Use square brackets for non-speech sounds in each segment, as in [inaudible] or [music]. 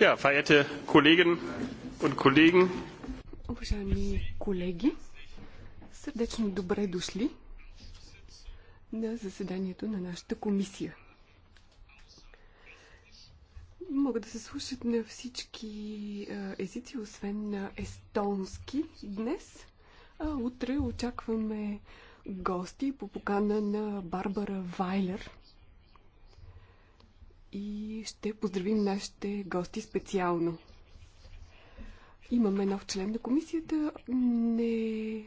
Ja, verehrte Kolleginnen und Kollegen. Уважаеми колеги, сърдечно добре дошли на заседанието на нашата комисия. Могат да се слушат на всички езици, освен на естонски днес. А утре очакваме гости по покана на Барбара Вайлер – и ще поздравим нашите гости специално. Имаме нов член на комисията. Не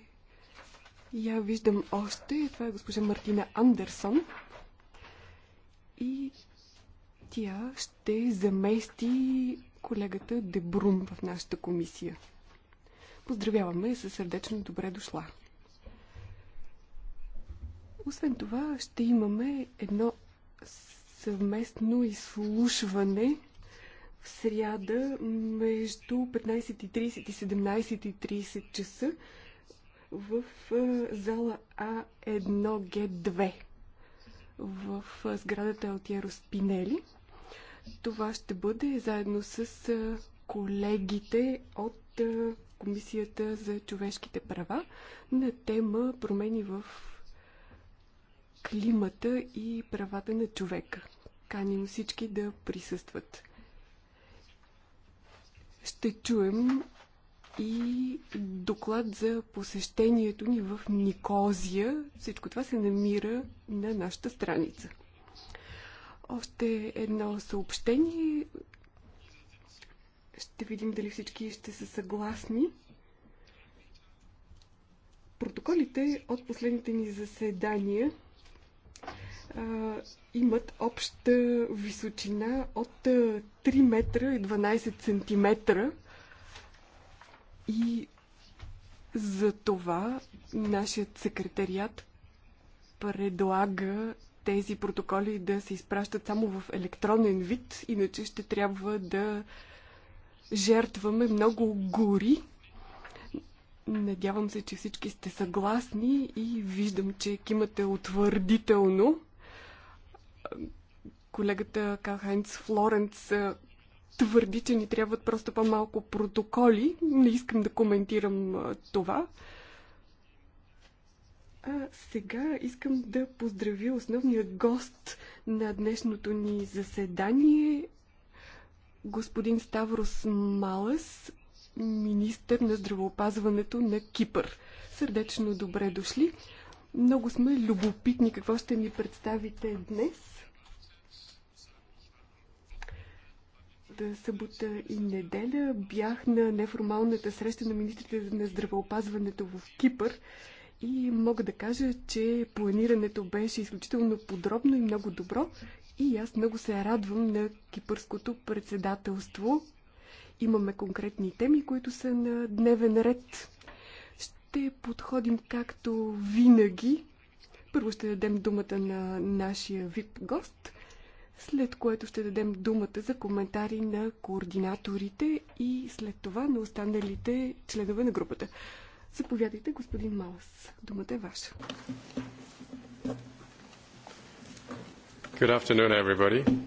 я виждам още. Това е госпожа Мартина Андерсон. И тя ще замести колегата Дебрум в нашата комисия. Поздравяваме със сърдечно добре дошла. Освен това, ще имаме едно съвместно изслушване в сряда между 15.30 и 17.30 часа в зала А1Г2 в сградата Алтиеро Спинели. Това ще бъде заедно с колегите от Комисията за човешките права на тема промени в климата и правата на човека каним всички да присъстват. Ще чуем и доклад за посещението ни в Никозия. Всичко това се намира на нашата страница. Още едно съобщение. Ще видим дали всички ще са съгласни. Протоколите от последните ни заседания – имат обща височина от 3 метра и 12 сантиметра. И за това нашият секретариат предлага тези протоколи да се изпращат само в електронен вид, иначе ще трябва да жертваме много гори. Надявам се, че всички сте съгласни и виждам, че кимате утвърдително колегата Калхайнц Флоренц твърди, че ни трябват просто по-малко протоколи. Не искам да коментирам това. А сега искам да поздравя основния гост на днешното ни заседание, господин Ставрос Малас, министър на здравеопазването на Кипър. Сърдечно добре дошли. Много сме любопитни какво ще ни представите днес. събота и неделя бях на неформалната среща на министрите на здравеопазването в Кипър и мога да кажа, че планирането беше изключително подробно и много добро и аз много се радвам на кипърското председателство. Имаме конкретни теми, които са на дневен ред. Ще подходим както винаги. Първо ще дадем думата на нашия вип гост – след което ще дадем думата за коментари на координаторите и след това на останалите членове на групата. Заповядайте, господин Малас. Думата е ваша. Good afternoon, everybody.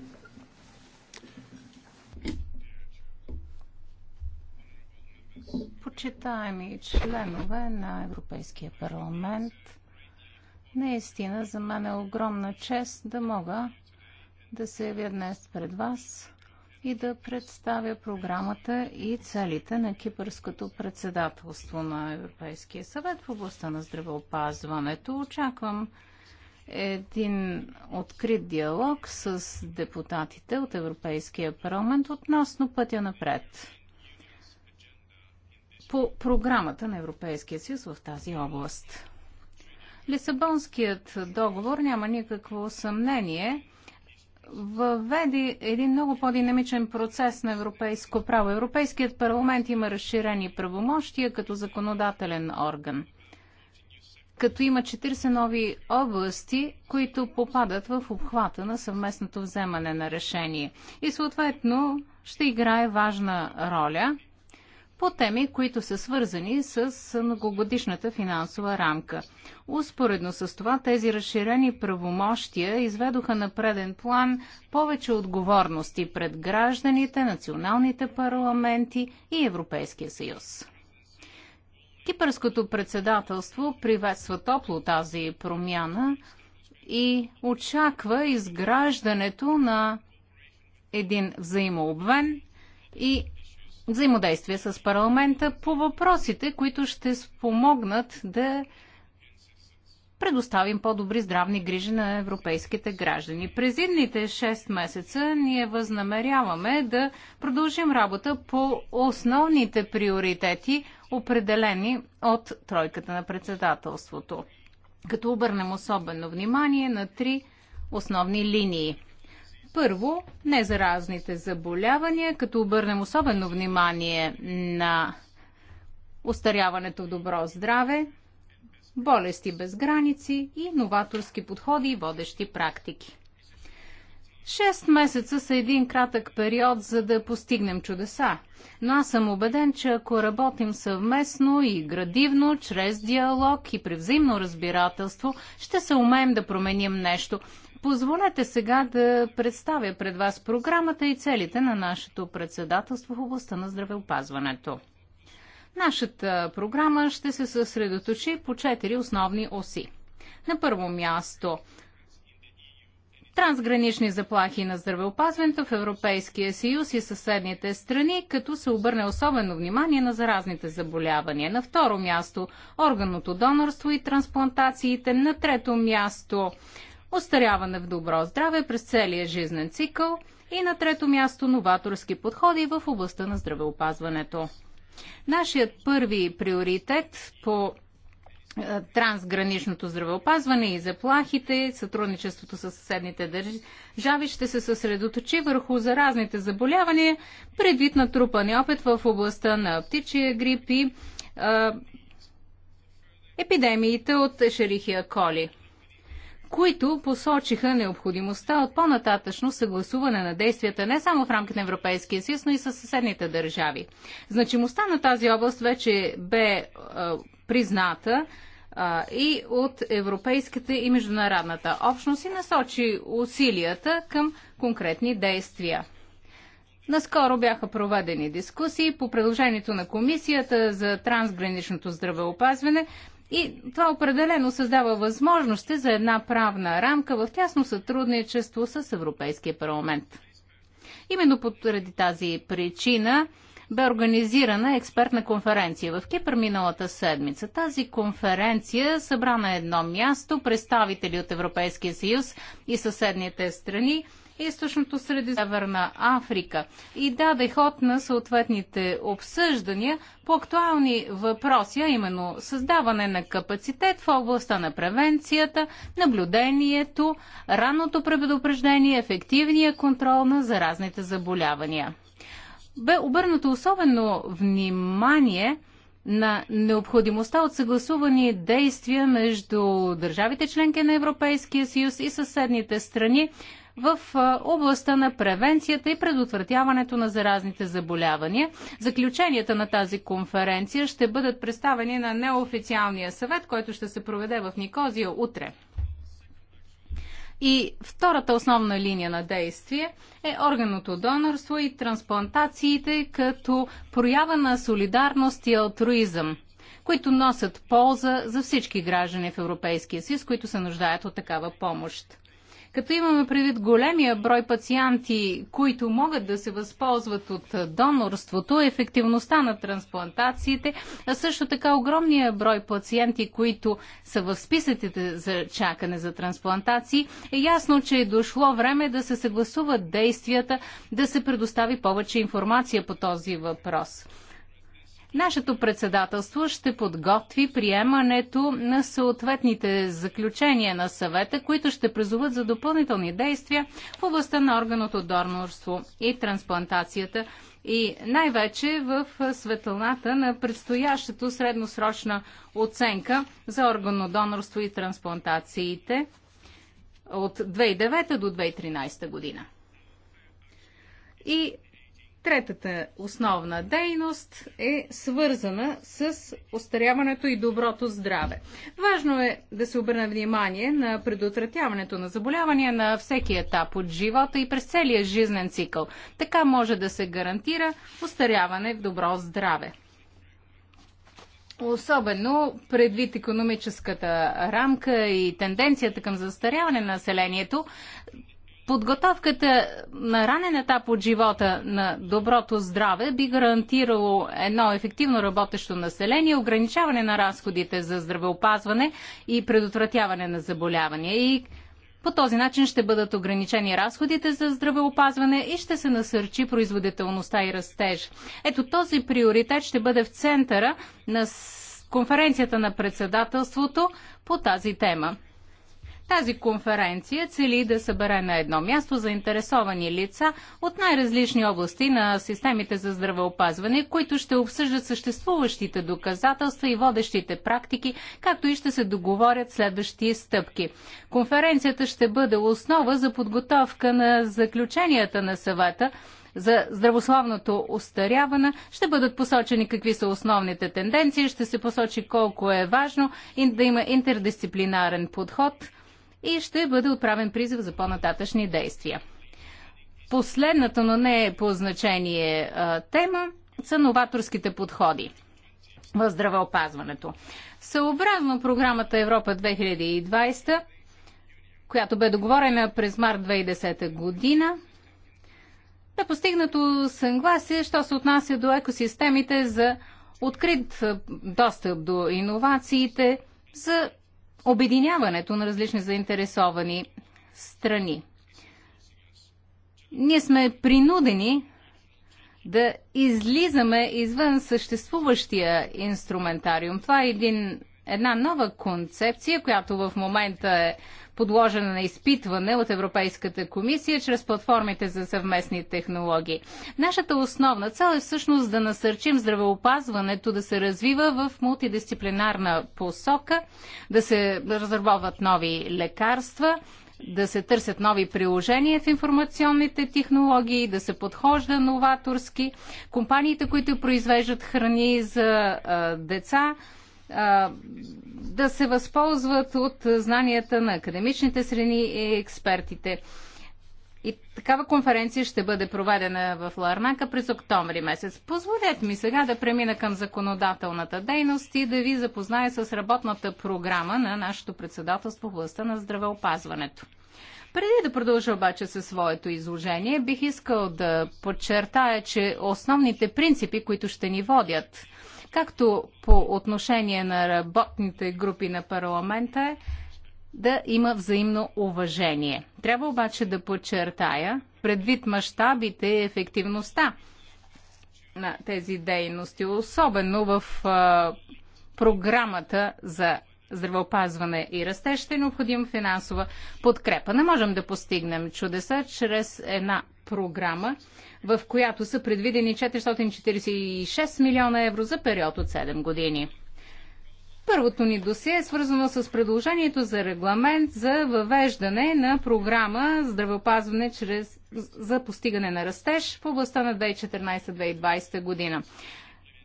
Почитаеми членове на Европейския парламент, наистина за мен е огромна чест да мога да се явя днес пред вас и да представя програмата и целите на Кипърското председателство на Европейския съвет в областта на здравеопазването. Очаквам един открит диалог с депутатите от Европейския парламент относно пътя напред по програмата на Европейския съюз в тази област. Лисабонският договор няма никакво съмнение въведе един много по-динамичен процес на европейско право. Европейският парламент има разширени правомощия като законодателен орган, като има 40 нови области, които попадат в обхвата на съвместното вземане на решение. И съответно ще играе важна роля по теми, които са свързани с многогодишната финансова рамка. Успоредно с това тези разширени правомощия изведоха на преден план повече отговорности пред гражданите, националните парламенти и Европейския съюз. Кипърското председателство приветства топло тази промяна и очаква изграждането на един взаимообвен и взаимодействие с парламента по въпросите, които ще спомогнат да предоставим по-добри здравни грижи на европейските граждани. През едните 6 месеца ние възнамеряваме да продължим работа по основните приоритети, определени от тройката на председателството, като обърнем особено внимание на три основни линии. Първо, незаразните заболявания, като обърнем особено внимание на устаряването в добро здраве, болести без граници и новаторски подходи и водещи практики. Шест месеца са един кратък период, за да постигнем чудеса. Но аз съм убеден, че ако работим съвместно и градивно, чрез диалог и при взаимно разбирателство, ще се умеем да променим нещо. Позволете сега да представя пред вас програмата и целите на нашето председателство в областта на здравеопазването. Нашата програма ще се съсредоточи по четири основни оси. На първо място трансгранични заплахи на здравеопазването в Европейския съюз и съседните страни, като се обърне особено внимание на заразните заболявания. На второ място органното донорство и трансплантациите. На трето място остаряване в добро здраве през целия жизнен цикъл и на трето място новаторски подходи в областта на здравеопазването. Нашият първи приоритет по е, трансграничното здравеопазване и заплахите, сътрудничеството с съседните държави ще се съсредоточи върху заразните заболявания, предвид на трупани опит в областта на птичия грип и е, епидемиите от шерихия коли които посочиха необходимостта от по-нататъчно съгласуване на действията не само в рамките на Европейския съюз, но и с съседните държави. Значимостта на тази област вече бе е, призната е, и от европейската и международната общност и насочи усилията към конкретни действия. Наскоро бяха проведени дискусии по предложението на Комисията за трансграничното здравеопазване, и това определено създава възможности за една правна рамка в тясно сътрудничество с Европейския парламент. Именно поради тази причина бе организирана експертна конференция в Кипър миналата седмица. Тази конференция събра на едно място представители от Европейския съюз и съседните страни – източното средиземна Африка и даде ход на съответните обсъждания по актуални въпроси, а именно създаване на капацитет в областта на превенцията, наблюдението, ранното предупреждение, ефективния контрол на заразните заболявания. Бе обърнато особено внимание на необходимостта от съгласувани действия между държавите членки на Европейския съюз и съседните страни в областта на превенцията и предотвратяването на заразните заболявания. Заключенията на тази конференция ще бъдат представени на неофициалния съвет, който ще се проведе в Никозия утре. И втората основна линия на действие е органното донорство и трансплантациите като проява на солидарност и алтруизъм, които носят полза за всички граждани в Европейския съюз, които се нуждаят от такава помощ. Като имаме предвид големия брой пациенти, които могат да се възползват от донорството, ефективността на трансплантациите, а също така огромния брой пациенти, които са в списъците за чакане за трансплантации, е ясно, че е дошло време да се съгласуват действията, да се предостави повече информация по този въпрос. Нашето председателство ще подготви приемането на съответните заключения на съвета, които ще призоват за допълнителни действия в областта на органото донорство и трансплантацията и най-вече в светлината на предстоящата средносрочна оценка за органно донорство и трансплантациите от 2009 до 2013 година. И Третата основна дейност е свързана с остаряването и доброто здраве. Важно е да се обърне внимание на предотвратяването на заболявания на всеки етап от живота и през целия жизнен цикъл. Така може да се гарантира остаряване в добро здраве. Особено предвид економическата рамка и тенденцията към застаряване на населението, Подготовката на ранен етап от живота на доброто здраве би гарантирало едно ефективно работещо население, ограничаване на разходите за здравеопазване и предотвратяване на заболявания. И по този начин ще бъдат ограничени разходите за здравеопазване и ще се насърчи производителността и растеж. Ето този приоритет ще бъде в центъра на конференцията на председателството по тази тема. Тази конференция цели да събере на едно място заинтересовани лица от най-различни области на системите за здравеопазване, които ще обсъждат съществуващите доказателства и водещите практики, както и ще се договорят следващи стъпки. Конференцията ще бъде основа за подготовка на заключенията на съвета, за здравословното устаряване. Ще бъдат посочени какви са основните тенденции, ще се посочи колко е важно да има интердисциплинарен подход и ще бъде отправен призив за по-нататъчни действия. Последната, но не е по значение тема, са новаторските подходи в здравеопазването. Съобразно програмата Европа 2020, която бе договорена през март 2010 година, бе постигнато съгласие, що се отнася до екосистемите за открит достъп до иновациите, за обединяването на различни заинтересовани страни. Ние сме принудени да излизаме извън съществуващия инструментариум. Това е един, една нова концепция, която в момента е подложена на изпитване от Европейската комисия чрез платформите за съвместни технологии. Нашата основна цел е всъщност да насърчим здравеопазването да се развива в мултидисциплинарна посока, да се разработват нови лекарства, да се търсят нови приложения в информационните технологии, да се подхожда новаторски. Компаниите, които произвеждат храни за а, деца, да се възползват от знанията на академичните среди и експертите. И такава конференция ще бъде проведена в Ларнака през октомври месец. Позволете ми сега да премина към законодателната дейност и да ви запозная с работната програма на нашето председателство в областта на здравеопазването. Преди да продължа обаче със своето изложение, бих искал да подчертая, че основните принципи, които ще ни водят – както по отношение на работните групи на парламента е да има взаимно уважение. Трябва обаче да подчертая, предвид мащабите и ефективността на тези дейности, особено в а, програмата за здравеопазване и растеж, ще е необходим финансова подкрепа. Не можем да постигнем чудеса чрез една програма, в която са предвидени 446 милиона евро за период от 7 години. Първото ни досие е свързано с предложението за регламент за въвеждане на програма здравеопазване чрез, за постигане на растеж в областта на 2014-2020 година.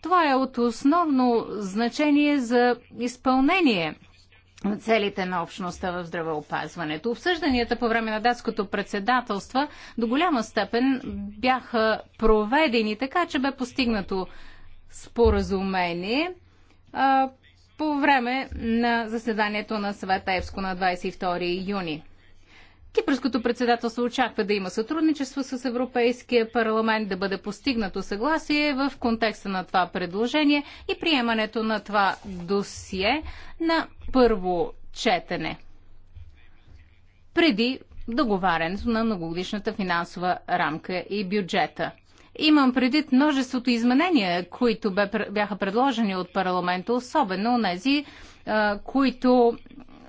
Това е от основно значение за изпълнение на целите на общността в здравеопазването. Обсъжданията по време на датското председателство до голяма степен бяха проведени, така че бе постигнато споразумение а, по време на заседанието на съвета ЕВСКО на 22 юни. Кипърското председателство очаква да има сътрудничество с Европейския парламент, да бъде постигнато съгласие в контекста на това предложение и приемането на това досие на първо четене преди договарянето на многогодишната финансова рамка и бюджета. Имам предвид множеството изменения, които бяха предложени от парламента, особено тези, които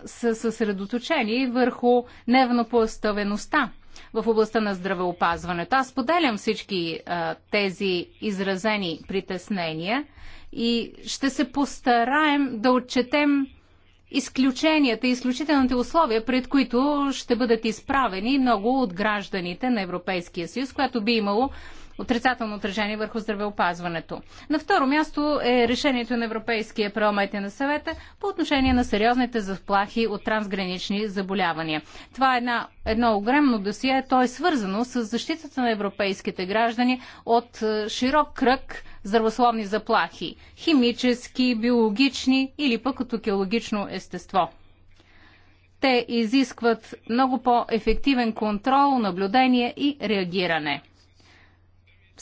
са съсредоточени върху невнопоставеността в областта на здравеопазването. Аз поделям всички а, тези изразени притеснения и ще се постараем да отчетем изключенията, изключителните условия, пред които ще бъдат изправени много от гражданите на Европейския съюз, което би имало отрицателно отражение върху здравеопазването. На второ място е решението на Европейския парламент и на съвета по отношение на сериозните заплахи от трансгранични заболявания. Това е една, едно огромно досие, то е свързано с защитата на европейските граждани от е, широк кръг здравословни заплахи – химически, биологични или пък от океологично естество те изискват много по-ефективен контрол, наблюдение и реагиране.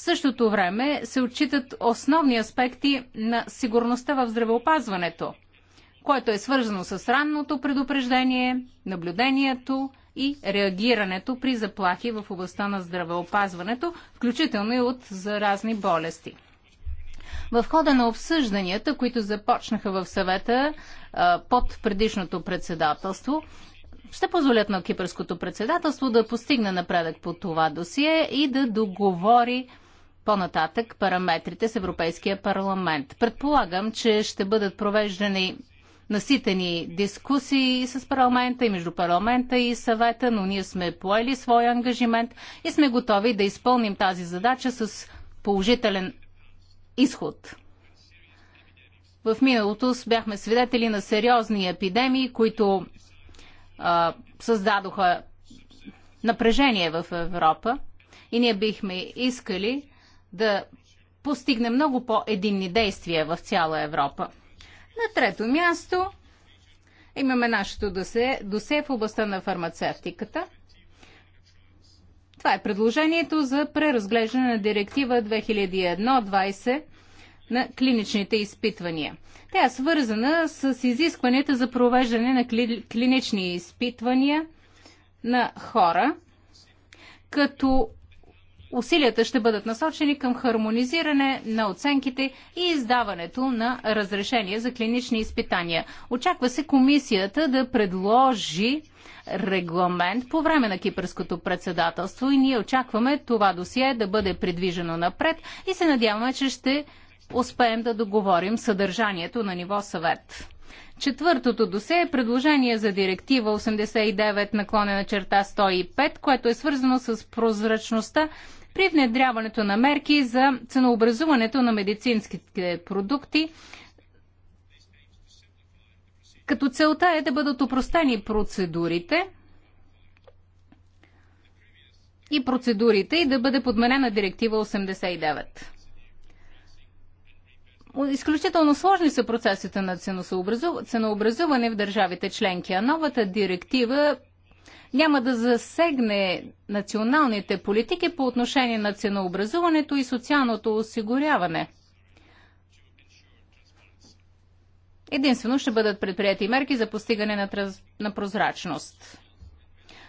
В същото време се отчитат основни аспекти на сигурността в здравеопазването, което е свързано с ранното предупреждение, наблюдението и реагирането при заплахи в областта на здравеопазването, включително и от заразни болести. В хода на обсъжданията, които започнаха в съвета под предишното председателство, ще позволят на кипърското председателство да постигне напредък по това досие и да договори по-нататък параметрите с Европейския парламент. Предполагам, че ще бъдат провеждани наситени дискусии с парламента и между парламента и съвета, но ние сме поели своя ангажимент и сме готови да изпълним тази задача с положителен изход. В миналото бяхме свидетели на сериозни епидемии, които а, създадоха напрежение в Европа и ние бихме искали да постигне много по-единни действия в цяла Европа. На трето място имаме нашето досе, досе в областта на фармацевтиката. Това е предложението за преразглеждане на директива 2001-20 на клиничните изпитвания. Тя е свързана с изискванията за провеждане на кли, клинични изпитвания на хора, като Усилията ще бъдат насочени към хармонизиране на оценките и издаването на разрешения за клинични изпитания. Очаква се комисията да предложи регламент по време на кипърското председателство и ние очакваме това досие да бъде придвижено напред и се надяваме, че ще успеем да договорим съдържанието на ниво съвет. Четвъртото досе е предложение за директива 89 наклонена черта 105, което е свързано с прозрачността при внедряването на мерки за ценообразуването на медицинските продукти, като целта е да бъдат упростени процедурите и процедурите и да бъде подменена директива 89. Изключително сложни са процесите на ценообразуване в държавите членки, а новата директива няма да засегне националните политики по отношение на ценообразуването и социалното осигуряване. Единствено ще бъдат предприяти мерки за постигане на, транс... на прозрачност.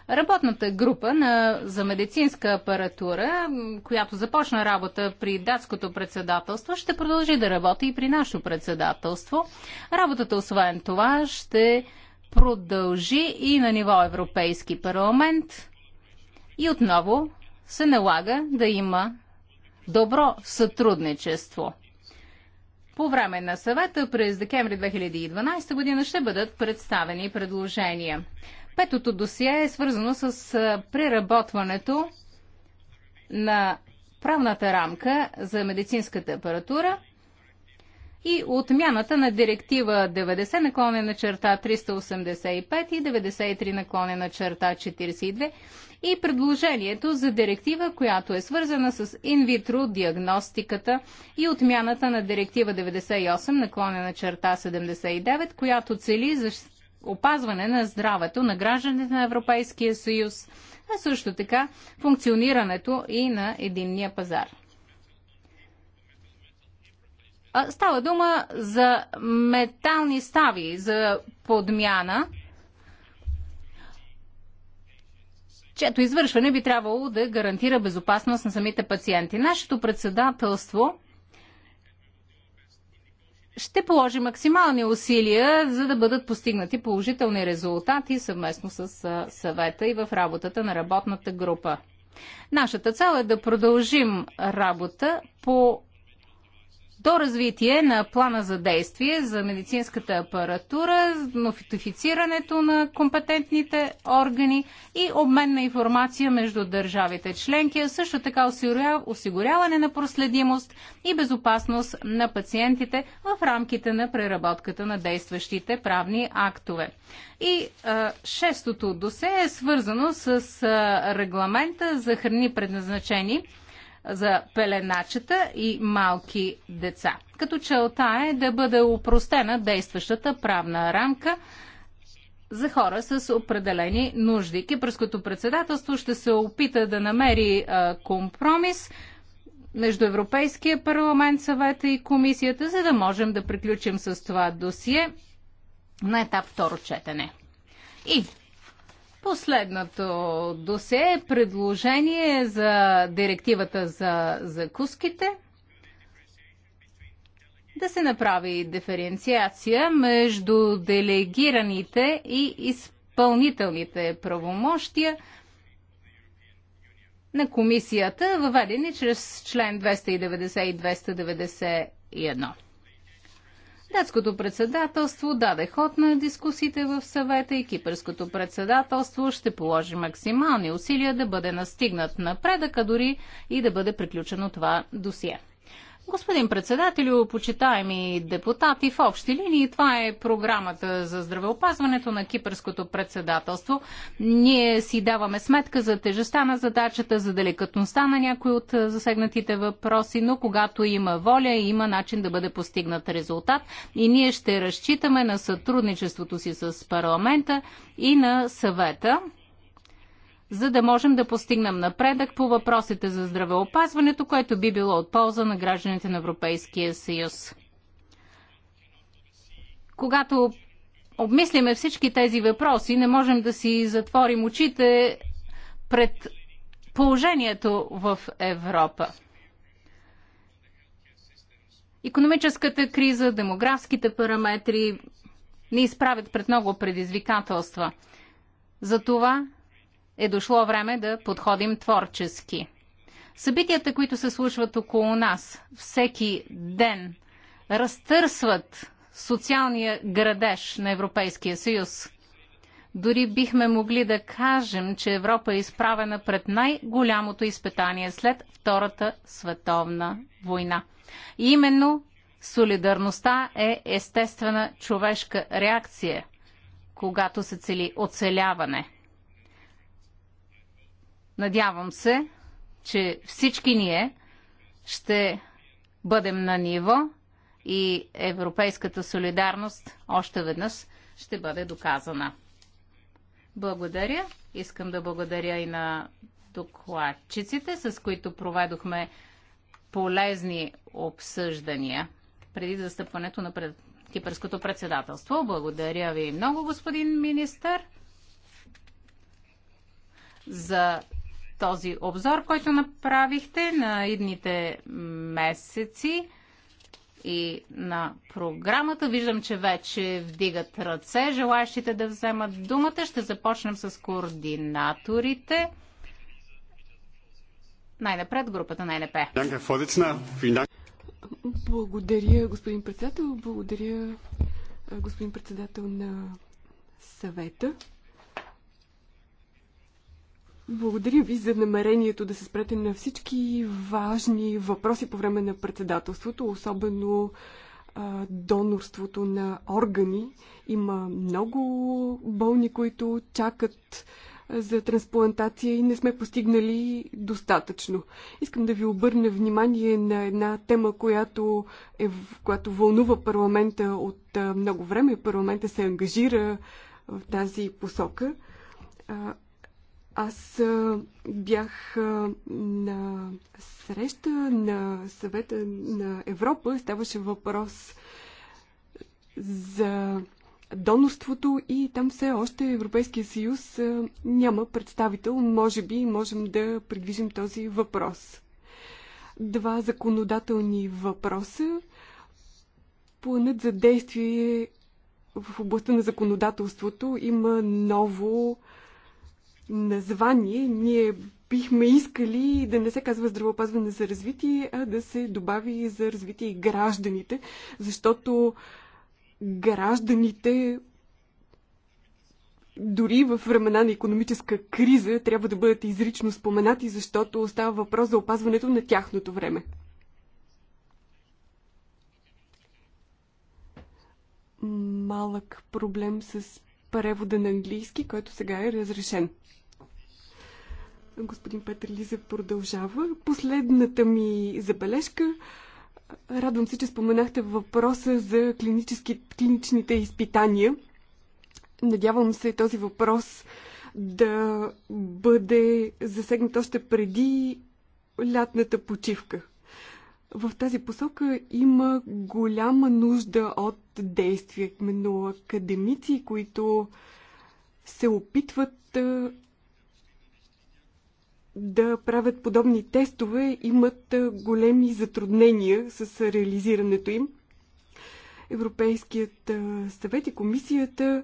Работната група на, за медицинска апаратура, която започна работа при датското председателство, ще продължи да работи и при нашето председателство. Работата, освен това, ще продължи и на ниво Европейски парламент и отново се налага да има добро сътрудничество. По време на съвета през декември 2012 година ще бъдат представени предложения. Петото досие е свързано с преработването на правната рамка за медицинската апаратура – и отмяната на директива 90 наклоне на черта 385 и 93 наклоне на черта 42 и предложението за директива, която е свързана с инвитро диагностиката и отмяната на директива 98 наклоне на черта 79, която цели за опазване на здравето на гражданите на Европейския съюз, а също така функционирането и на единния пазар. Става дума за метални стави, за подмяна, чето извършване би трябвало да гарантира безопасност на самите пациенти. Нашето председателство ще положи максимални усилия, за да бъдат постигнати положителни резултати съвместно с съвета и в работата на работната група. Нашата цел е да продължим работа по до развитие на плана за действие за медицинската апаратура, нотифицирането на компетентните органи и обмен на информация между държавите членки, а също така осигуряване на проследимост и безопасност на пациентите в рамките на преработката на действащите правни актове. И а, шестото досе е свързано с а, регламента за храни предназначени за пеленачета и малки деца. Като целта е да бъде упростена действащата правна рамка за хора с определени нужди. Кипърското председателство ще се опита да намери а, компромис между Европейския парламент, съвета и комисията, за да можем да приключим с това досие на етап второ четене. И Последното досе е предложение за директивата за закуските да се направи диференциация между делегираните и изпълнителните правомощия на комисията, въведени чрез член 290 и 291. Датското председателство даде ход на дискусите в съвета и кипърското председателство ще положи максимални усилия да бъде настигнат напредъка, дори и да бъде приключено това досие. Господин председателю, почитаеми депутати, в общи линии това е програмата за здравеопазването на кипърското председателство. Ние си даваме сметка за тежестта на задачата, за деликатността на някои от засегнатите въпроси, но когато има воля, има начин да бъде постигнат резултат и ние ще разчитаме на сътрудничеството си с парламента и на съвета за да можем да постигнем напредък по въпросите за здравеопазването, което би било от полза на гражданите на Европейския съюз. Когато обмислиме всички тези въпроси, не можем да си затворим очите пред положението в Европа. Економическата криза, демографските параметри ни изправят пред много предизвикателства. Затова е дошло време да подходим творчески. Събитията, които се случват около нас всеки ден, разтърсват социалния градеж на Европейския съюз. Дори бихме могли да кажем, че Европа е изправена пред най-голямото изпитание след Втората световна война. И именно солидарността е естествена човешка реакция, когато се цели оцеляване – Надявам се, че всички ние ще бъдем на ниво и европейската солидарност още веднъж ще бъде доказана. Благодаря. Искам да благодаря и на докладчиците, с които проведохме полезни обсъждания преди застъпването на пред... кипърското председателство. Благодаря ви много, господин министър, за този обзор, който направихте на идните месеци и на програмата. Виждам, че вече вдигат ръце. Желаящите да вземат думата. Ще започнем с координаторите. Най-напред групата на НП. Благодаря, господин председател. Благодаря, господин председател на съвета. Благодаря ви за намерението да се спрете на всички важни въпроси по време на председателството, особено а, донорството на органи. Има много болни, които чакат за трансплантация и не сме постигнали достатъчно. Искам да ви обърна внимание на една тема, която, е, която вълнува парламента от много време. Парламента се ангажира в тази посока аз бях на среща на съвета на Европа. Ставаше въпрос за донорството и там все още Европейския съюз няма представител. Може би можем да придвижим този въпрос. Два законодателни въпроса. Планът за действие в областта на законодателството има ново название, ние бихме искали да не се казва здравеопазване за развитие, а да се добави за развитие и гражданите, защото гражданите дори в времена на економическа криза трябва да бъдат изрично споменати, защото става въпрос за опазването на тяхното време. Малък проблем с превода на английски, който сега е разрешен господин Петър Лиза продължава. Последната ми забележка. Радвам се, че споменахте въпроса за клиничните изпитания. Надявам се този въпрос да бъде засегнат още преди лятната почивка. В тази посока има голяма нужда от действия, именно академици, които се опитват да правят подобни тестове, имат големи затруднения с реализирането им. Европейският съвет и комисията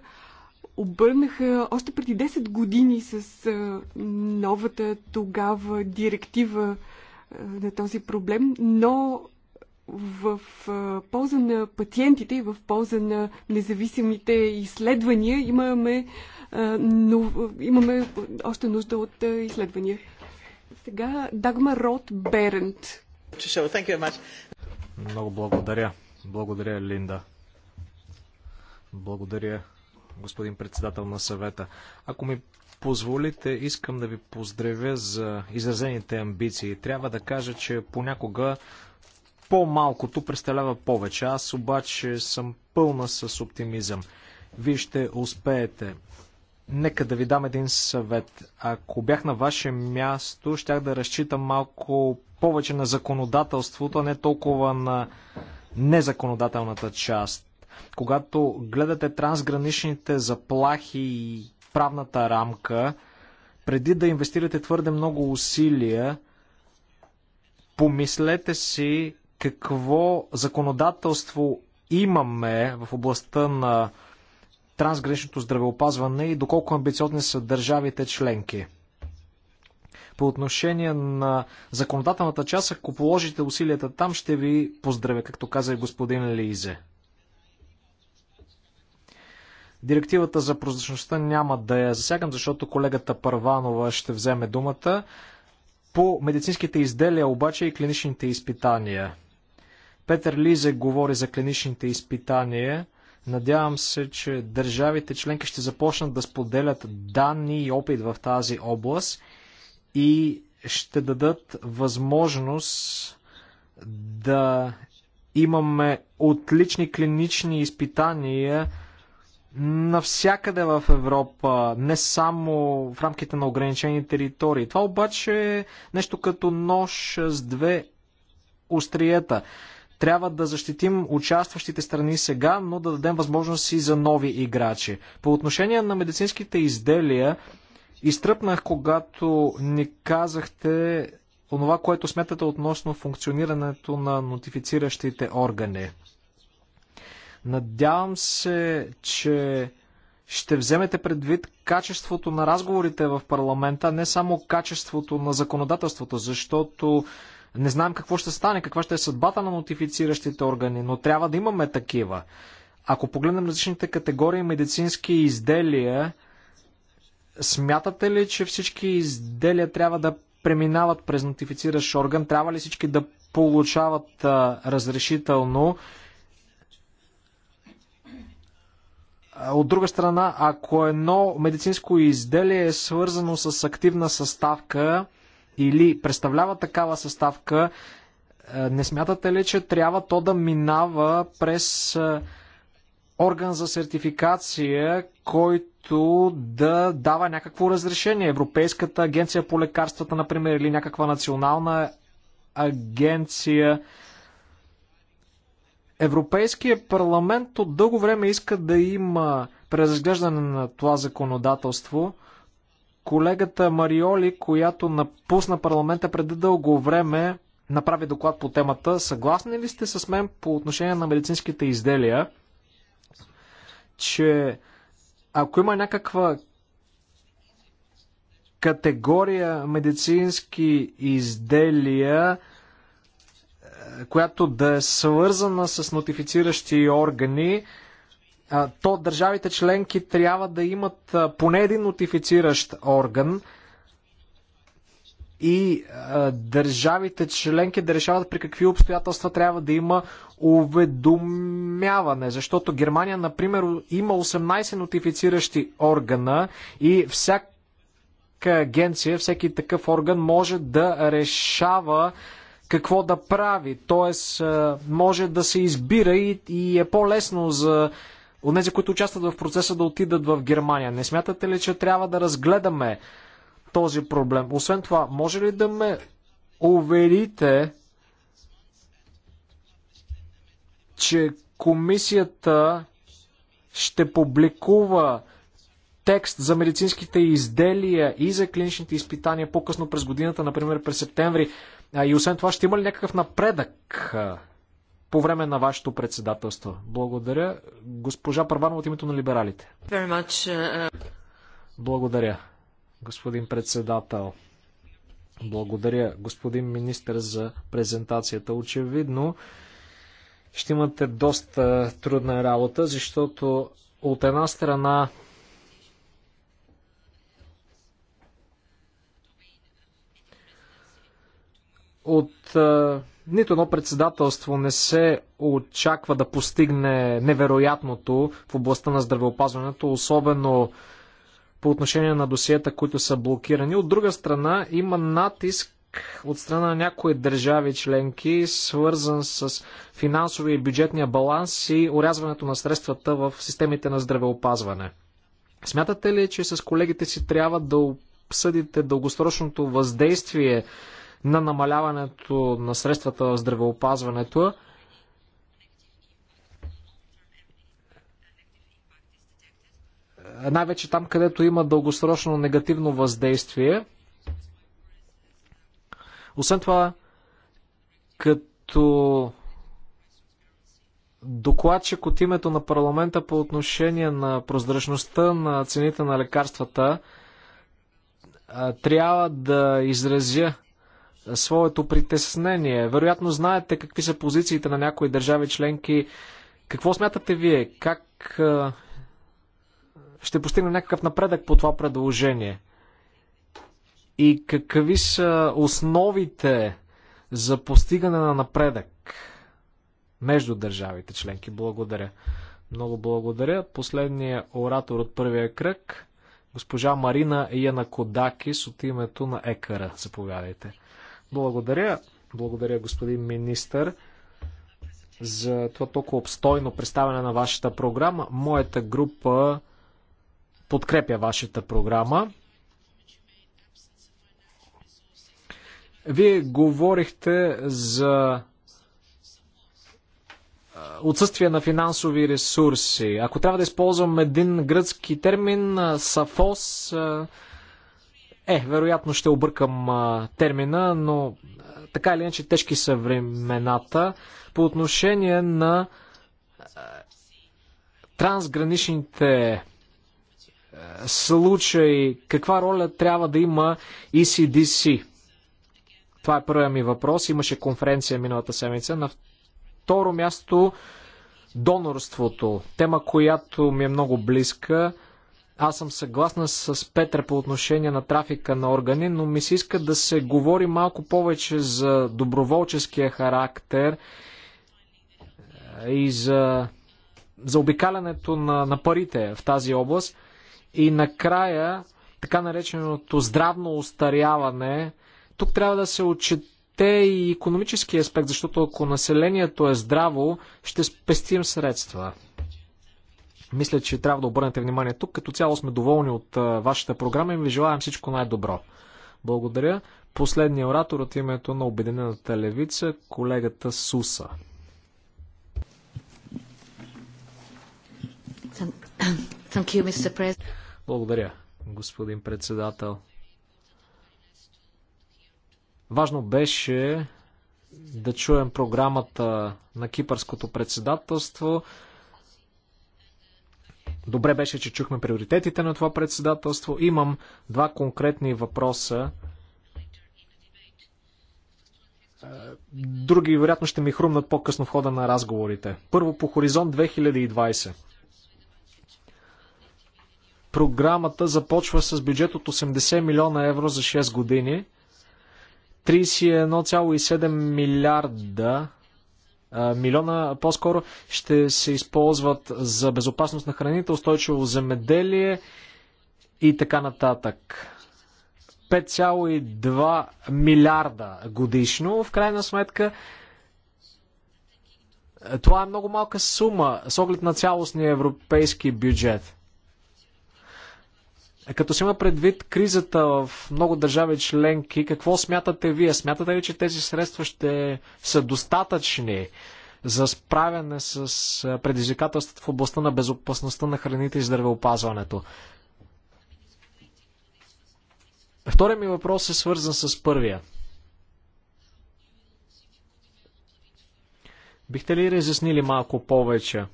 обърнаха още преди 10 години с новата тогава директива на този проблем, но в полза на пациентите и в полза на независимите изследвания имаме, но, имаме още нужда от изследвания. Сега Дагма Рот Берент. Много благодаря. Благодаря, Линда. Благодаря, господин председател на съвета. Ако ми позволите, искам да ви поздравя за изразените амбиции. Трябва да кажа, че понякога по-малкото представлява повече. Аз обаче съм пълна с оптимизъм. Вие ще успеете. Нека да ви дам един съвет. Ако бях на ваше място, щях да разчитам малко повече на законодателството, а не толкова на незаконодателната част. Когато гледате трансграничните заплахи и правната рамка, преди да инвестирате твърде много усилия, помислете си какво законодателство имаме в областта на трансграничното здравеопазване и доколко амбициозни са държавите членки. По отношение на законодателната част, ако положите усилията там, ще ви поздравя, както каза и господин Лизе. Директивата за прозрачността няма да я засягам, защото колегата Парванова ще вземе думата. По медицинските изделия обаче и клиничните изпитания. Петър Лизе говори за клиничните изпитания – Надявам се, че държавите членки ще започнат да споделят данни и опит в тази област и ще дадат възможност да имаме отлични клинични изпитания навсякъде в Европа, не само в рамките на ограничени територии. Това обаче е нещо като нож с две остриета. Трябва да защитим участващите страни сега, но да дадем възможност и за нови играчи. По отношение на медицинските изделия, изтръпнах, когато ни казахте онова, което сметате относно функционирането на нотифициращите органи. Надявам се, че ще вземете предвид качеството на разговорите в парламента, не само качеството на законодателството, защото не знаем какво ще стане, каква ще е съдбата на нотифициращите органи, но трябва да имаме такива. Ако погледнем различните категории медицински изделия, смятате ли, че всички изделия трябва да преминават през нотифициращ орган? Трябва ли всички да получават а, разрешително? От друга страна, ако едно медицинско изделие е свързано с активна съставка, или представлява такава съставка, е, не смятате ли, че трябва то да минава през е, орган за сертификация, който да дава някакво разрешение? Европейската агенция по лекарствата, например, или някаква национална агенция? Европейския парламент от дълго време иска да има преразглеждане на това законодателство – колегата Мариоли, която напусна парламента преди дълго време, направи доклад по темата. Съгласни ли сте с мен по отношение на медицинските изделия, че ако има някаква категория медицински изделия, е, която да е свързана с нотифициращи органи, то държавите членки трябва да имат поне един нотифициращ орган и държавите членки да решават при какви обстоятелства трябва да има уведомяване. Защото Германия, например, има 18 нотифициращи органа и всяка агенция, всеки такъв орган може да решава какво да прави. Тоест, може да се избира и, и е по-лесно за онези, които участват в процеса да отидат в Германия. Не смятате ли, че трябва да разгледаме този проблем? Освен това, може ли да ме уверите, че комисията ще публикува текст за медицинските изделия и за клиничните изпитания по-късно през годината, например през септември. И освен това, ще има ли някакъв напредък по време на вашето председателство. Благодаря. Госпожа Първанова от името на либералите. Uh, uh, Благодаря, господин председател. Благодаря, господин министр, за презентацията. Очевидно, ще имате доста трудна работа, защото от една страна от нито едно председателство не се очаква да постигне невероятното в областта на здравеопазването, особено по отношение на досиета, които са блокирани. От друга страна има натиск от страна на някои държави членки, свързан с финансовия и бюджетния баланс и урязването на средствата в системите на здравеопазване. Смятате ли, че с колегите си трябва да обсъдите дългосрочното въздействие на намаляването на средствата в здравеопазването. Най-вече там, където има дългосрочно негативно въздействие. Освен това, като докладчик от името на парламента по отношение на прозрачността на цените на лекарствата, трябва да изразя своето притеснение. Вероятно знаете какви са позициите на някои държави членки. Какво смятате вие? Как ще постигне някакъв напредък по това предложение? И какви са основите за постигане на напредък между държавите членки? Благодаря. Много благодаря. Последният оратор от първия кръг, госпожа Марина Яна Кодакис от името на ЕКАРА. Заповядайте. Благодаря, благодаря господин министър за това толкова обстойно представяне на вашата програма. Моята група подкрепя вашата програма. Вие говорихте за отсъствие на финансови ресурси. Ако трябва да използвам един гръцки термин, сафос, е, вероятно ще объркам а, термина, но а, така или иначе тежки са времената. По отношение на а, трансграничните а, случаи, каква роля трябва да има ECDC? Това е първият ми въпрос. Имаше конференция миналата седмица. На второ място донорството. Тема, която ми е много близка. Аз съм съгласна с Петър по отношение на трафика на органи, но ми се иска да се говори малко повече за доброволческия характер е, и за, за обикалянето на, на парите в тази област. И накрая, така нареченото здравно устаряване, тук трябва да се отчете и економически аспект, защото ако населението е здраво, ще спестим средства. Мисля, че трябва да обърнете внимание тук. Като цяло сме доволни от вашата програма и ви желаем всичко най-добро. Благодаря. Последният оратор от името на Обединената левица, колегата Суса. Благодаря, господин председател. Важно беше да чуем програмата на кипърското председателство. Добре беше, че чухме приоритетите на това председателство. Имам два конкретни въпроса. Е, други, вероятно, ще ми хрумнат по-късно в хода на разговорите. Първо по Хоризонт 2020. Програмата започва с бюджет от 80 милиона евро за 6 години. 31,7 милиарда милиона по-скоро ще се използват за безопасност на храните, устойчиво земеделие и така нататък. 5,2 милиарда годишно, в крайна сметка. Това е много малка сума с оглед на цялостния европейски бюджет. Е, като се има предвид кризата в много държави членки, какво смятате вие? Смятате ли, че тези средства ще са достатъчни за справяне с предизвикателствата в областта на безопасността на храните и здравеопазването? Вторият ми въпрос е свързан с първия. Бихте ли разяснили малко повече?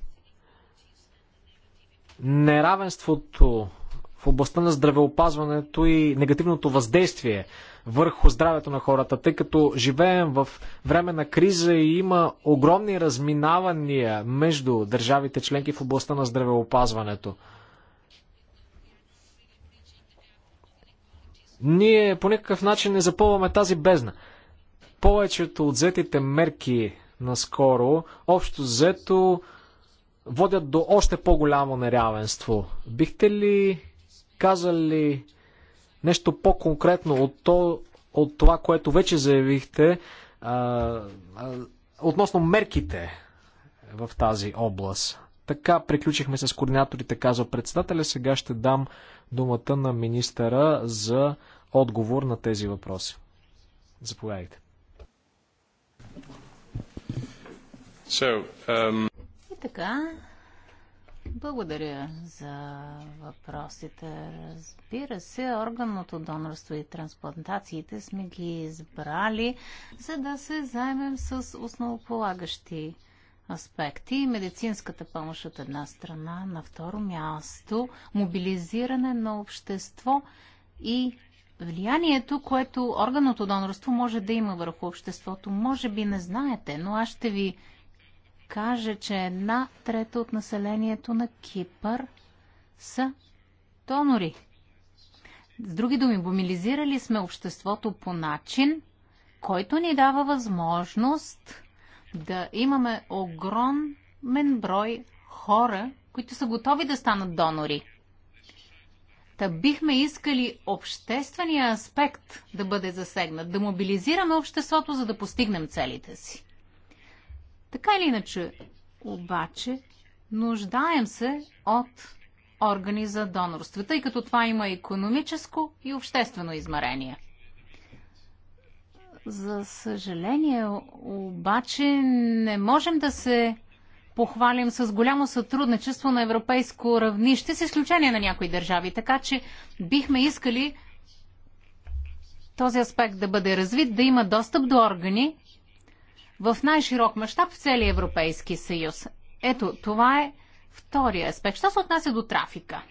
Неравенството в областта на здравеопазването и негативното въздействие върху здравето на хората, тъй като живеем в време на криза и има огромни разминавания между държавите членки в областта на здравеопазването. Ние по никакъв начин не запълваме тази бездна. Повечето от взетите мерки наскоро, общо взето, водят до още по-голямо неравенство. Бихте ли казали нещо по-конкретно от, то, от това, което вече заявихте а, а, относно мерките в тази област? Така приключихме с координаторите, казва председателя. Сега ще дам думата на министъра за отговор на тези въпроси. Заповядайте. So, um... И така, благодаря за въпросите. Разбира се, органното донорство и трансплантациите сме ги избрали, за да се займем с основополагащи аспекти. Медицинската помощ от една страна, на второ място мобилизиране на общество и влиянието, което органното донорство може да има върху обществото. Може би не знаете, но аз ще ви каже, че една трета от населението на Кипър са донори. С други думи, бомилизирали сме обществото по начин, който ни дава възможност да имаме огромен брой хора, които са готови да станат донори. Та бихме искали обществения аспект да бъде засегнат, да мобилизираме обществото, за да постигнем целите си. Така или иначе, обаче, нуждаем се от органи за донорство, тъй като това има економическо и обществено измерение. За съжаление, обаче не можем да се похвалим с голямо сътрудничество на европейско равнище, с изключение на някои държави. Така че бихме искали този аспект да бъде развит, да има достъп до органи, в най-широк мащаб в целия Европейски съюз. Ето, това е втория аспект. Що се отнася до трафика?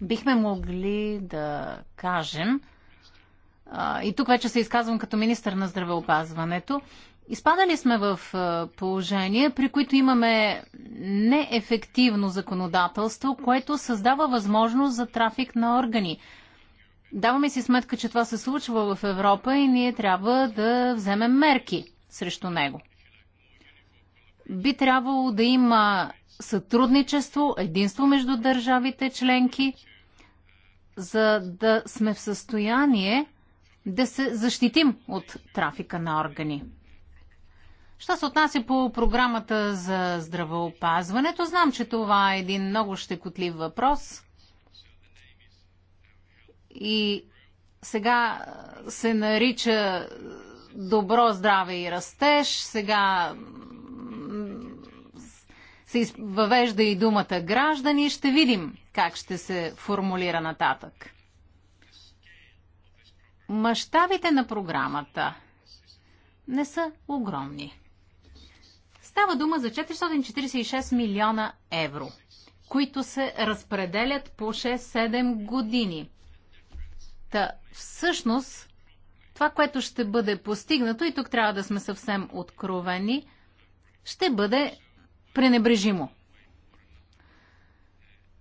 Бихме могли да кажем, и тук вече се изказвам като министър на здравеопазването, Изпадали сме в положение, при които имаме неефективно законодателство, което създава възможност за трафик на органи. Даваме си сметка, че това се случва в Европа и ние трябва да вземем мерки срещу него. Би трябвало да има сътрудничество, единство между държавите членки, за да сме в състояние да се защитим от трафика на органи. Що се отнася по програмата за здравеопазването, знам, че това е един много щекотлив въпрос – и сега се нарича добро здраве и растеж, сега се въвежда и думата граждани. Ще видим как ще се формулира нататък. Мащабите на програмата не са огромни. Става дума за 446 милиона евро, които се разпределят по 6-7 години. Та, всъщност, това, което ще бъде постигнато, и тук трябва да сме съвсем откровени, ще бъде пренебрежимо.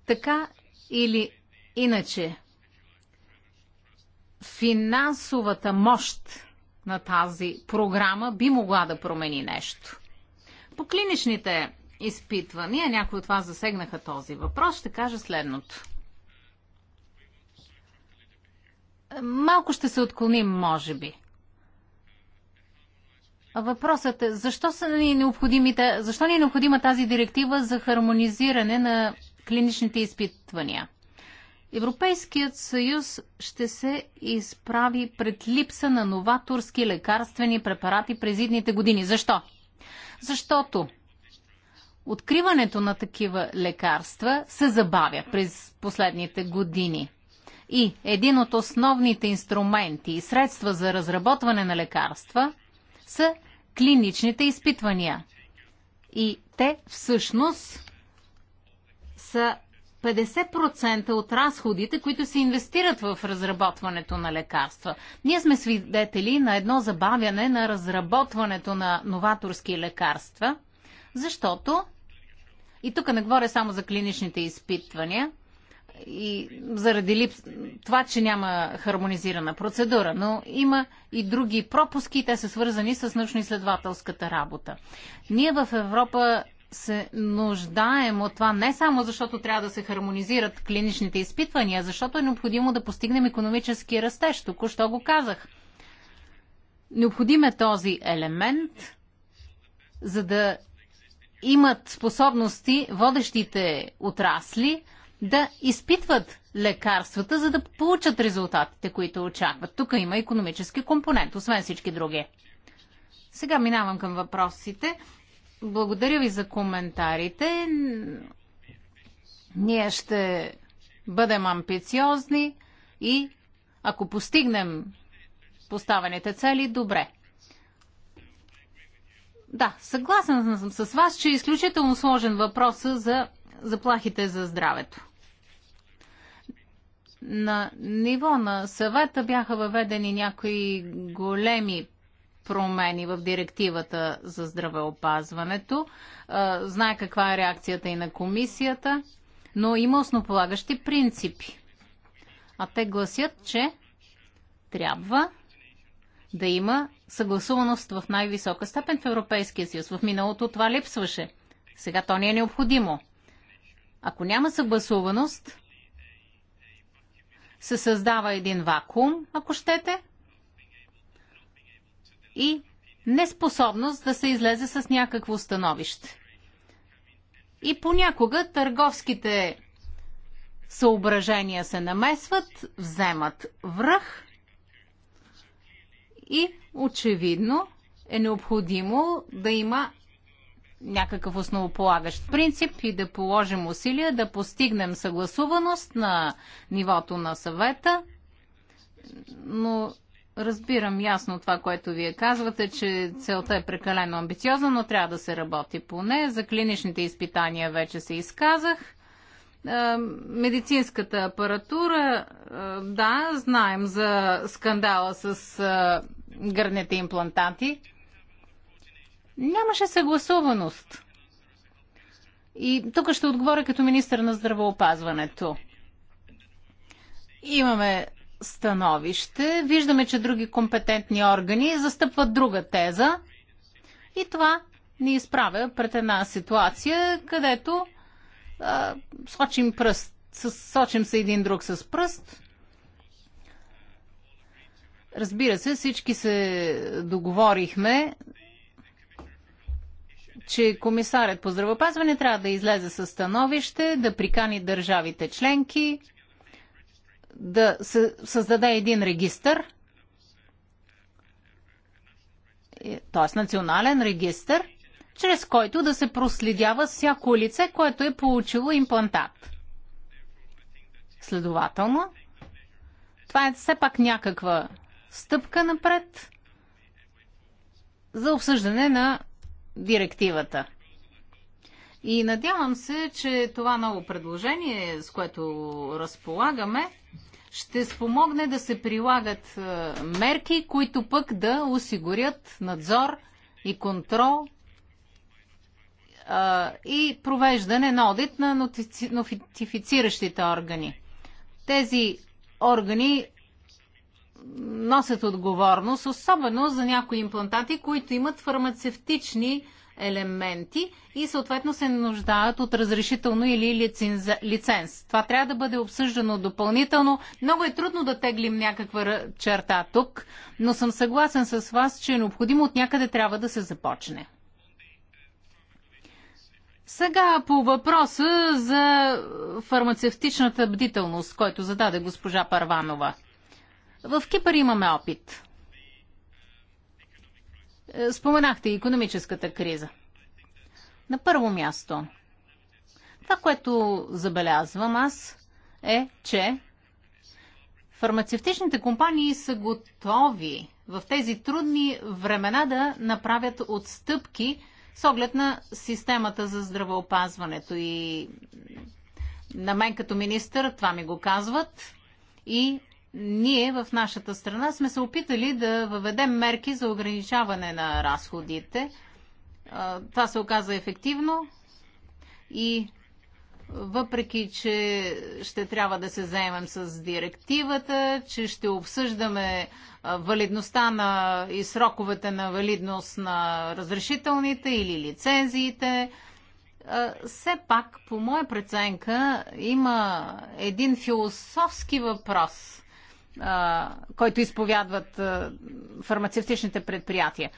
Така или иначе, финансовата мощ на тази програма би могла да промени нещо. По клиничните изпитвания, някои от вас засегнаха този въпрос, ще кажа следното. Малко ще се отклоним, може би. Въпросът е, защо, са ни необходимите, защо ни е необходима тази директива за хармонизиране на клиничните изпитвания? Европейският съюз ще се изправи пред липса на новаторски лекарствени препарати през идните години. Защо? Защото откриването на такива лекарства се забавя през последните години. И един от основните инструменти и средства за разработване на лекарства са клиничните изпитвания. И те всъщност са 50% от разходите, които се инвестират в разработването на лекарства. Ние сме свидетели на едно забавяне на разработването на новаторски лекарства, защото, и тук не говоря само за клиничните изпитвания, и заради лип... това, че няма хармонизирана процедура, но има и други пропуски, те са свързани с научно-изследователската работа. Ние в Европа се нуждаем от това не само защото трябва да се хармонизират клиничните изпитвания, защото е необходимо да постигнем економически растеж. Току-що го казах. Необходим е този елемент, за да имат способности водещите отрасли – да изпитват лекарствата, за да получат резултатите, които очакват. Тук има економически компонент, освен всички други. Сега минавам към въпросите. Благодаря ви за коментарите. Ние ще бъдем амбициозни и ако постигнем поставените цели, добре. Да, съгласен съм с вас, че е изключително сложен въпрос за заплахите за здравето. На ниво на съвета бяха въведени някои големи промени в директивата за здравеопазването. Знае каква е реакцията и на комисията, но има основополагащи принципи. А те гласят, че трябва да има съгласуваност в най-висока степен в Европейския съюз. В миналото това липсваше. Сега то ни е необходимо. Ако няма съгласуваност, се създава един вакуум, ако щете, и неспособност да се излезе с някакво становище. И понякога търговските съображения се намесват, вземат връх и очевидно е необходимо да има някакъв основополагащ принцип и да положим усилия да постигнем съгласуваност на нивото на съвета, но разбирам ясно това, което вие казвате, че целта е прекалено амбициозна, но трябва да се работи по нея. За клиничните изпитания вече се изказах. Е, медицинската апаратура, е, да, знаем за скандала с е, гърнете имплантати. Нямаше съгласуваност. И тук ще отговоря като министър на здравеопазването. Имаме становище, виждаме, че други компетентни органи застъпват друга теза и това ни изправя пред една ситуация, където а, сочим пръст, с, сочим се един друг с пръст. Разбира се, всички се договорихме че комисарят по здравопазване трябва да излезе със становище, да прикани държавите членки, да създаде един регистр, т.е. национален регистр, чрез който да се проследява всяко лице, което е получило имплантат. Следователно, това е все пак някаква стъпка напред за обсъждане на директивата. И надявам се, че това ново предложение, с което разполагаме, ще спомогне да се прилагат е, мерки, които пък да осигурят надзор и контрол а, е, и провеждане на одит на нотифициращите органи. Тези органи носят отговорност, особено за някои имплантати, които имат фармацевтични елементи и съответно се нуждаят от разрешително или лиценз. Това трябва да бъде обсъждано допълнително. Много е трудно да теглим някаква черта тук, но съм съгласен с вас, че е необходимо от някъде трябва да се започне. Сега по въпроса за фармацевтичната бдителност, който зададе госпожа Парванова – в Кипър имаме опит. Е, споменахте економическата криза. На първо място, това, което забелязвам аз, е, че фармацевтичните компании са готови в тези трудни времена да направят отстъпки с оглед на системата за здравеопазването. И на мен като министър това ми го казват. И ние в нашата страна сме се опитали да въведем мерки за ограничаване на разходите. Това се оказа ефективно и въпреки, че ще трябва да се заемем с директивата, че ще обсъждаме валидността на и сроковете на валидност на разрешителните или лицензиите, все пак, по моя преценка, има един философски въпрос, който изповядват фармацевтичните предприятия.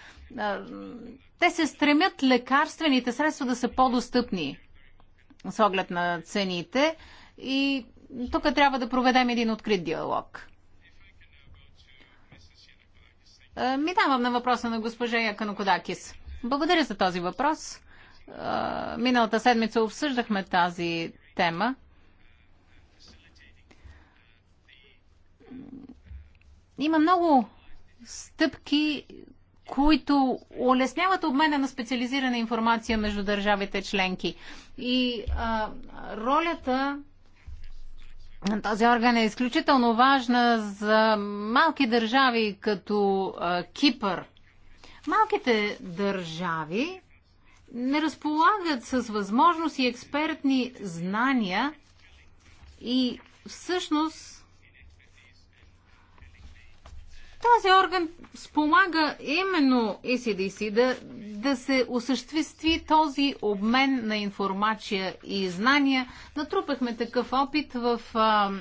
Те се стремят лекарствените средства да са по-достъпни с оглед на цените и тук трябва да проведем един открит диалог. Ми давам на въпроса на госпожа Яканокодакис. Благодаря за този въпрос. Миналата седмица обсъждахме тази тема. има много стъпки, които улесняват обмена на специализирана информация между държавите членки. И а, ролята на този орган е изключително важна за малки държави като а, Кипър. Малките държави не разполагат с възможности и експертни знания и всъщност Този орган спомага именно ECDC да, да се осъществи този обмен на информация и знания. Натрупахме такъв опит в а,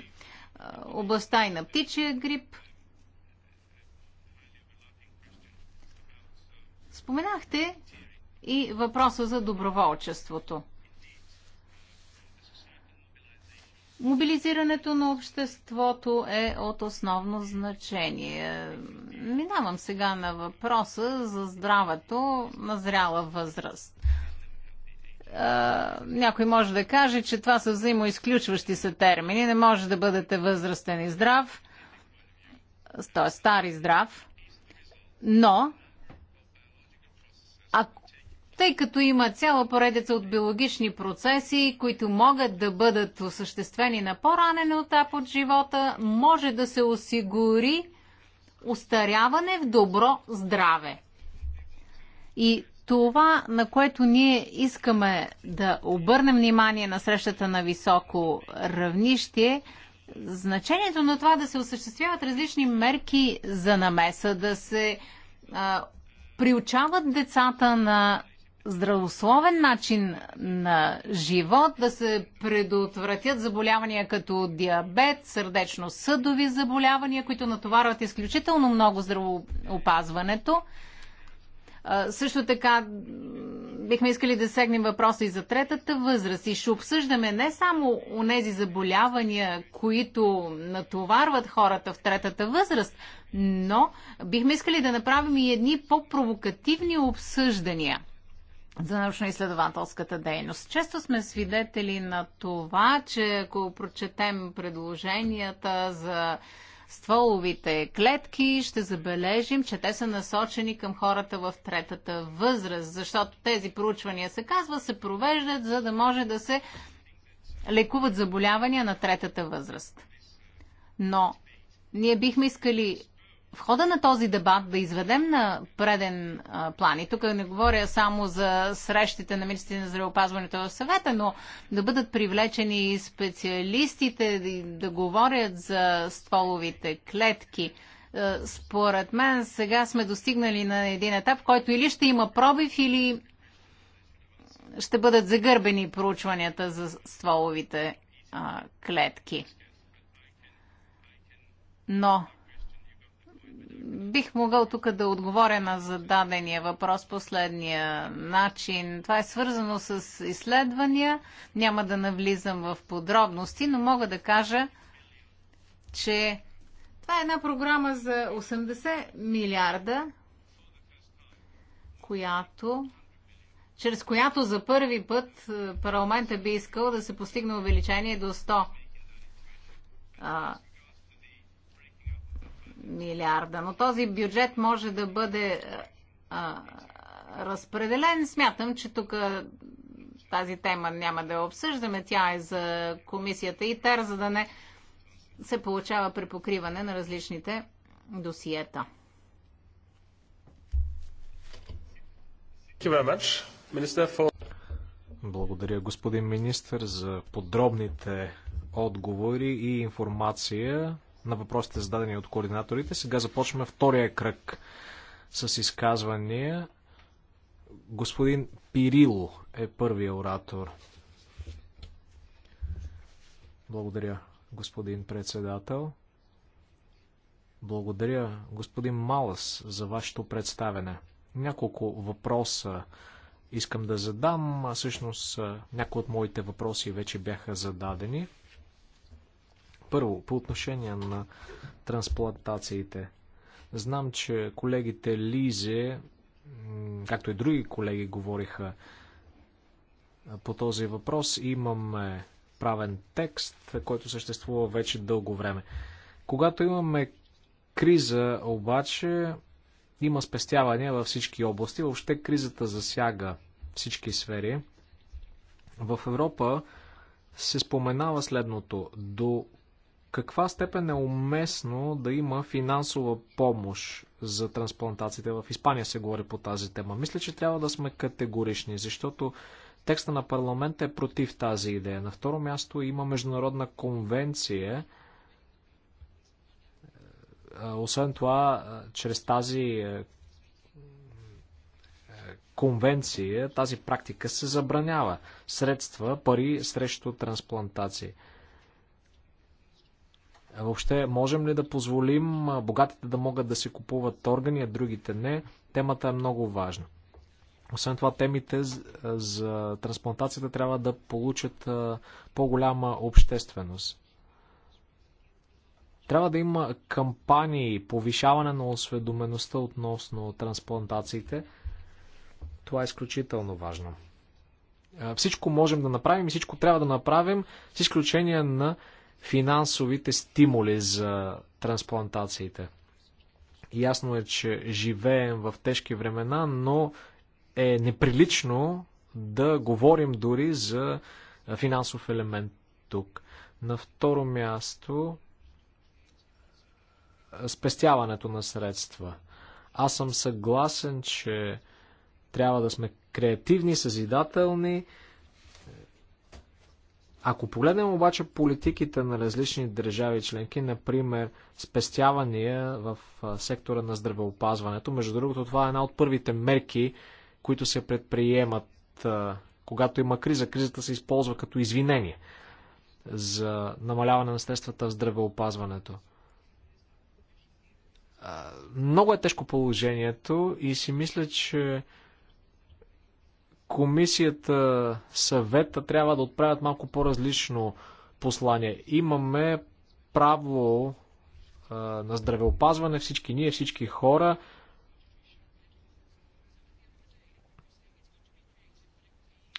областта и на птичия грип. Споменахте и въпроса за доброволчеството. Мобилизирането на обществото е от основно значение. Минавам сега на въпроса за здравето на зряла възраст. А, някой може да каже, че това са взаимоизключващи се термини. Не може да бъдете възрастен и здрав, т.е. стар и здрав. Но тъй като има цяла поредица от биологични процеси, които могат да бъдат осъществени на по-ранен етап от живота, може да се осигури устаряване в добро здраве. И това, на което ние искаме да обърнем внимание на срещата на високо равнище, значението на това да се осъществяват различни мерки за намеса, да се а, приучават децата на здравословен начин на живот, да се предотвратят заболявания като диабет, сърдечно-съдови заболявания, които натоварват изключително много здравоопазването. Също така бихме искали да сегнем въпроса и за третата възраст и ще обсъждаме не само нези заболявания, които натоварват хората в третата възраст, но бихме искали да направим и едни по-провокативни обсъждания – за научно-изследователската дейност. Често сме свидетели на това, че ако прочетем предложенията за стволовите клетки, ще забележим, че те са насочени към хората в третата възраст, защото тези проучвания, се казва, се провеждат, за да може да се лекуват заболявания на третата възраст. Но ние бихме искали в хода на този дебат да изведем на преден а, план, и тук не говоря само за срещите на министрите на здравеопазването в съвета, но да бъдат привлечени специалистите, да, да говорят за стволовите клетки. А, според мен сега сме достигнали на един етап, който или ще има пробив, или ще бъдат загърбени проучванията за стволовите а, клетки. Но бих могъл тук да отговоря на зададения въпрос последния начин. Това е свързано с изследвания. Няма да навлизам в подробности, но мога да кажа, че това е една програма за 80 милиарда, която чрез която за първи път е, парламента би искал да се постигне увеличение до 100 милиарда. Но този бюджет може да бъде а, разпределен. Смятам, че тук тази тема няма да обсъждаме. Тя е за комисията и ТЕР, за да не се получава покриване на различните досиета. Благодаря, господин министр, за подробните отговори и информация на въпросите зададени от координаторите. Сега започваме втория кръг с изказвания. Господин Пирило е първият оратор. Благодаря, господин председател. Благодаря, господин Малас, за вашето представене. Няколко въпроса искам да задам. Всъщност, някои от моите въпроси вече бяха зададени. Първо, по отношение на трансплантациите. Знам, че колегите Лизе, както и други колеги говориха по този въпрос, имаме правен текст, който съществува вече дълго време. Когато имаме криза, обаче, има спестявания във всички области. Въобще кризата засяга всички сфери. В Европа се споменава следното. До каква степен е уместно да има финансова помощ за трансплантациите. В Испания се говори по тази тема. Мисля, че трябва да сме категорични, защото текста на парламента е против тази идея. На второ място има международна конвенция. Е, освен това, е, чрез тази е, конвенция, тази практика се забранява. Средства, пари срещу трансплантации. Въобще, можем ли да позволим богатите да могат да си купуват органи, а другите не? Темата е много важна. Освен това, темите за трансплантацията трябва да получат по-голяма общественост. Трябва да има кампании, повишаване на осведомеността относно трансплантациите. Това е изключително важно. Всичко можем да направим и всичко трябва да направим, с изключение на финансовите стимули за трансплантациите. Ясно е, че живеем в тежки времена, но е неприлично да говорим дори за финансов елемент тук. На второ място спестяването на средства. Аз съм съгласен, че трябва да сме креативни, съзидателни, ако погледнем обаче политиките на различни държави членки, например спестявания в сектора на здравеопазването, между другото това е една от първите мерки, които се предприемат, когато има криза. Кризата се използва като извинение за намаляване на средствата в здравеопазването. Много е тежко положението и си мисля, че комисията, съвета трябва да отправят малко по-различно послание. Имаме право а, на здравеопазване, всички ние, всички хора.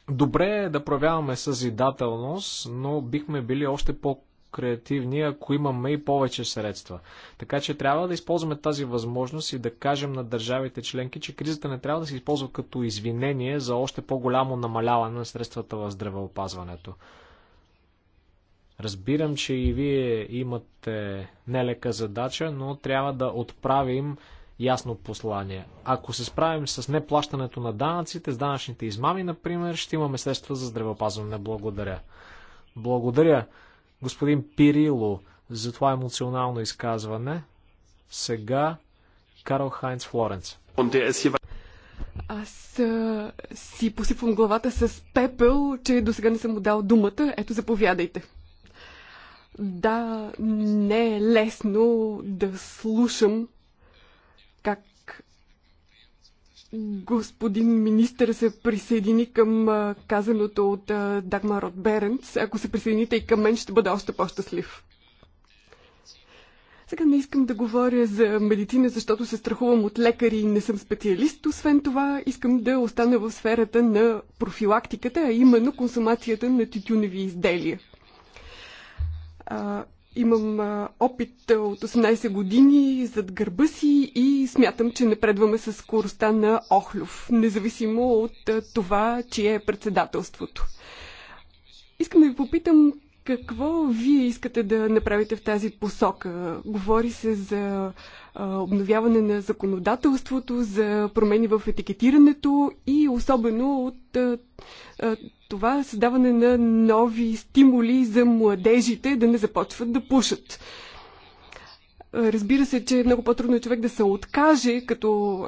Добре е да проявяваме съзидателност, но бихме били още по- креативни ако имаме и повече средства. Така че трябва да използваме тази възможност и да кажем на държавите членки, че кризата не трябва да се използва като извинение за още по-голямо намаляване на средствата в здравеопазването. Разбирам, че и вие имате нелека задача, но трябва да отправим ясно послание. Ако се справим с неплащането на данъците, с данъчните измами, например, ще имаме средства за здравеопазване. Благодаря. Благодаря господин Пирило за това емоционално изказване. Сега Карл Хайнц Флоренц. Аз а, си посипвам главата с пепел, че до сега не съм му дал думата. Ето, заповядайте. Да, не е лесно да слушам господин министър се присъедини към казаното от Дагмар от Беренц. Ако се присъедините и към мен, ще бъда още по-щастлив. Сега не искам да говоря за медицина, защото се страхувам от лекари и не съм специалист. Освен това, искам да остана в сферата на профилактиката, а именно консумацията на тютюневи изделия. Имам а, опит от 18 години зад гърба си и смятам, че напредваме с скоростта на Охлюв, независимо от а, това, чие е председателството. Искам да ви попитам какво вие искате да направите в тази посока? Говори се за обновяване на законодателството, за промени в етикетирането и особено от това създаване на нови стимули за младежите да не започват да пушат. Разбира се, че е много по-трудно човек да се откаже като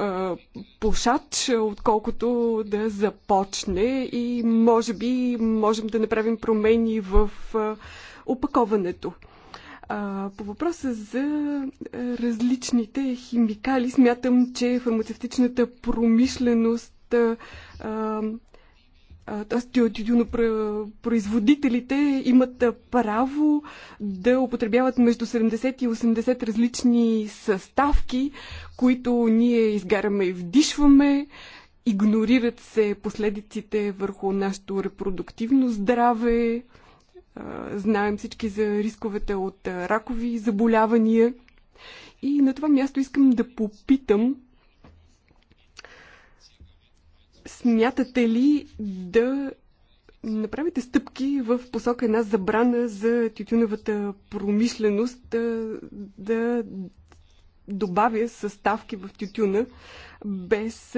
пушач, отколкото да започне и може би можем да направим промени в опаковането. А, по въпроса за различните химикали, смятам, че фармацевтичната промишленост тютюнопроизводителите имат право да употребяват между 70 и 80 различни съставки, които ние изгаряме и вдишваме. Игнорират се последиците върху нашето репродуктивно здраве. Знаем всички за рисковете от ракови заболявания. И на това място искам да попитам Смятате ли да направите стъпки в посока една забрана за тютюновата промишленост да, да добавя съставки в тютюна без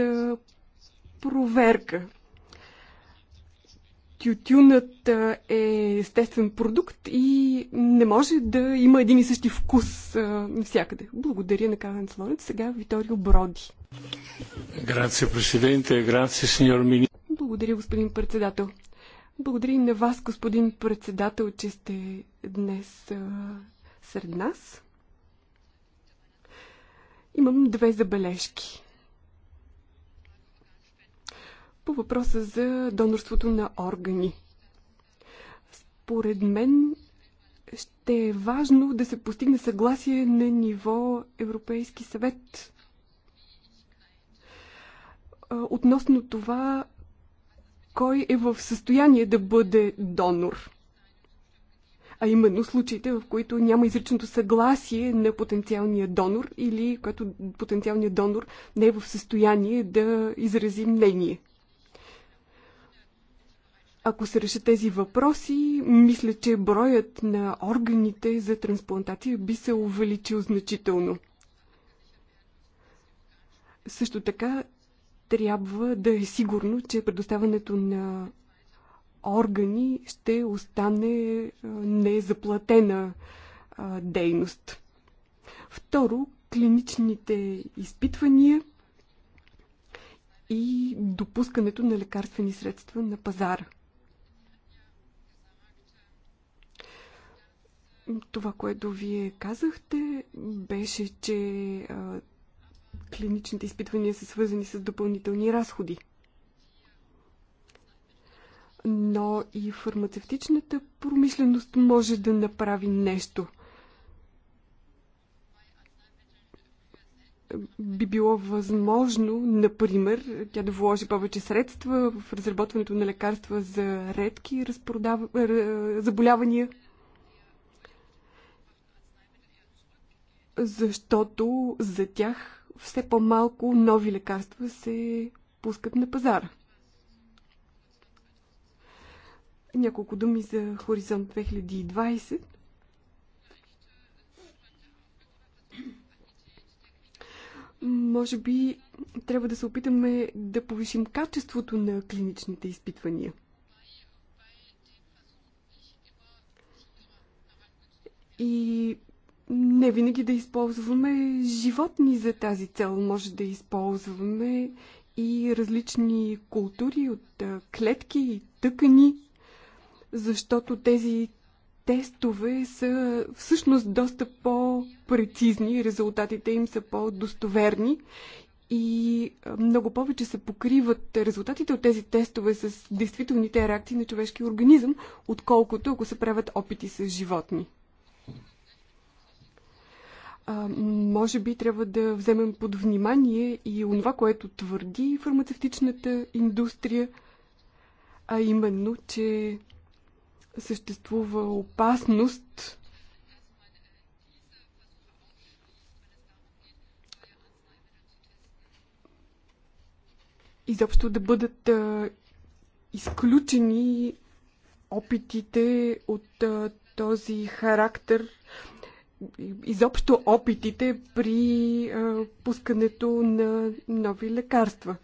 проверка? тютюнът е естествен продукт и не може да има един и същи вкус навсякъде. Благодаря на Кавен Слонец. Сега Виторио Броди. Грация, президенте. Грация, сеньор мини. Благодаря, господин председател. Благодаря и на вас, господин председател, че сте днес а, сред нас. Имам две забележки. По въпроса за донорството на органи. Според мен ще е важно да се постигне съгласие на ниво Европейски съвет относно това кой е в състояние да бъде донор. А именно случаите, в които няма изричното съгласие на потенциалния донор или когато потенциалният донор не е в състояние да изрази мнение. Ако се решат тези въпроси, мисля, че броят на органите за трансплантация би се увеличил значително. Също така трябва да е сигурно, че предоставянето на органи ще остане незаплатена дейност. Второ, клиничните изпитвания и допускането на лекарствени средства на пазара. Това, което вие казахте, беше, че а, клиничните изпитвания са свързани с допълнителни разходи. Но и фармацевтичната промишленост може да направи нещо. Би било възможно, например, тя да вложи повече средства в разработването на лекарства за редки разпродав... заболявания, защото за тях все по-малко нови лекарства се пускат на пазара. Няколко думи за Хоризонт 2020. Може би трябва да се опитаме да повишим качеството на клиничните изпитвания. И не винаги да използваме животни за тази цел. Може да използваме и различни култури от клетки и тъкани, защото тези тестове са всъщност доста по-прецизни, резултатите им са по-достоверни и много повече се покриват резултатите от тези тестове с действителните реакции на човешки организъм, отколкото ако се правят опити с животни а, може би трябва да вземем под внимание и онова, което твърди фармацевтичната индустрия, а именно, че съществува опасност изобщо да бъдат а, изключени опитите от а, този характер изобщо опитите при а, пускането на нови лекарства.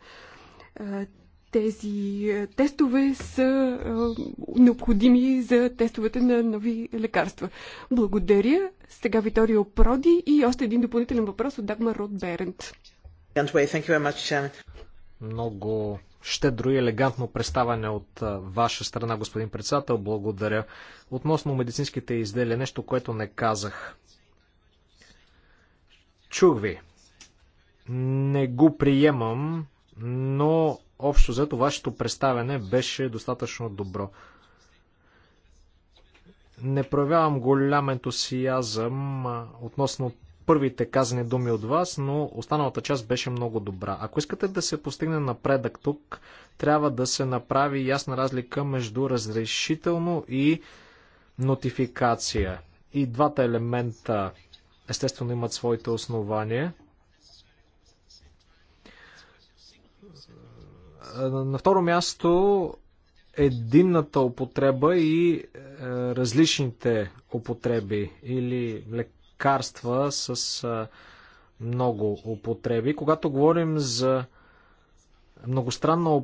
А, тези тестове са а, необходими за тестовете на нови лекарства. Благодаря. Сега Виторио Проди и още един допълнителен въпрос от Дагмар Род Берент. Много щедро и елегантно представяне от ваша страна, господин председател. Благодаря. Относно медицинските изделия, нещо, което не казах. Чух ви. Не го приемам, но общо зато вашето представяне беше достатъчно добро. Не проявявам голям ентусиазъм относно първите казани думи от вас, но останалата част беше много добра. Ако искате да се постигне напредък тук, трябва да се направи ясна разлика между разрешително и нотификация. И двата елемента естествено имат своите основания. На второ място единната употреба и е, различните употреби или лекарства с е, много употреби. Когато говорим за многостранна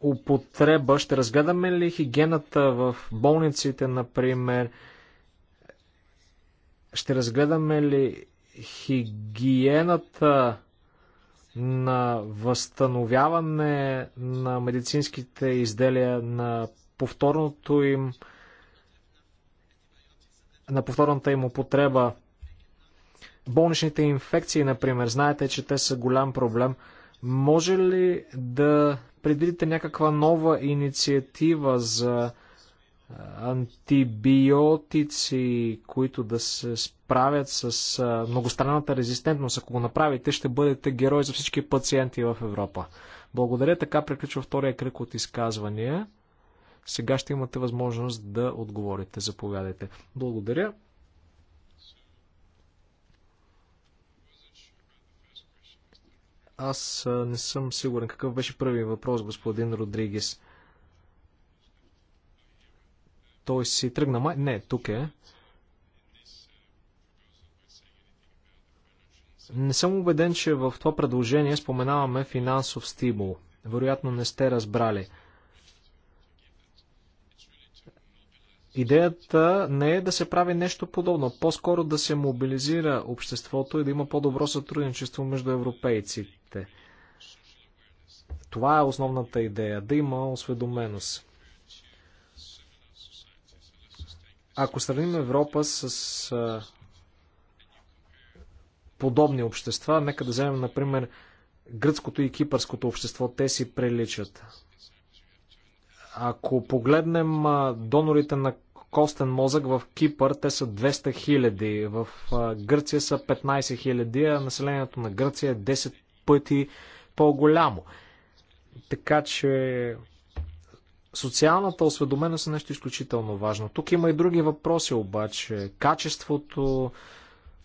употреба, ще разгледаме ли хигиената в болниците, например, ще разгледаме ли хигиената на възстановяване на медицинските изделия, на повторното им на повторната им употреба. Болничните инфекции, например, знаете, че те са голям проблем. Може ли да предвидите някаква нова инициатива за антибиотици, които да се справят с многостранната резистентност. Ако го направите, ще бъдете герой за всички пациенти в Европа. Благодаря. Така приключва втория кръг от изказвания. Сега ще имате възможност да отговорите. Заповядайте. Благодаря. Аз не съм сигурен какъв беше първи въпрос, господин Родригес. Той си тръгна май... Не, тук е. Не съм убеден, че в това предложение споменаваме финансов стимул. Вероятно не сте разбрали. Идеята не е да се прави нещо подобно, по-скоро да се мобилизира обществото и да има по-добро сътрудничество между европейците. Това е основната идея, да има осведоменост. Ако сравним Европа с подобни общества, нека да вземем, например, гръцкото и кипърското общество, те си приличат. Ако погледнем донорите на костен мозък в Кипър, те са 200 хиляди, в Гърция са 15 хиляди, а населението на Гърция е 10 пъти по-голямо. Така че Социалната осведоменост е нещо изключително важно. Тук има и други въпроси обаче. Качеството,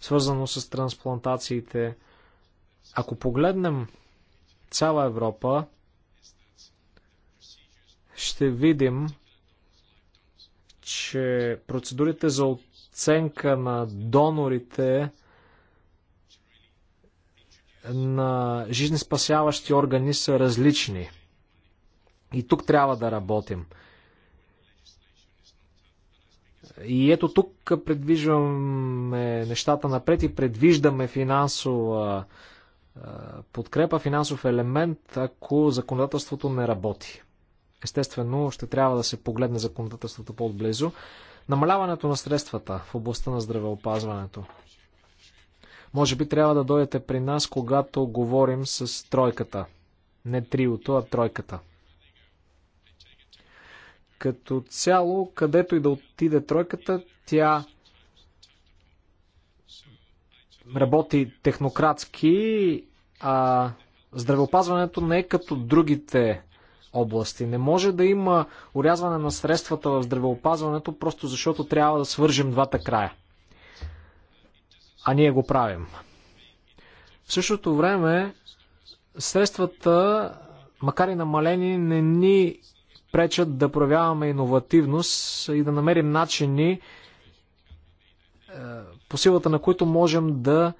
свързано с трансплантациите. Ако погледнем цяла Европа, ще видим, че процедурите за оценка на донорите на жизнеспасяващи органи са различни. И тук трябва да работим. И ето тук предвиждаме нещата напред и предвиждаме финансова подкрепа, финансов елемент, ако законодателството не работи. Естествено, ще трябва да се погледне законодателството по-отблизо. Намаляването на средствата в областта на здравеопазването. Може би трябва да дойдете при нас, когато говорим с тройката. Не триото, а тройката. Като цяло, където и да отиде тройката, тя работи технократски, а здравеопазването не е като другите области. Не може да има урязване на средствата в здравеопазването, просто защото трябва да свържем двата края. А ние го правим. В същото време, средствата, макар и намалени, не ни пречат да проявяваме иновативност и да намерим начини е, по силата на които можем да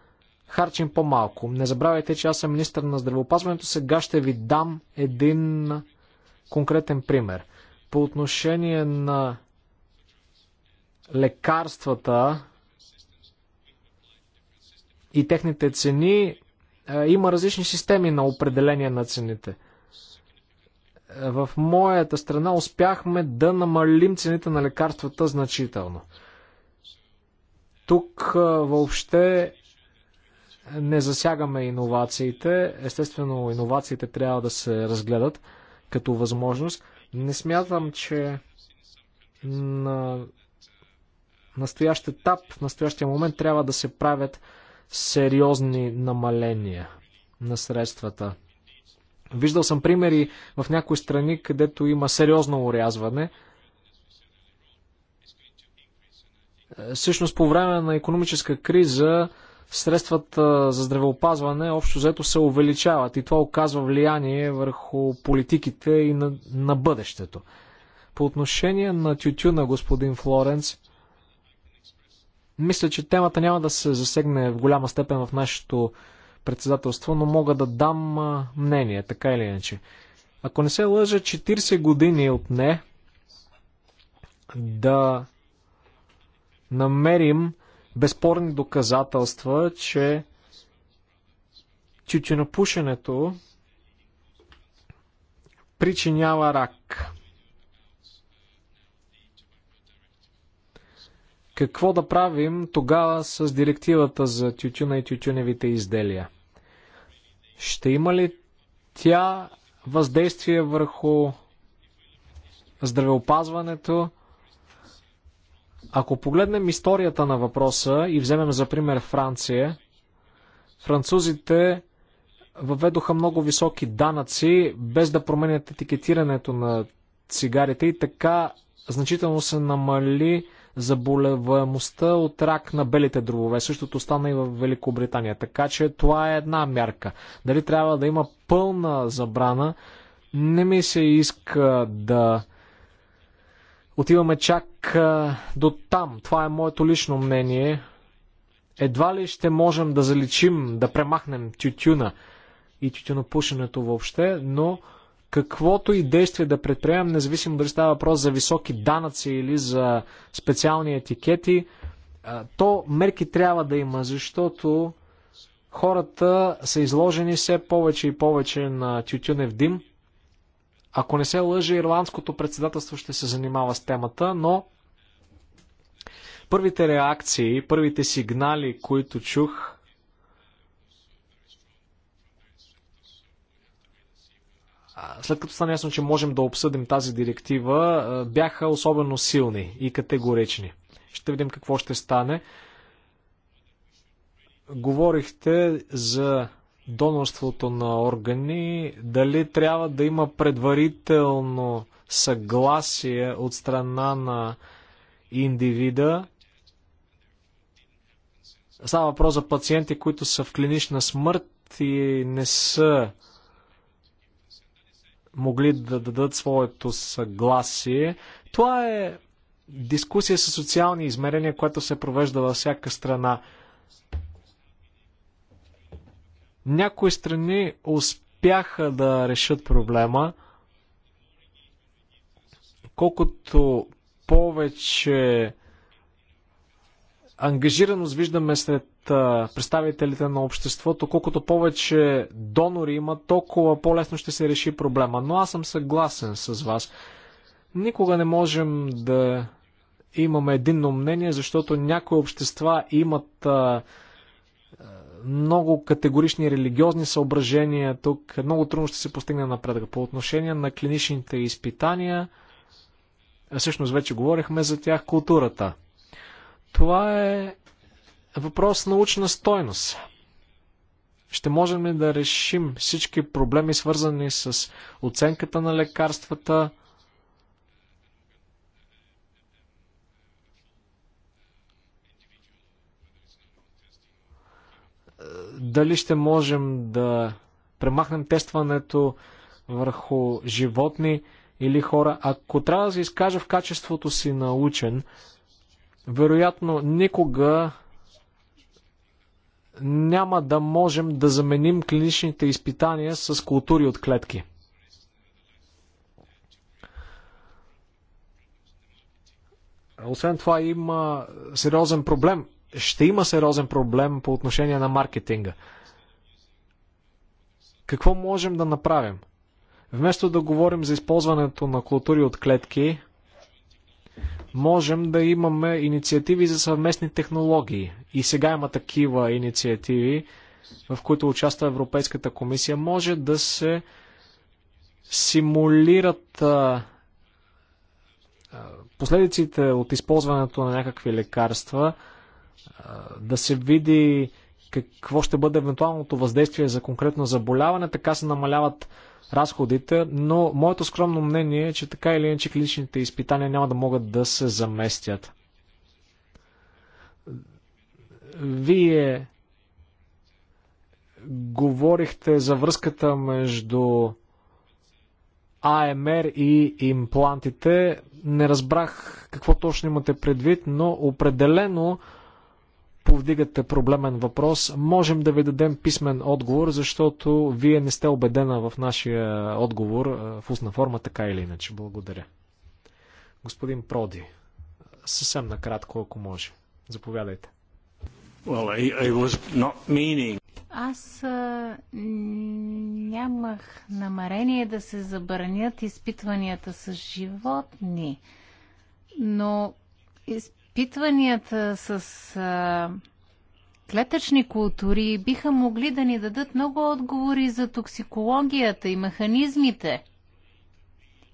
харчим по-малко. Не забравяйте, че аз съм министър на здравеопазването. Сега ще ви дам един конкретен пример. По отношение на лекарствата и техните цени, е, има различни системи на определение на цените – в моята страна успяхме да намалим цените на лекарствата значително. Тук въобще не засягаме иновациите. Естествено, иновациите трябва да се разгледат като възможност. Не смятам, че на настоящ етап, в настоящия момент трябва да се правят сериозни намаления на средствата. Виждал съм примери в някои страни, където има сериозно урязване. Всъщност по време на економическа криза средствата за здравеопазване общо взето се увеличават и това оказва влияние върху политиките и на, на бъдещето. По отношение на тютюна, господин Флоренц, мисля, че темата няма да се засегне в голяма степен в нашето председателство, но мога да дам мнение, така или иначе. Ако не се лъжа, 40 години от не да намерим безспорни доказателства, че тютюнопушенето причинява рак. Какво да правим тогава с директивата за тютюна и тютюневите изделия? Ще има ли тя въздействие върху здравеопазването? Ако погледнем историята на въпроса и вземем за пример Франция, французите въведоха много високи данъци, без да променят етикетирането на цигарите и така значително се намали заболеваемостта от рак на белите дробове. Същото стана и в Великобритания. Така че това е една мярка. Дали трябва да има пълна забрана? Не ми се иска да отиваме чак до там. Това е моето лично мнение. Едва ли ще можем да заличим, да премахнем тютюна и тютюнопушенето въобще, но каквото и действие да предприемем, независимо дали става въпрос за високи данъци или за специални етикети, то мерки трябва да има, защото хората са изложени все повече и повече на тютюнев дим. Ако не се лъжи, ирландското председателство ще се занимава с темата, но първите реакции, първите сигнали, които чух, след като стана ясно, че можем да обсъдим тази директива, бяха особено силни и категорични. Ще видим какво ще стане. Говорихте за донорството на органи, дали трябва да има предварително съгласие от страна на индивида. Става въпрос за пациенти, които са в клинична смърт и не са могли да дадат своето съгласие. Това е дискусия с социални измерения, която се провежда във всяка страна. Някои страни успяха да решат проблема. Колкото повече ангажираност виждаме сред представителите на обществото, колкото повече донори има, толкова по-лесно ще се реши проблема. Но аз съм съгласен с вас. Никога не можем да имаме единно мнение, защото някои общества имат а, много категорични религиозни съображения. Тук много трудно ще се постигне напредък. По отношение на клиничните изпитания, всъщност вече говорихме за тях, културата. Това е въпрос на научна стойност. Ще можем ли да решим всички проблеми, свързани с оценката на лекарствата? Дали ще можем да премахнем тестването върху животни или хора? Ако трябва да се изкажа в качеството си на учен, вероятно никога няма да можем да заменим клиничните изпитания с култури от клетки. Освен това има сериозен проблем. Ще има сериозен проблем по отношение на маркетинга. Какво можем да направим? Вместо да говорим за използването на култури от клетки, можем да имаме инициативи за съвместни технологии. И сега има такива инициативи, в които участва Европейската комисия. Може да се симулират последиците от използването на някакви лекарства, да се види какво ще бъде евентуалното въздействие за конкретно заболяване, така се намаляват разходите, но моето скромно мнение е, че така или иначе клиничните изпитания няма да могат да се заместят. Вие говорихте за връзката между АМР и имплантите. Не разбрах какво точно имате предвид, но определено повдигате проблемен въпрос, можем да ви дадем писмен отговор, защото вие не сте убедена в нашия отговор в устна форма, така или иначе. Благодаря. Господин Проди, съвсем накратко, ако може. Заповядайте. Well, I, I was not meaning. Аз а, нямах намерение да се забранят изпитванията с животни, но изпитванията изпитванията с а, клетъчни култури биха могли да ни дадат много отговори за токсикологията и механизмите.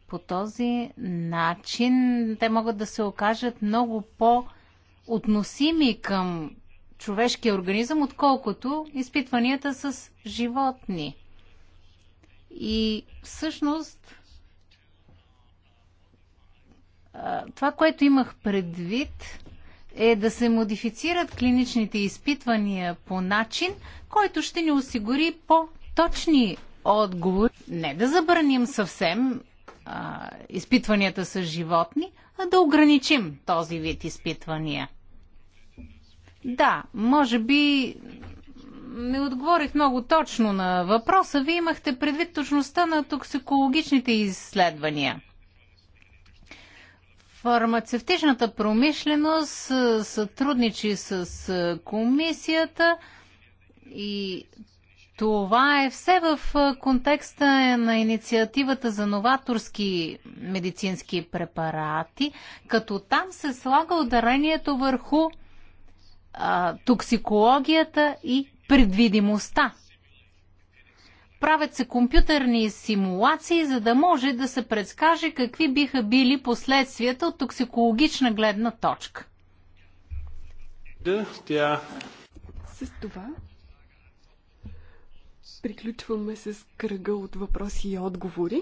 По този начин те могат да се окажат много по-относими към човешкия организъм, отколкото изпитванията с животни. И всъщност това, което имах предвид, е да се модифицират клиничните изпитвания по начин, който ще ни осигури по-точни отговори. Не да забраним съвсем а, изпитванията с животни, а да ограничим този вид изпитвания. Да, може би не отговорих много точно на въпроса. Вие имахте предвид точността на токсикологичните изследвания – Фармацевтичната промишленост сътрудничи с комисията и това е все в контекста на инициативата за новаторски медицински препарати, като там се слага ударението върху а, токсикологията и предвидимостта правят се компютърни симулации, за да може да се предскаже какви биха били последствията от токсикологична гледна точка. тя. С това приключваме с кръга от въпроси и отговори.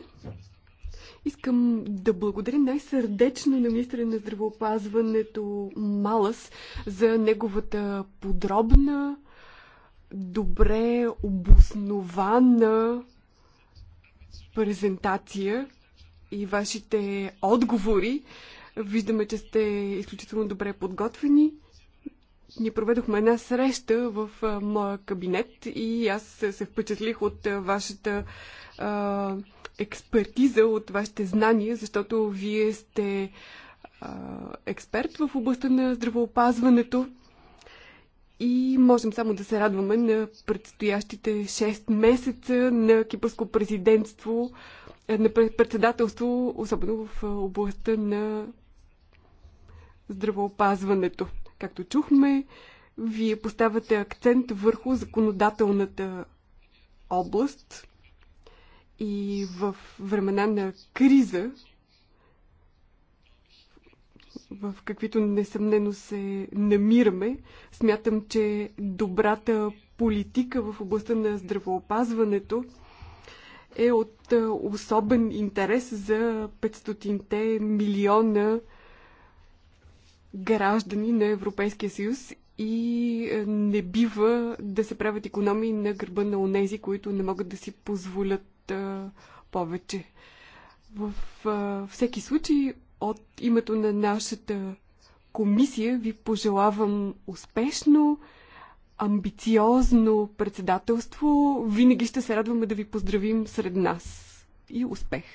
Искам да благодаря най-сърдечно на министра на здравеопазването Малас за неговата подробна добре обоснована презентация и вашите отговори. Виждаме, че сте изключително добре подготвени. Ние проведохме една среща в моя кабинет и аз се впечатлих от вашата а, експертиза, от вашите знания, защото вие сте а, експерт в областта на здравеопазването и можем само да се радваме на предстоящите 6 месеца на кипърско президентство, е, на председателство, особено в е, областта на здравоопазването. Както чухме, вие поставяте акцент върху законодателната област и в времена на криза, в каквито несъмнено се намираме. Смятам, че добрата политика в областта на здравоопазването е от особен интерес за 500-те милиона граждани на Европейския съюз и не бива да се правят економии на гърба на онези, които не могат да си позволят повече. В всеки случай от името на нашата комисия ви пожелавам успешно, амбициозно председателство. Винаги ще се радваме да ви поздравим сред нас. И успех!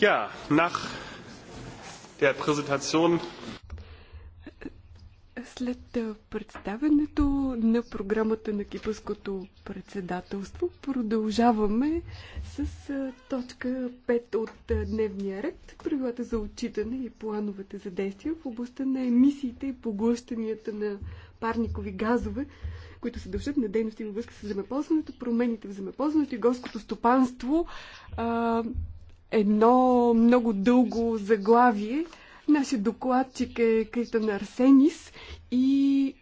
Ja, nach der Präsentation след представенето на програмата на Кипърското председателство продължаваме с точка 5 от дневния ред правилата за отчитане и плановете за действия в областта на емисиите и поглъщанията на парникови газове, които се дължат на дейности във връзка с земеползването, промените в земеползването и горското стопанство едно много дълго заглавие. Нашия докладчик е Критан Арсенис и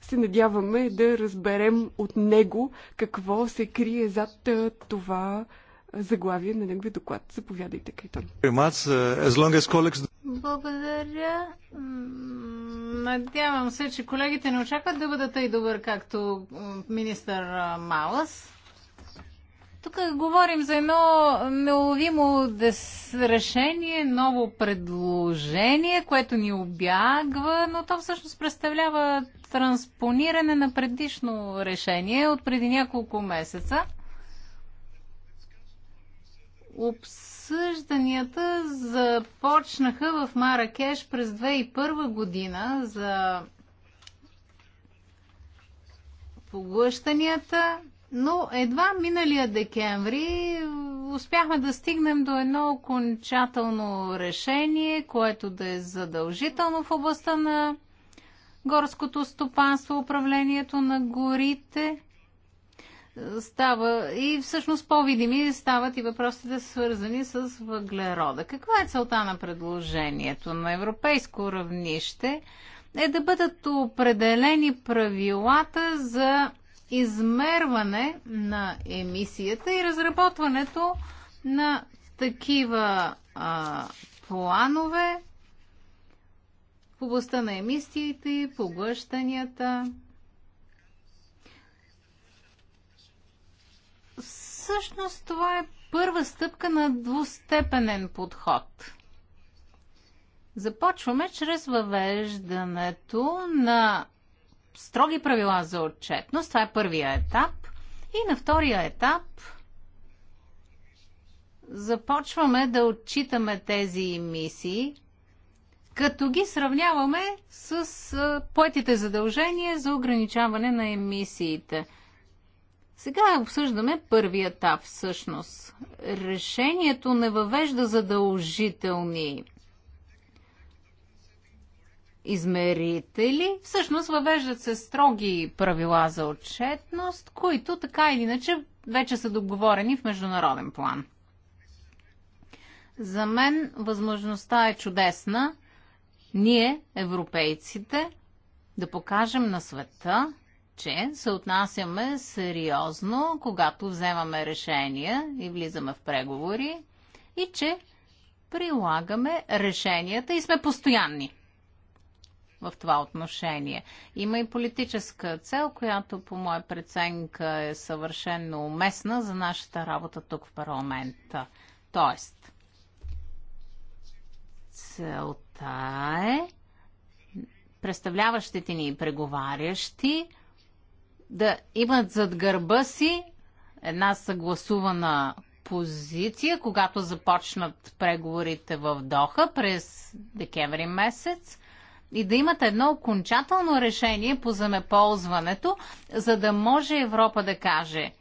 се надяваме да разберем от него какво се крие зад това заглавие на неговия доклад. Заповядайте, Кайтан. Благодаря. Надявам се, че колегите не очакват да бъда тъй добър, както министър Малас. Тук говорим за едно неуловимо решение, ново предложение, което ни обягва, но то всъщност представлява транспониране на предишно решение от преди няколко месеца. Обсъжданията започнаха в Маракеш през 2001 година за поглъщанията но едва миналия декември успяхме да стигнем до едно окончателно решение, което да е задължително в областта на горското стопанство, управлението на горите. Става и всъщност по-видими стават и въпросите свързани с въглерода. Каква е целта на предложението на европейско равнище? Е да бъдат определени правилата за измерване на емисията и разработването на такива а, планове в областта на емисиите и поглъщанията. Всъщност това е първа стъпка на двустепенен подход. Започваме чрез въвеждането на строги правила за отчетност. Това е първия етап. И на втория етап започваме да отчитаме тези емисии, като ги сравняваме с поетите задължения за ограничаване на емисиите. Сега обсъждаме първи етап всъщност. Решението не въвежда задължителни измерители, всъщност въвеждат се строги правила за отчетност, които така или иначе вече са договорени в международен план. За мен възможността е чудесна ние, европейците, да покажем на света, че се отнасяме сериозно, когато вземаме решения и влизаме в преговори, и че прилагаме решенията и сме постоянни в това отношение. Има и политическа цел, която по моя преценка е съвършенно уместна за нашата работа тук в парламента. Тоест, целта е представляващите ни и преговарящи да имат зад гърба си една съгласувана позиция, когато започнат преговорите в Доха през декември месец и да имат едно окончателно решение по земеползването, за да може Европа да каже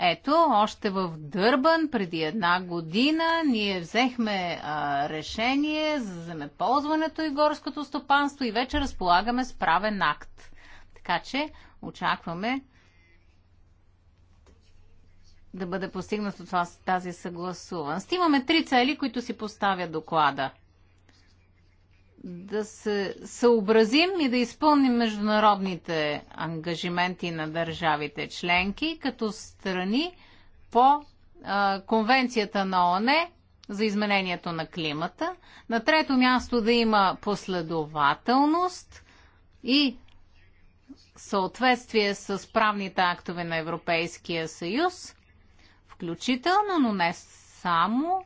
ето, още в Дърбан преди една година ние взехме а, решение за земеползването и горското стопанство и вече разполагаме с правен акт. Така че очакваме да бъде постигнато тази съгласуван. Имаме три цели, които си поставя доклада – да се съобразим и да изпълним международните ангажименти на държавите членки като страни по а, Конвенцията на ОНЕ за изменението на климата. На трето място да има последователност и съответствие с правните актове на Европейския съюз, включително, но не само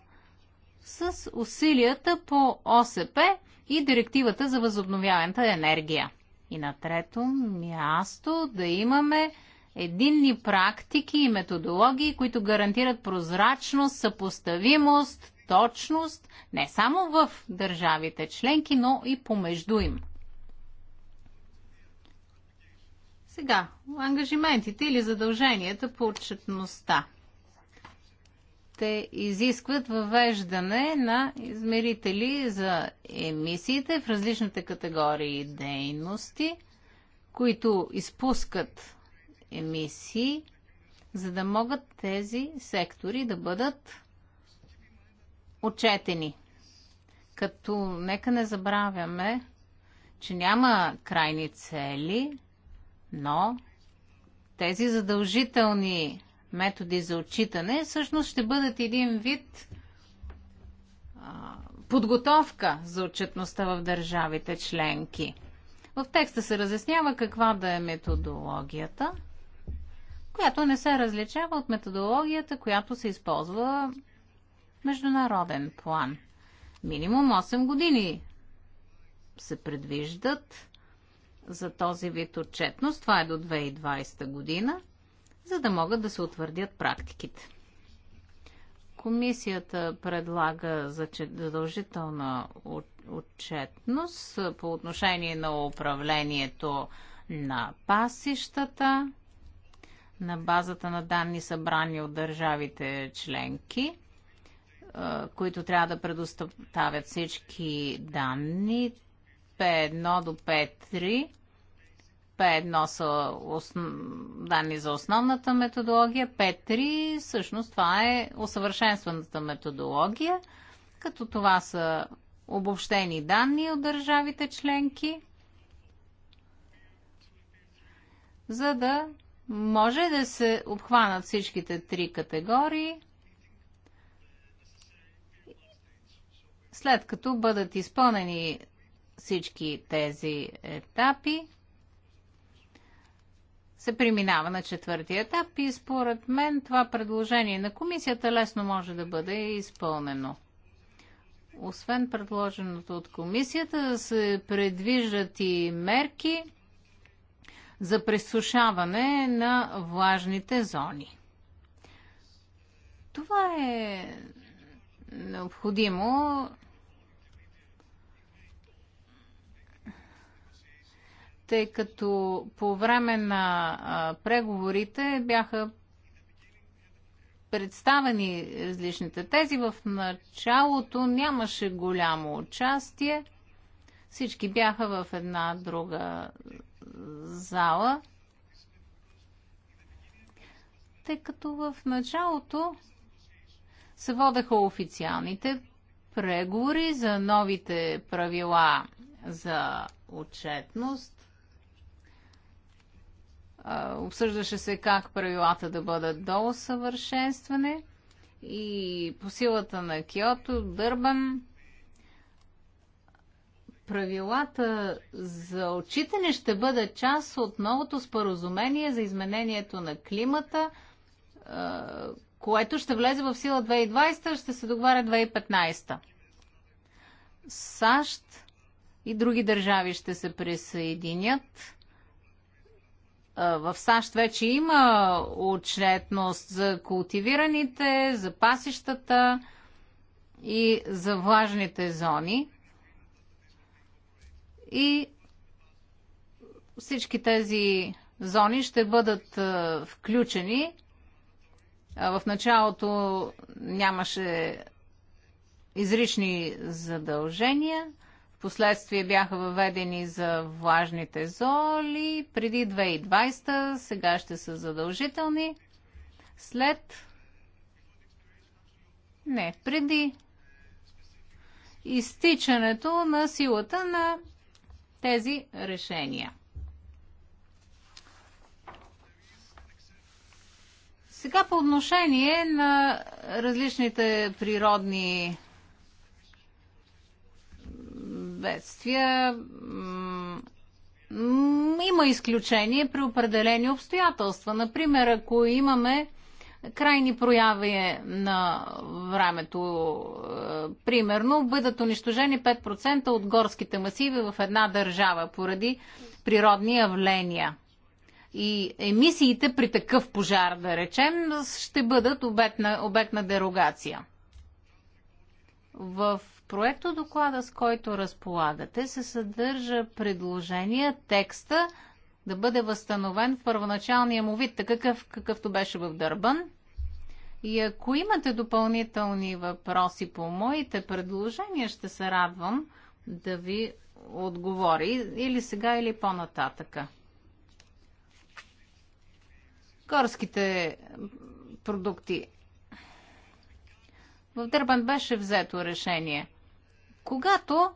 с усилията по ОСП и директивата за възобновяемата енергия. И на трето място да имаме единни практики и методологии, които гарантират прозрачност, съпоставимост, точност, не само в държавите членки, но и помежду им. Сега, ангажиментите или задълженията по отчетността ще изискват въвеждане на измерители за емисиите в различните категории дейности, които изпускат емисии, за да могат тези сектори да бъдат отчетени. Като нека не забравяме, че няма крайни цели, но тези задължителни методи за отчитане, всъщност ще бъдат един вид а, подготовка за отчетността в държавите членки. В текста се разяснява каква да е методологията, която не се различава от методологията, която се използва международен план. Минимум 8 години се предвиждат за този вид отчетност. Това е до 2020 година за да могат да се утвърдят практиките. Комисията предлага задължителна отчетност по отношение на управлението на пасищата на базата на данни събрани от държавите членки, които трябва да предоставят всички данни P1 до P3 P1 са основ... данни за основната методология, P3 всъщност това е усъвършенстваната методология, като това са обобщени данни от държавите членки, за да може да се обхванат всичките три категории, след като бъдат изпълнени всички тези етапи се преминава на четвъртия етап и според мен това предложение на комисията лесно може да бъде изпълнено. Освен предложеното от комисията, да се предвиждат и мерки за пресушаване на влажните зони. Това е необходимо, тъй като по време на а, преговорите бяха представени различните тези. В началото нямаше голямо участие. Всички бяха в една друга зала. Тъй като в началото се водеха официалните преговори за новите правила за отчетност Обсъждаше се как правилата да бъдат до усъвършенстване и по силата на Киото, Дърбан, правилата за отчитане ще бъдат част от новото споразумение за изменението на климата, което ще влезе в сила 2020, ще се договаря 2015. САЩ и други държави ще се присъединят в САЩ вече има отчетност за култивираните, за пасищата и за влажните зони. И всички тези зони ще бъдат включени. В началото нямаше изрични задължения. Последствие бяха въведени за влажните золи преди 2020, сега ще са задължителни. След. Не, преди изтичането на силата на тези решения. Сега по отношение на различните природни бедствия. Има изключение при определени обстоятелства. Например, ако имаме крайни прояви на времето. Е, примерно, бъдат унищожени 5% от горските масиви в една държава поради природни явления. И емисиите при такъв пожар, да речем, ще бъдат обект на, обект на дерогация. В проекто доклада, с който разполагате, се съдържа предложение текста да бъде възстановен в първоначалния му вид, такъв какъвто беше в Дърбан. И ако имате допълнителни въпроси по моите предложения, ще се радвам да ви отговори или сега, или по-нататъка. Горските продукти. В Дърбан беше взето решение – когато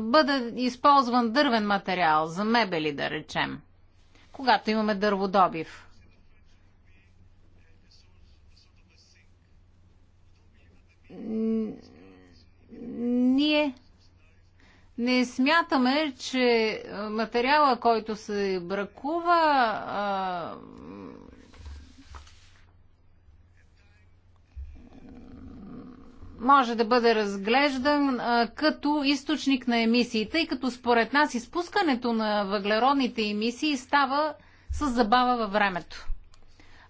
бъде използван дървен материал за мебели, да речем, когато имаме дърводобив, ние не смятаме, че материала, който се бракува, може да бъде разглеждан а, като източник на емисиите, тъй като според нас изпускането на въглеродните емисии става с забава във времето.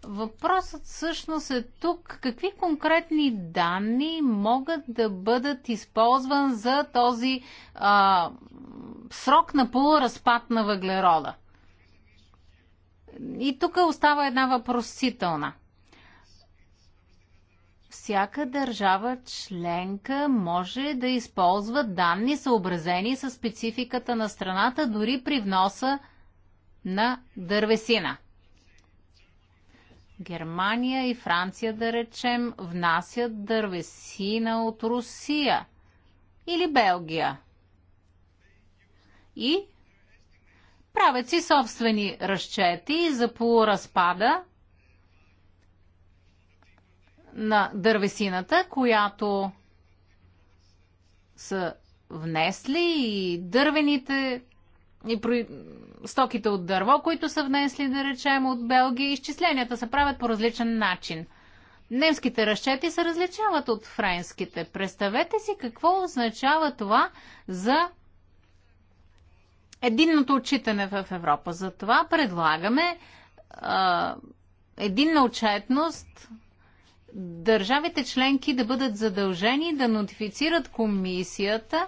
Въпросът всъщност е тук какви конкретни данни могат да бъдат използван за този а, срок на полуразпад на въглерода. И тук остава една въпросителна – всяка държава членка може да използва данни съобразени с спецификата на страната, дори при вноса на дървесина. Германия и Франция, да речем, внасят дървесина от Русия или Белгия. И правят си собствени разчети за полуразпада – на дървесината, която са внесли и дървените и про... стоките от дърво, които са внесли, да речем, от Белгия. Изчисленията се правят по различен начин. Немските разчети се различават от френските. Представете си какво означава това за единното отчитане в Европа. Затова предлагаме а, единна отчетност държавите членки да бъдат задължени да нотифицират комисията,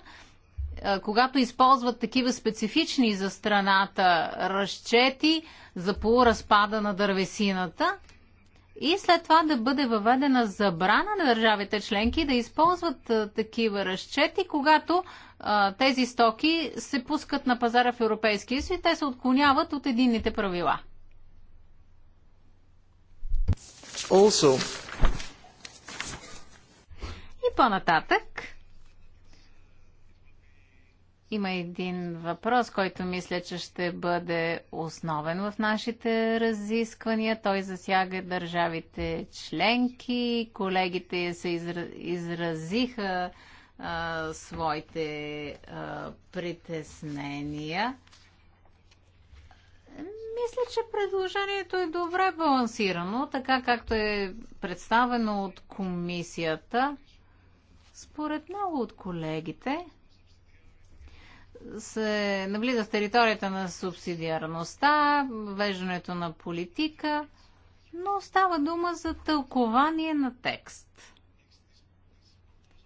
когато използват такива специфични за страната разчети за полуразпада на дървесината и след това да бъде въведена забрана на държавите членки да използват такива разчети, когато тези стоки се пускат на пазара в Европейския съюз и те се отклоняват от единните правила. Also, и по-нататък има един въпрос, който мисля, че ще бъде основен в нашите разисквания. Той засяга държавите членки. Колегите се изразиха а, своите а, притеснения. Мисля, че предложението е добре балансирано, така както е представено от комисията. Според много от колегите се навлиза в територията на субсидиарността, веждането на политика, но става дума за тълкование на текст.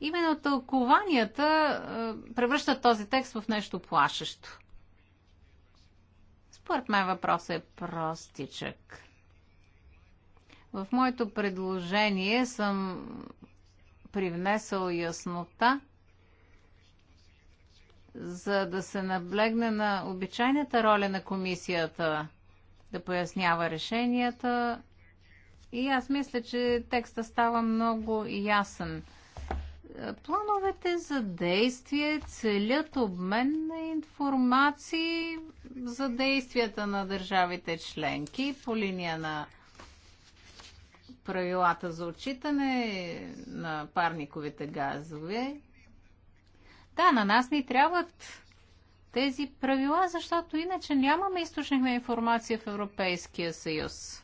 Именно тълкованията е, превръщат този текст в нещо плашещо. Според мен въпросът е простичък. В моето предложение съм привнесъл яснота, за да се наблегне на обичайната роля на комисията да пояснява решенията. И аз мисля, че текста става много ясен. Плановете за действие целят обмен на информации за действията на държавите членки по линия на правилата за отчитане на парниковите газове. Да, на нас ни трябват тези правила, защото иначе нямаме източник на информация в Европейския съюз.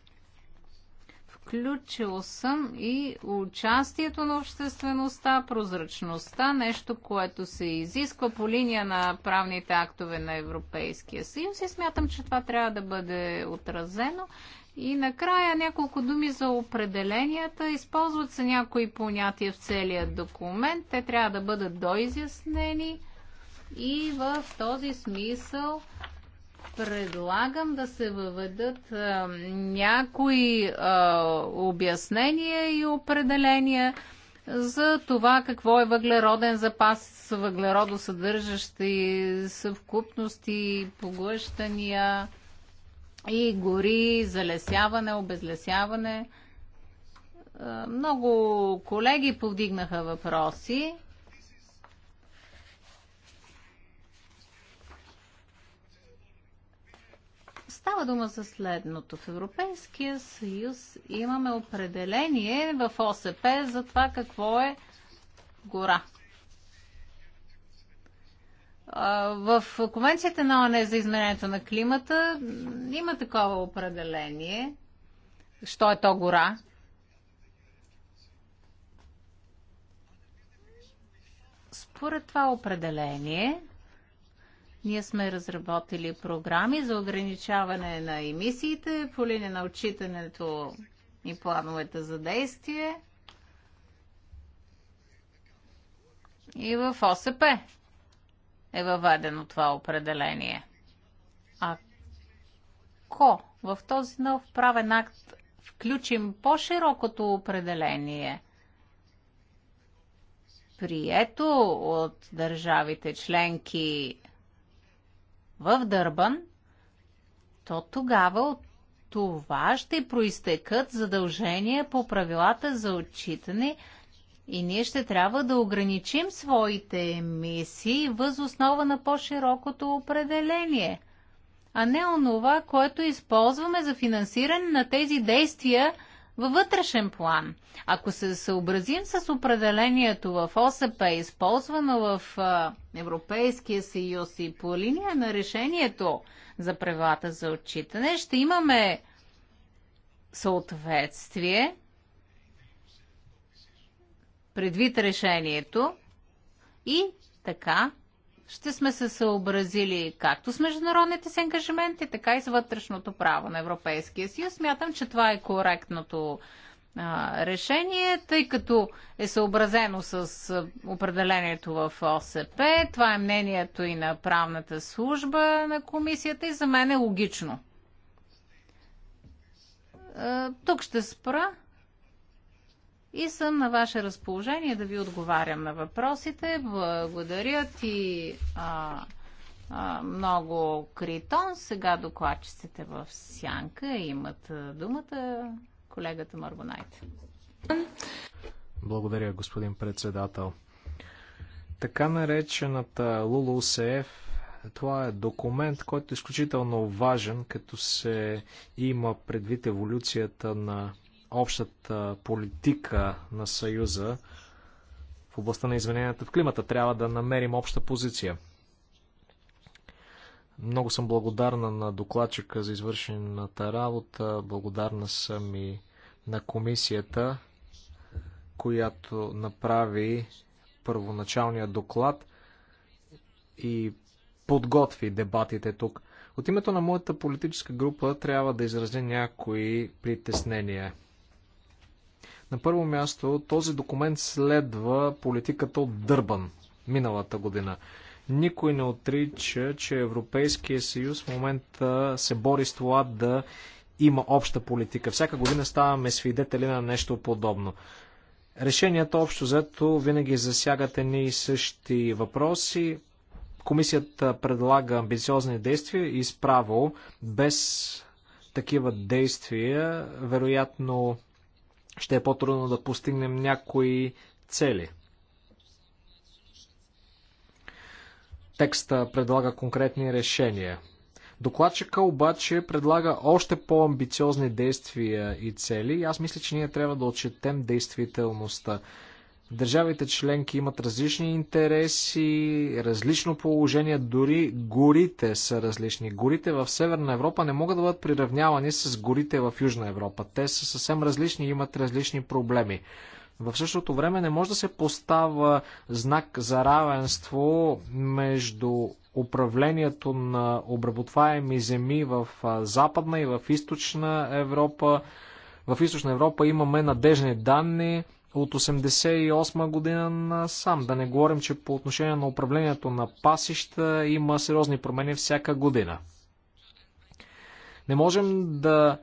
Включил съм и участието на обществеността, прозрачността, нещо, което се изисква по линия на правните актове на Европейския съюз и смятам, че това трябва да бъде отразено и накрая няколко думи за определенията. Използват се някои понятия в целия документ. Те трябва да бъдат доизяснени. И в този смисъл предлагам да се въведат а, някои а, обяснения и определения за това какво е въглероден запас, въглеродосъдържащи съвкупности, поглъщания и гори, залесяване, обезлесяване. Е, много колеги повдигнаха въпроси. Става дума за следното. В Европейския съюз имаме определение в ОСП за това какво е гора. В Конвенцията на ОНЕ за изменението на климата има такова определение. Що е то гора? Според това определение, ние сме разработили програми за ограничаване на емисиите по линия на отчитането и плановете за действие и в ОСП е въведено това определение. Ако в този нов правен акт включим по-широкото определение, прието от държавите членки в Дърбан, то тогава от това ще проистекат задължения по правилата за отчитане – и ние ще трябва да ограничим своите емисии въз основа на по-широкото определение, а не онова, което използваме за финансиране на тези действия във вътрешен план. Ако се съобразим с определението в ОСП, използвано в Европейския съюз и по линия на решението за правилата за отчитане, ще имаме съответствие – предвид решението и така ще сме се съобразили както с международните си ангажименти, така и с вътрешното право на Европейския съюз. Смятам, че това е коректното а, решение, тъй като е съобразено с определението в ОСП. Това е мнението и на правната служба на комисията и за мен е логично. А, тук ще спра и съм на ваше разположение да ви отговарям на въпросите. Благодаря ти а, а, много, Критон. Сега докладчиците в Сянка имат думата колегата Маргонайте. Благодаря, господин председател. Така наречената ЛУЛУСЕФ това е документ, който е изключително важен, като се има предвид еволюцията на общата политика на Съюза в областта на измененията в климата. Трябва да намерим обща позиция. Много съм благодарна на докладчика за извършената работа. Благодарна съм и на комисията, която направи първоначалния доклад и подготви дебатите тук. От името на моята политическа група трябва да изразя някои притеснения на първо място, този документ следва политиката от Дърбан миналата година. Никой не отрича, че Европейския съюз в момента се бори с това да има обща политика. Всяка година ставаме свидетели на нещо подобно. Решенията общо взето винаги засягат едни и същи въпроси. Комисията предлага амбициозни действия и справо без такива действия, вероятно ще е по-трудно да постигнем някои цели. Текста предлага конкретни решения. Докладчика обаче предлага още по-амбициозни действия и цели и аз мисля, че ние трябва да отчетем действителността. Държавите членки имат различни интереси, различно положение, дори горите са различни. Горите в Северна Европа не могат да бъдат приравнявани с горите в Южна Европа. Те са съвсем различни и имат различни проблеми. В същото време не може да се поставя знак за равенство между управлението на обработваеми земи в Западна и в Източна Европа. В Източна Европа имаме надежни данни от 1988 година на сам. Да не говорим, че по отношение на управлението на пасища има сериозни промени всяка година. Не можем да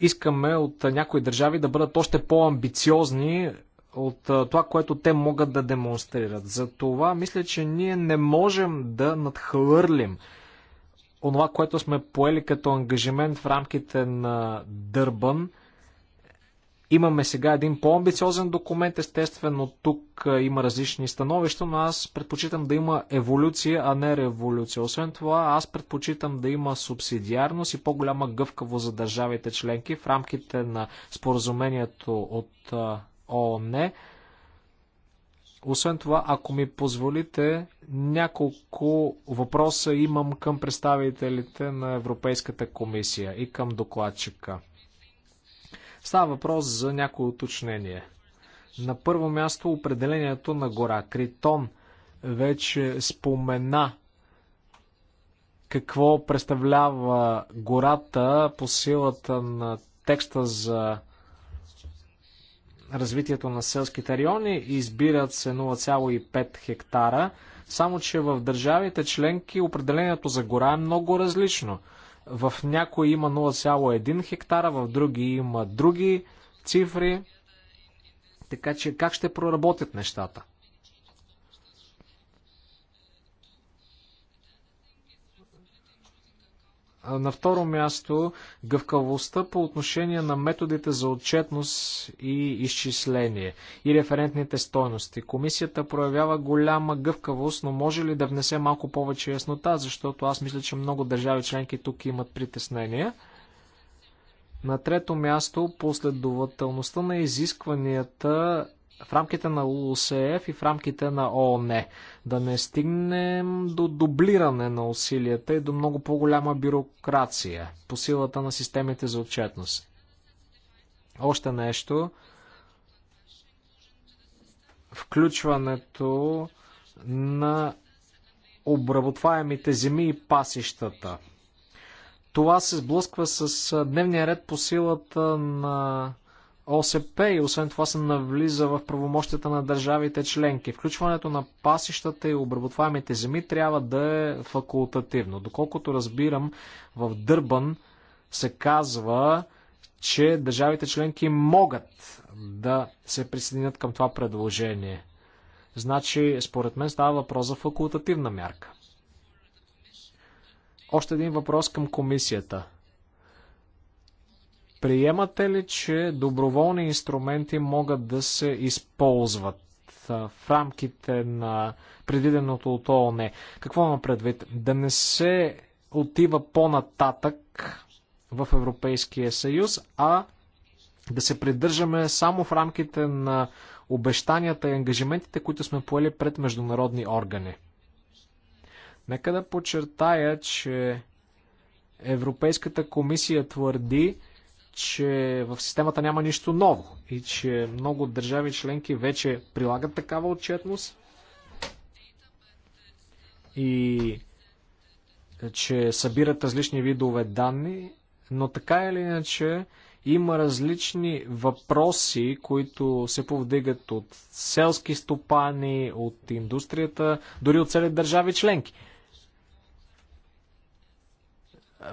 искаме от някои държави да бъдат още по-амбициозни от това, което те могат да демонстрират. За това мисля, че ние не можем да надхвърлим онова, което сме поели като ангажимент в рамките на Дърбан – Имаме сега един по-амбициозен документ, естествено тук има различни становища, но аз предпочитам да има еволюция, а не революция. Освен това, аз предпочитам да има субсидиарност и по-голяма гъвкавост за държавите членки в рамките на споразумението от ООН. Освен това, ако ми позволите, няколко въпроса имам към представителите на Европейската комисия и към докладчика. Става въпрос за някои уточнение. На първо място определението на гора. Критон вече спомена какво представлява гората по силата на текста за развитието на селските райони и избират се 0,5 хектара, само че в държавите членки определението за гора е много различно. В някои има 0,1 хектара, в други има други цифри. Така че как ще проработят нещата? На второ място, гъвкавостта по отношение на методите за отчетност и изчисление и референтните стойности. Комисията проявява голяма гъвкавост, но може ли да внесе малко повече яснота, защото аз мисля, че много държави членки тук имат притеснения. На трето място, последователността на изискванията в рамките на УСФ и в рамките на ООН. Е. Да не стигнем до дублиране на усилията и до много по-голяма бюрокрация по силата на системите за отчетност. Още нещо. Включването на обработваемите земи и пасищата. Това се сблъсква с дневния ред по силата на ОСП и освен това се навлиза в правомощията на държавите членки. Включването на пасищата и обработваемите земи трябва да е факултативно. Доколкото разбирам, в Дърбан се казва, че държавите членки могат да се присъединят към това предложение. Значи, според мен става въпрос за факултативна мярка. Още един въпрос към комисията – Приемате ли, че доброволни инструменти могат да се използват в рамките на предвиденото от ООН? Какво има предвид? Да не се отива по-нататък в Европейския съюз, а да се придържаме само в рамките на обещанията и ангажиментите, които сме поели пред международни органи. Нека да подчертая, че Европейската комисия твърди, че в системата няма нищо ново и че много държави членки вече прилагат такава отчетност и че събират различни видове данни, но така или иначе има различни въпроси, които се повдигат от селски стопани, от индустрията, дори от цели държави членки.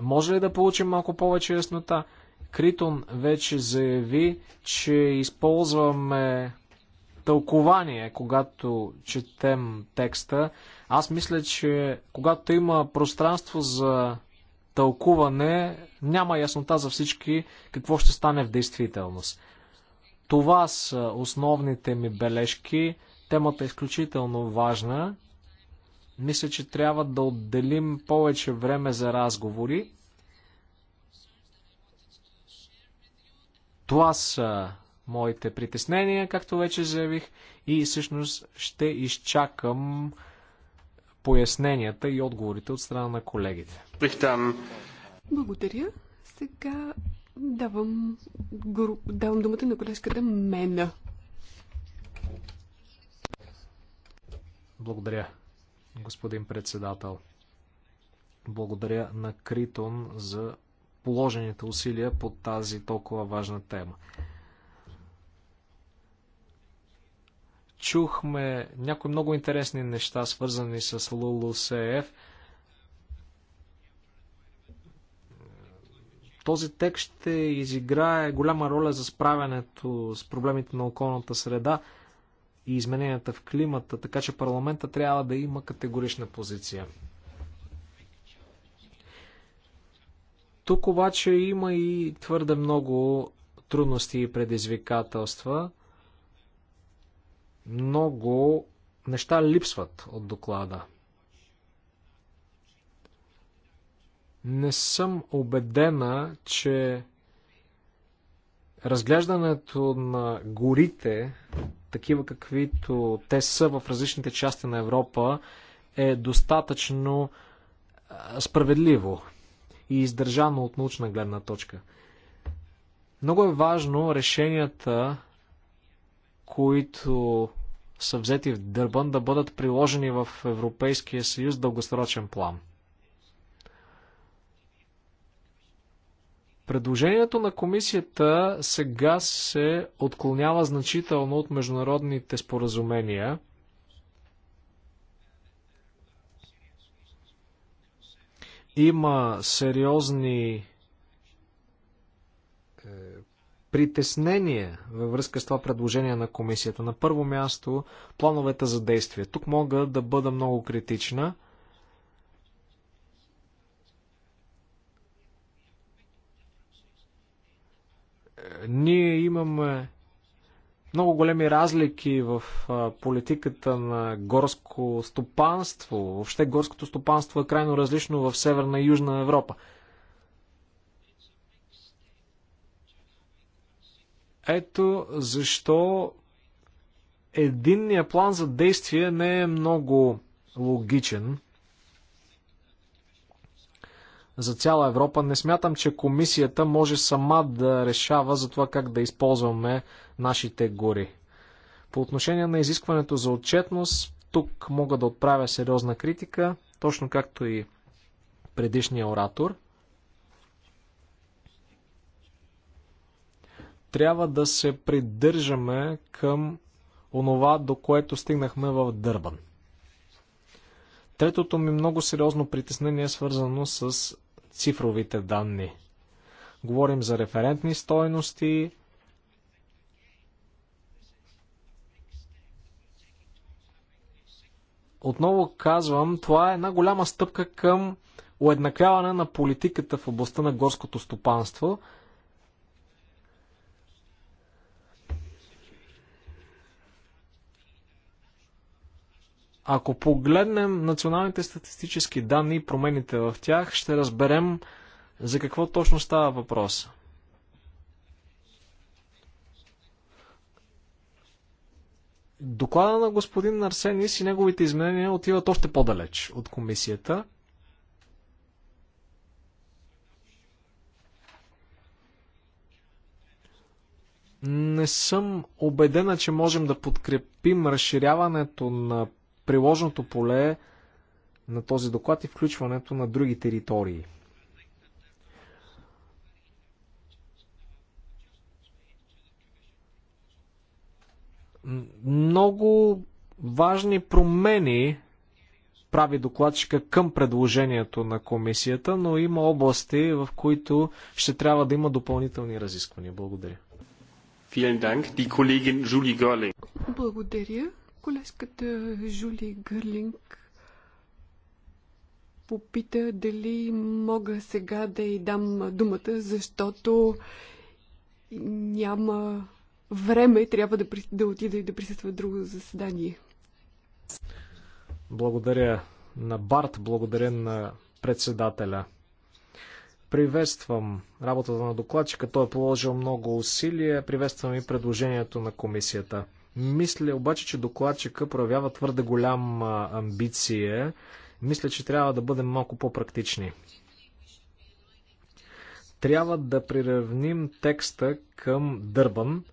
Може ли да получим малко повече яснота? Критон вече заяви, че използваме тълкование, когато четем текста. Аз мисля, че когато има пространство за тълкуване, няма яснота за всички какво ще стане в действителност. Това са основните ми бележки. Темата е изключително важна. Мисля, че трябва да отделим повече време за разговори. Това са моите притеснения, както вече заявих, и всъщност ще изчакам поясненията и отговорите от страна на колегите. Благодаря. Сега давам, давам думата на колежката Мена. Благодаря, господин председател. Благодаря на Критон за положените усилия по тази толкова важна тема. Чухме някои много интересни неща, свързани с ЛУЛУСЕФ. Този текст ще изиграе голяма роля за справянето с проблемите на околната среда и измененията в климата, така че парламента трябва да има категорична позиция. Тук обаче има и твърде много трудности и предизвикателства. Много неща липсват от доклада. Не съм убедена, че разглеждането на горите, такива каквито те са в различните части на Европа, е достатъчно справедливо и издържано от научна гледна точка. Много е важно решенията, които са взети в Дърбан, да бъдат приложени в Европейския съюз дългосрочен план. Предложението на комисията сега се отклонява значително от международните споразумения – Има сериозни е, притеснения във връзка с това предложение на комисията. На първо място, плановете за действие. Тук мога да бъда много критична. Е, ние имаме много големи разлики в политиката на горско стопанство. Въобще горското стопанство е крайно различно в Северна и Южна Европа. Ето защо единния план за действие не е много логичен за цяла Европа. Не смятам, че комисията може сама да решава за това как да използваме нашите гори. По отношение на изискването за отчетност, тук мога да отправя сериозна критика, точно както и предишния оратор. Трябва да се придържаме към онова, до което стигнахме в Дърбан. Третото ми много сериозно притеснение е свързано с цифровите данни. Говорим за референтни стоености. отново казвам, това е една голяма стъпка към уеднаквяване на политиката в областта на горското стопанство – Ако погледнем националните статистически данни и промените в тях, ще разберем за какво точно става въпрос. Доклада на господин Арсенис и неговите изменения отиват още по-далеч от комисията. Не съм убедена, че можем да подкрепим разширяването на приложното поле на този доклад и включването на други територии. Много важни промени прави докладчика към предложението на комисията, но има области, в които ще трябва да има допълнителни разисквания. Благодаря. Благодаря. Колежката Жули Гърлинг попита дали мога сега да й дам думата, защото няма време, трябва да, да отида и да присъства друго заседание. Благодаря на Барт, благодаря на председателя. Приветствам работата на докладчика. Той е положил много усилия. Приветствам и предложението на комисията. Мисля обаче, че докладчика проявява твърде голяма амбиция. Мисля, че трябва да бъдем малко по-практични. Трябва да приравним текста към Дърбан.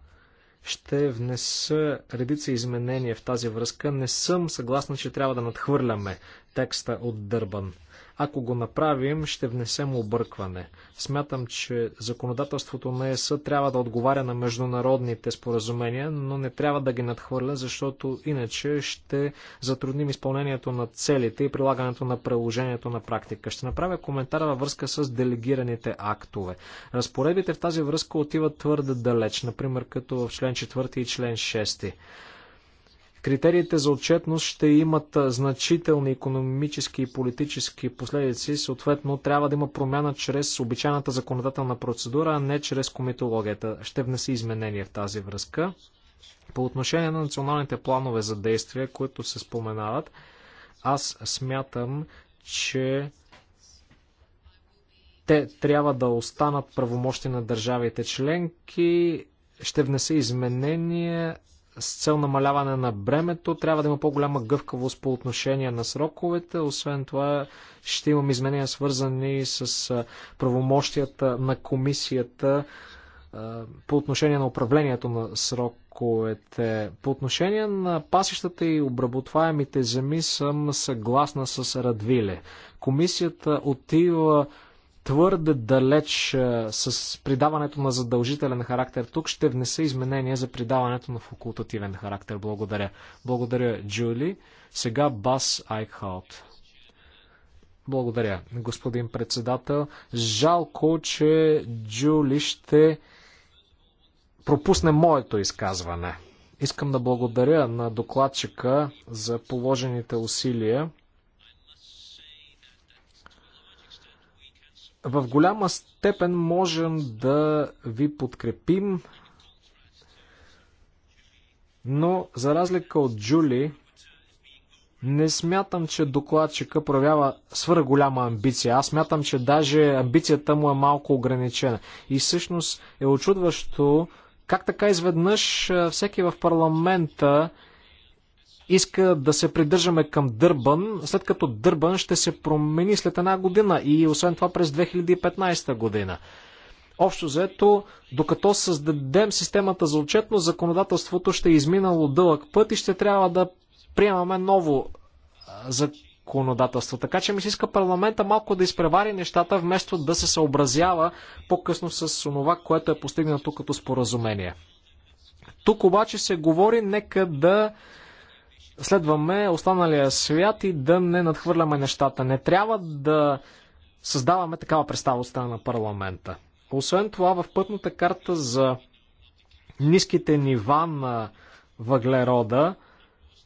Ще внеса редица изменения в тази връзка. Не съм съгласна, че трябва да надхвърляме текста от Дърбан. Ако го направим, ще внесем объркване. Смятам, че законодателството на ЕС трябва да отговаря на международните споразумения, но не трябва да ги надхвърля, защото иначе ще затрудним изпълнението на целите и прилагането на приложението на практика. Ще направя коментар във връзка с делегираните актове. Разпоредбите в тази връзка отиват твърде далеч, например като в член 4 и член 6. Критериите за отчетност ще имат значителни економически и политически последици. Съответно, трябва да има промяна чрез обичайната законодателна процедура, а не чрез комитологията. Ще внеси изменения в тази връзка. По отношение на националните планове за действие, които се споменават, аз смятам, че те трябва да останат правомощи на държавите членки. Ще внесе изменения с цел намаляване на бремето, трябва да има по-голяма гъвкавост по отношение на сроковете. Освен това, ще имам изменения свързани с правомощията на комисията по отношение на управлението на сроковете. По отношение на пасищата и обработваемите земи съм съгласна с Радвиле. Комисията отива твърде далеч с придаването на задължителен характер. Тук ще внеса изменения за придаването на факултативен характер. Благодаря. Благодаря, Джули. Сега Бас Айкхаут. Благодаря, господин председател. Жалко, че Джули ще пропусне моето изказване. Искам да благодаря на докладчика за положените усилия. в голяма степен можем да ви подкрепим, но за разлика от Джули, не смятам, че докладчика проявява голяма амбиция. Аз смятам, че даже амбицията му е малко ограничена. И всъщност е очудващо как така изведнъж всеки в парламента иска да се придържаме към Дърбан, след като Дърбан ще се промени след една година и освен това през 2015 година. Общо заето, докато създадем системата за отчетно, законодателството ще е изминало дълъг път и ще трябва да приемаме ново законодателство. Така че ми се иска парламента малко да изпревари нещата, вместо да се съобразява по-късно с онова, което е постигнато като споразумение. Тук обаче се говори, нека да следваме останалия свят и да не надхвърляме нещата. Не трябва да създаваме такава представа от страна на парламента. Освен това, в пътната карта за ниските нива на въглерода,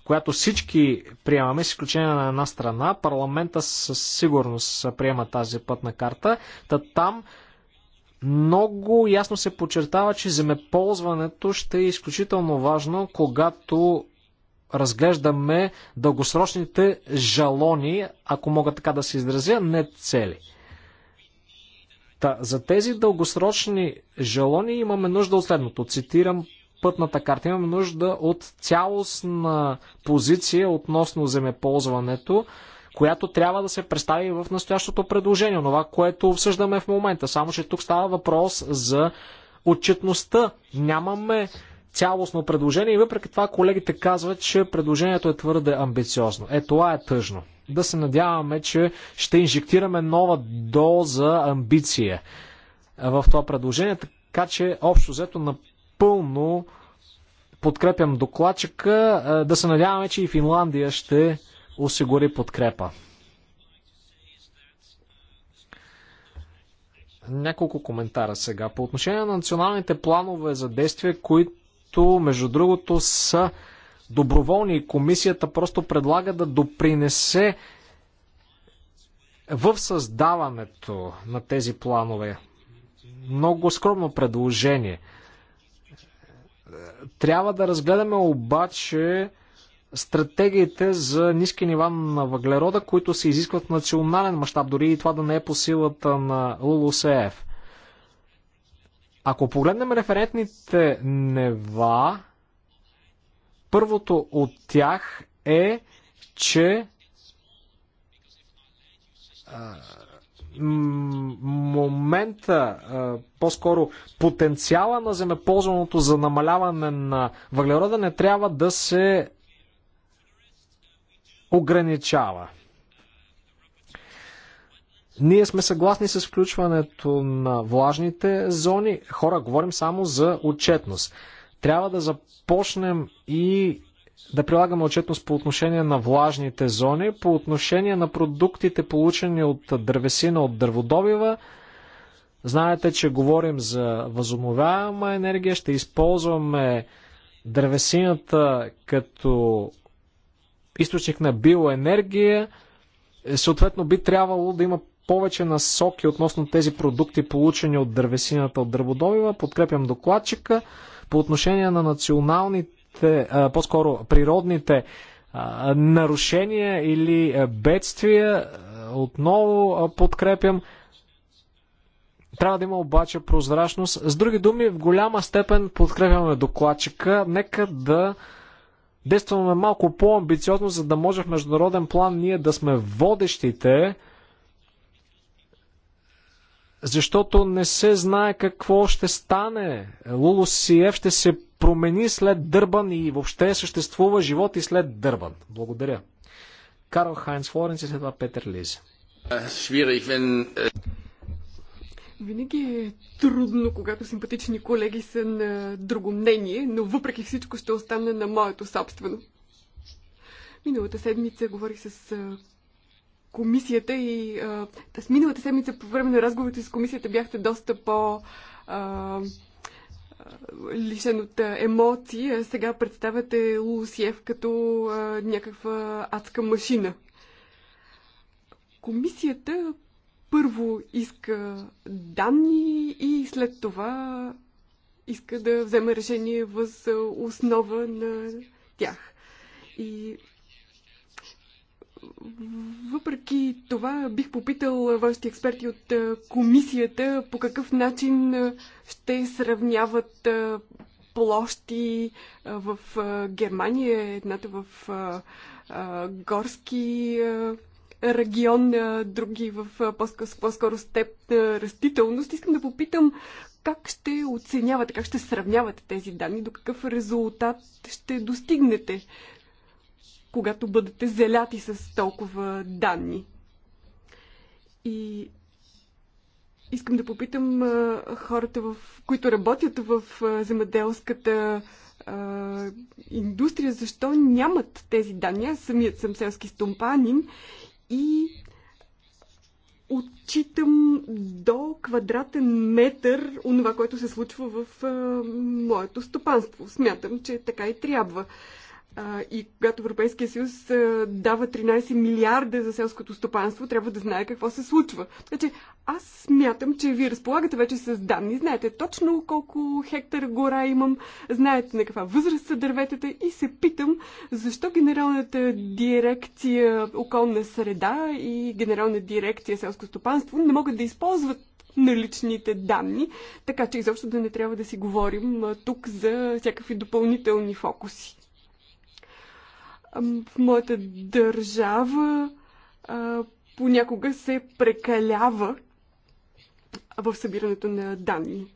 която всички приемаме, с изключение на една страна, парламента със сигурност приема тази пътна карта, та там много ясно се подчертава, че земеползването ще е изключително важно, когато разглеждаме дългосрочните жалони, ако мога така да се изразя, не цели. Та, за тези дългосрочни жалони имаме нужда от следното. Цитирам пътната карта. Имаме нужда от цялостна позиция относно земеползването, която трябва да се представи в настоящото предложение, това, което обсъждаме в момента. Само, че тук става въпрос за отчетността. Нямаме цялостно предложение и въпреки това колегите казват, че предложението е твърде амбициозно. Е, това е тъжно. Да се надяваме, че ще инжектираме нова доза амбиция в това предложение, така че общо взето напълно подкрепям докладчика. Е, да се надяваме, че и Финландия ще осигури подкрепа. няколко коментара сега. По отношение на националните планове за действие, които които, между другото, са доброволни и комисията просто предлага да допринесе в създаването на тези планове. Много скромно предложение. Трябва да разгледаме обаче стратегиите за ниски нива на въглерода, които се изискват в национален мащаб, дори и това да не е по силата на ЛУСЕФ. Ако погледнем референтните нева, първото от тях е, че момента, по-скоро потенциала на земеползването за намаляване на въглерода не трябва да се ограничава. Ние сме съгласни с включването на влажните зони. Хора, говорим само за отчетност. Трябва да започнем и да прилагаме отчетност по отношение на влажните зони, по отношение на продуктите, получени от дървесина, от дърводобива. Знаете, че говорим за възобновяема енергия, ще използваме дървесината като източник на биоенергия. Съответно, би трябвало да има повече насоки относно тези продукти, получени от дървесината от дърводобива. Подкрепям докладчика. По отношение на националните, по-скоро природните нарушения или бедствия, отново подкрепям. Трябва да има обаче прозрачност. С други думи, в голяма степен подкрепяме докладчика. Нека да действаме малко по-амбициозно, за да може в международен план ние да сме водещите защото не се знае какво ще стане. Сиев ще се промени след Дърбан и въобще съществува живот и след Дърбан. Благодаря. Карл Хайнц Флоренц и след това Петър Лиз. Е, Винаги е трудно, когато симпатични колеги са на друго мнение, но въпреки всичко ще остана на моето собствено. Миналата седмица говорих с комисията и а, с миналата седмица по време на разговорите с комисията бяхте доста по а, лишен от емоции, а сега представяте Лусиев като а, някаква адска машина. Комисията първо иска данни и след това иска да вземе решение въз основа на тях. И въпреки това, бих попитал вашите експерти от е, комисията по какъв начин е, ще сравняват е, площи в Германия, едната в горски регион, други в по-скоро степ растителност. Искам да попитам как ще оценявате, как ще сравнявате тези данни, до какъв резултат ще достигнете когато бъдете зеляти с толкова данни. И искам да попитам а, хората, в, които работят в а, земеделската а, индустрия, защо нямат тези данни. Аз самият съм селски стомпанин и отчитам до квадратен метър онова, което се случва в а, моето стопанство. Смятам, че така и трябва и когато Европейския съюз дава 13 милиарда за селското стопанство, трябва да знае какво се случва. Значи, аз смятам, че вие разполагате вече с данни. Знаете точно колко хектар гора имам, знаете на каква възраст са дърветата и се питам защо Генералната дирекция околна среда и Генерална дирекция селско стопанство не могат да използват наличните данни, така че изобщо да не трябва да си говорим тук за всякакви допълнителни фокуси. В моята държава а, понякога се прекалява в събирането на данни.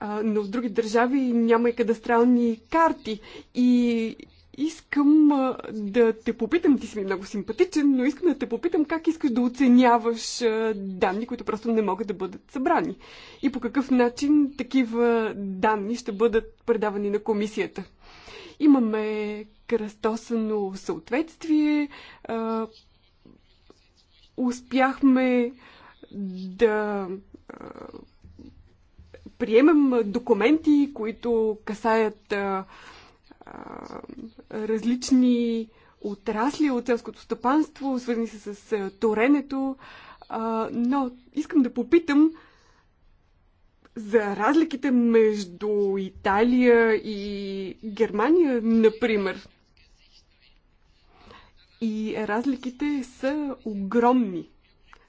А, но в други държави няма и кадастрални карти. И искам а, да те попитам, ти си ми много симпатичен, но искам да те попитам как искаш да оценяваш а, данни, които просто не могат да бъдат събрани. И по какъв начин такива данни ще бъдат предавани на комисията. Имаме кръстосано съответствие. А, успяхме да а, приемем документи, които касаят а, различни отрасли от селското стопанство, свързани се с торенето. но искам да попитам за разликите между Италия и Германия, например. И разликите са огромни.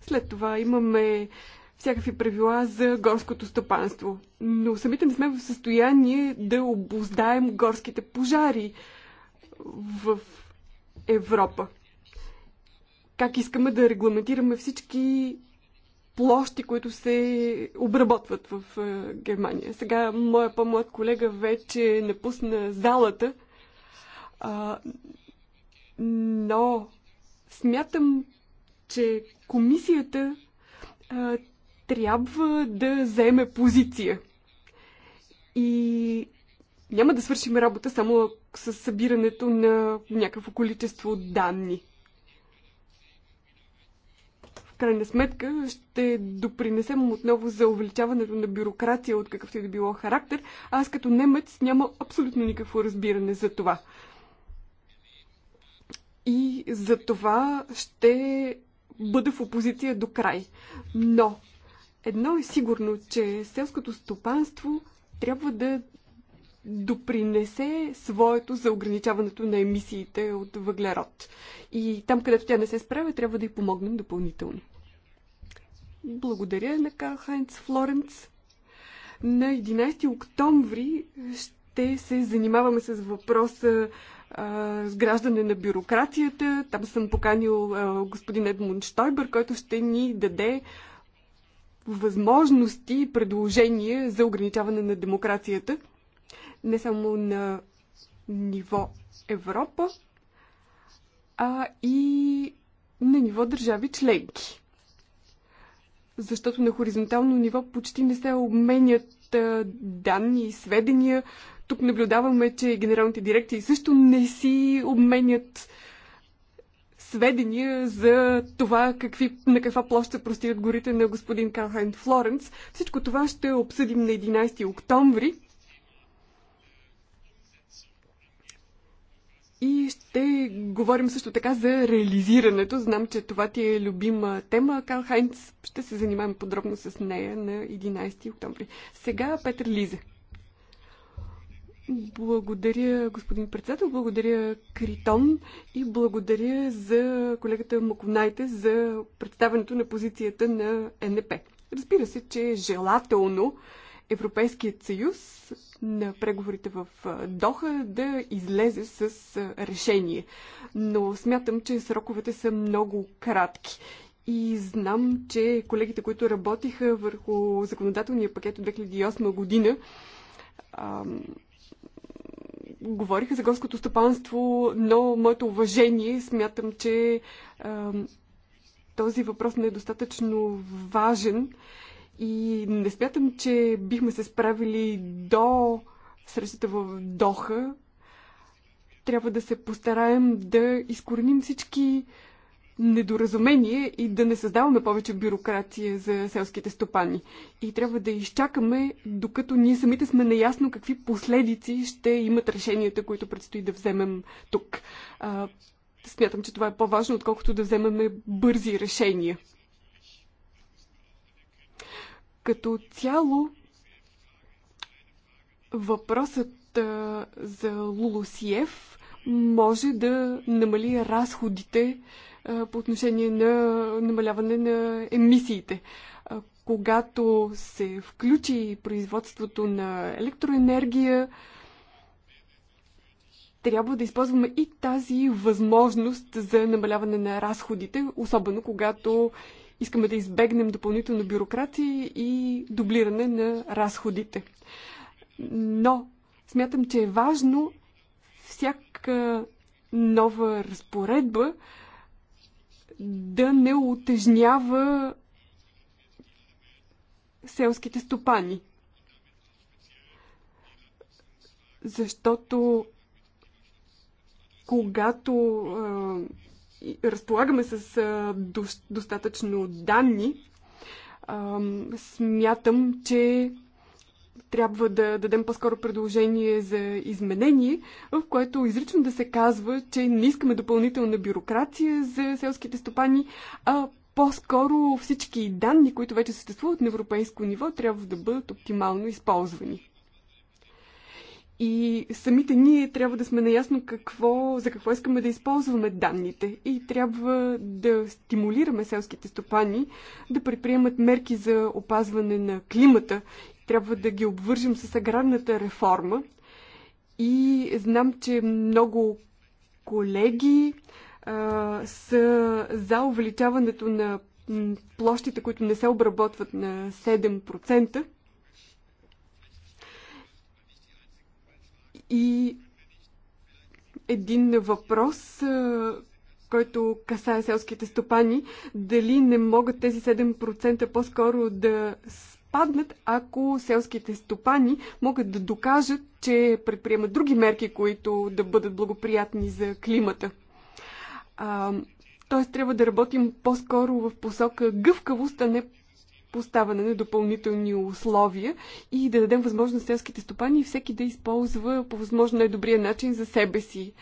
След това имаме всякакви правила за горското стопанство. Но самите не сме в състояние да обоздаем горските пожари в Европа. Как искаме да регламентираме всички площи, които се обработват в е, Германия. Сега моя по-млад колега вече напусна залата, но смятам, че комисията трябва да заеме позиция. И няма да свършим работа само с събирането на някакво количество данни крайна сметка ще допринесем отново за увеличаването на бюрокрация от какъвто и да било характер. Аз като немец няма абсолютно никакво разбиране за това. И за това ще бъда в опозиция до край. Но едно е сигурно, че селското стопанство трябва да допринесе своето за ограничаването на емисиите от въглерод. И там, където тя не се справя, трябва да й помогнем допълнително. Благодаря на Карл Хайнц Флоренц. На 11 октомври ще се занимаваме с въпроса граждане на бюрокрацията. Там съм поканил а, господин Едмунд Штойбър, който ще ни даде възможности и предложения за ограничаване на демокрацията. Не само на ниво Европа, а и на ниво държави членки защото на хоризонтално ниво почти не се обменят данни и сведения. Тук наблюдаваме, че генералните дирекции също не си обменят сведения за това какви, на каква площ се простират горите на господин Калхайн Флоренс. Всичко това ще обсъдим на 11 октомври. И ще говорим също така за реализирането. Знам, че това ти е любима тема. Карл Хайнц ще се занимаваме подробно с нея на 11 октомври. Сега Петър Лизе. Благодаря, господин председател, благодаря Критон и благодаря за колегата Макунайте за представенето на позицията на НП. Разбира се, че желателно Европейският съюз на преговорите в Доха да излезе с решение. Но смятам, че сроковете са много кратки. И знам, че колегите, които работиха върху законодателния пакет от 2008 година, ам, говориха за горското стопанство, но моето уважение смятам, че ам, този въпрос не е достатъчно важен. И не смятам, че бихме се справили до срещата в Доха. Трябва да се постараем да изкореним всички недоразумение и да не създаваме повече бюрокрация за селските стопани. И трябва да изчакаме, докато ние самите сме наясно какви последици ще имат решенията, които предстои да вземем тук. А, смятам, че това е по-важно, отколкото да вземем бързи решения. Като цяло, въпросът а, за Лулусиев може да намали разходите а, по отношение на намаляване на емисиите. А, когато се включи производството на електроенергия, трябва да използваме и тази възможност за намаляване на разходите, особено когато Искаме да избегнем допълнително бюрократи и дублиране на разходите. Но смятам, че е важно всяка нова разпоредба да не отежнява селските стопани. Защото когато разполагаме с достатъчно данни, смятам, че трябва да дадем по-скоро предложение за изменение, в което изрично да се казва, че не искаме допълнителна бюрокрация за селските стопани, а по-скоро всички данни, които вече съществуват на европейско ниво, трябва да бъдат оптимално използвани. И самите ние трябва да сме наясно какво, за какво искаме да използваме данните. И трябва да стимулираме селските стопани да предприемат мерки за опазване на климата. Трябва да ги обвържим с аграрната реформа. И знам, че много колеги а, са за увеличаването на площите, които не се обработват на 7%. И един въпрос, който касае селските стопани, дали не могат тези 7% по-скоро да спаднат, ако селските стопани могат да докажат, че предприемат други мерки, които да бъдат благоприятни за климата. тоест трябва да работим по-скоро в посока гъвкавост, а не поставяне на допълнителни условия и да дадем възможност селските стопани и всеки да използва по възможно най-добрия начин за себе си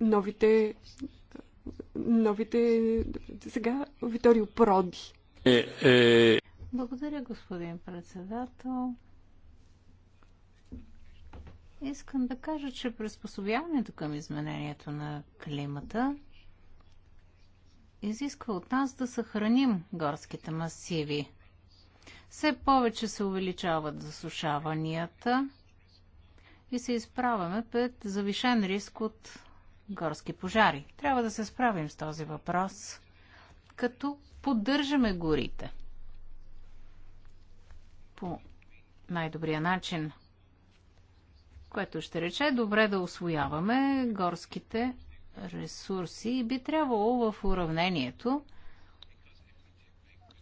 новите, новите сега Виторио Проди. Е, е... Благодаря, господин председател. Искам да кажа, че приспособяването към изменението на климата изисква от нас да съхраним горските масиви. Все повече се увеличават засушаванията и се изправяме пред завишен риск от горски пожари. Трябва да се справим с този въпрос, като поддържаме горите по най-добрия начин, което ще рече добре да освояваме горските ресурси и би трябвало в уравнението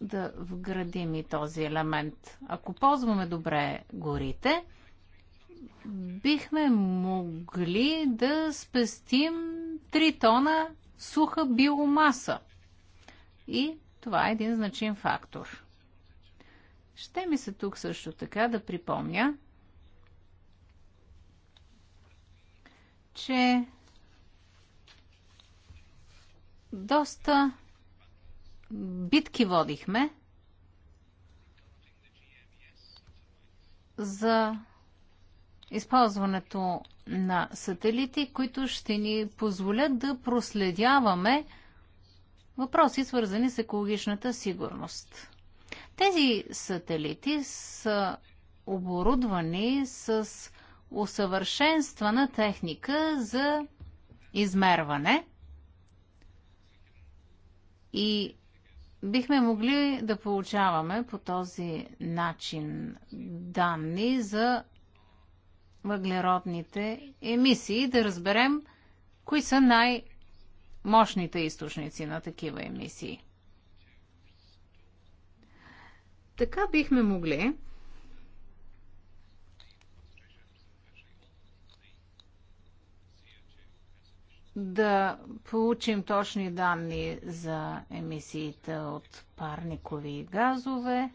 да вградим и този елемент. Ако ползваме добре горите, бихме могли да спестим 3 тона суха биомаса. И това е един значим фактор. Ще ми се тук също така да припомня, че доста битки водихме за използването на сателити, които ще ни позволят да проследяваме въпроси, свързани с екологичната сигурност. Тези сателити са оборудвани с усъвършенствана техника за измерване – и бихме могли да получаваме по този начин данни за въглеродните емисии, да разберем кои са най-мощните източници на такива емисии. Така бихме могли да получим точни данни за емисиите от парникови газове,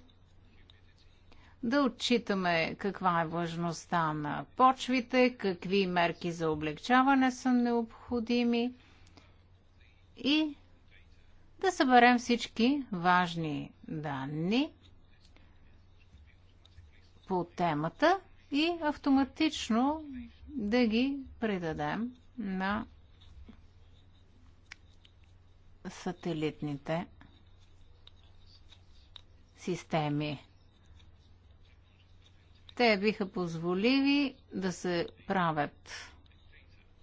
да отчитаме каква е важността на почвите, какви мерки за облегчаване са необходими и да съберем всички важни данни по темата и автоматично да ги предадем на сателитните системи. Те биха позволили да се правят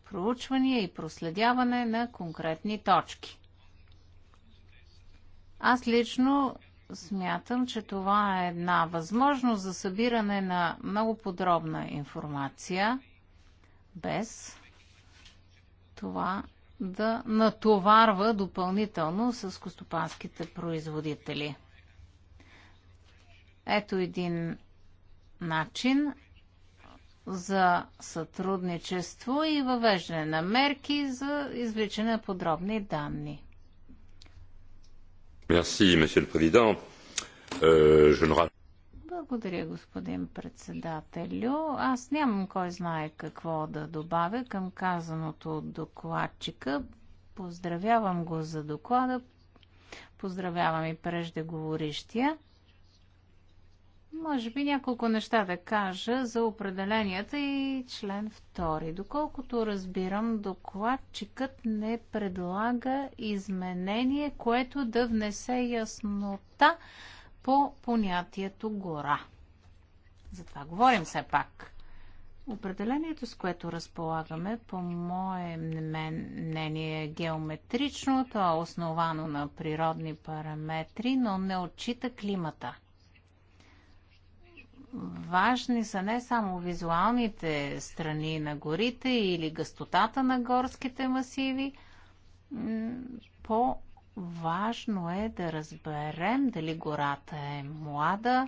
проучвания и проследяване на конкретни точки. Аз лично смятам, че това е една възможност за събиране на много подробна информация без това да натоварва допълнително с костопанските производители. Ето един начин за сътрудничество и въвеждане на мерки за извличане на подробни данни. Merci, monsieur le président. Euh, je ne благодаря, господин председателю. Аз нямам кой знае какво да добавя към казаното от докладчика. Поздравявам го за доклада. Поздравявам и преждеговорищия. Може би няколко неща да кажа за определенията и член 2. Доколкото разбирам, докладчикът не предлага изменение, което да внесе яснота по понятието гора. За това говорим все пак. Определението, с което разполагаме, по мое мнение е геометрично, то е основано на природни параметри, но не отчита климата. Важни са не само визуалните страни на горите или гъстотата на горските масиви, по Важно е да разберем дали гората е млада,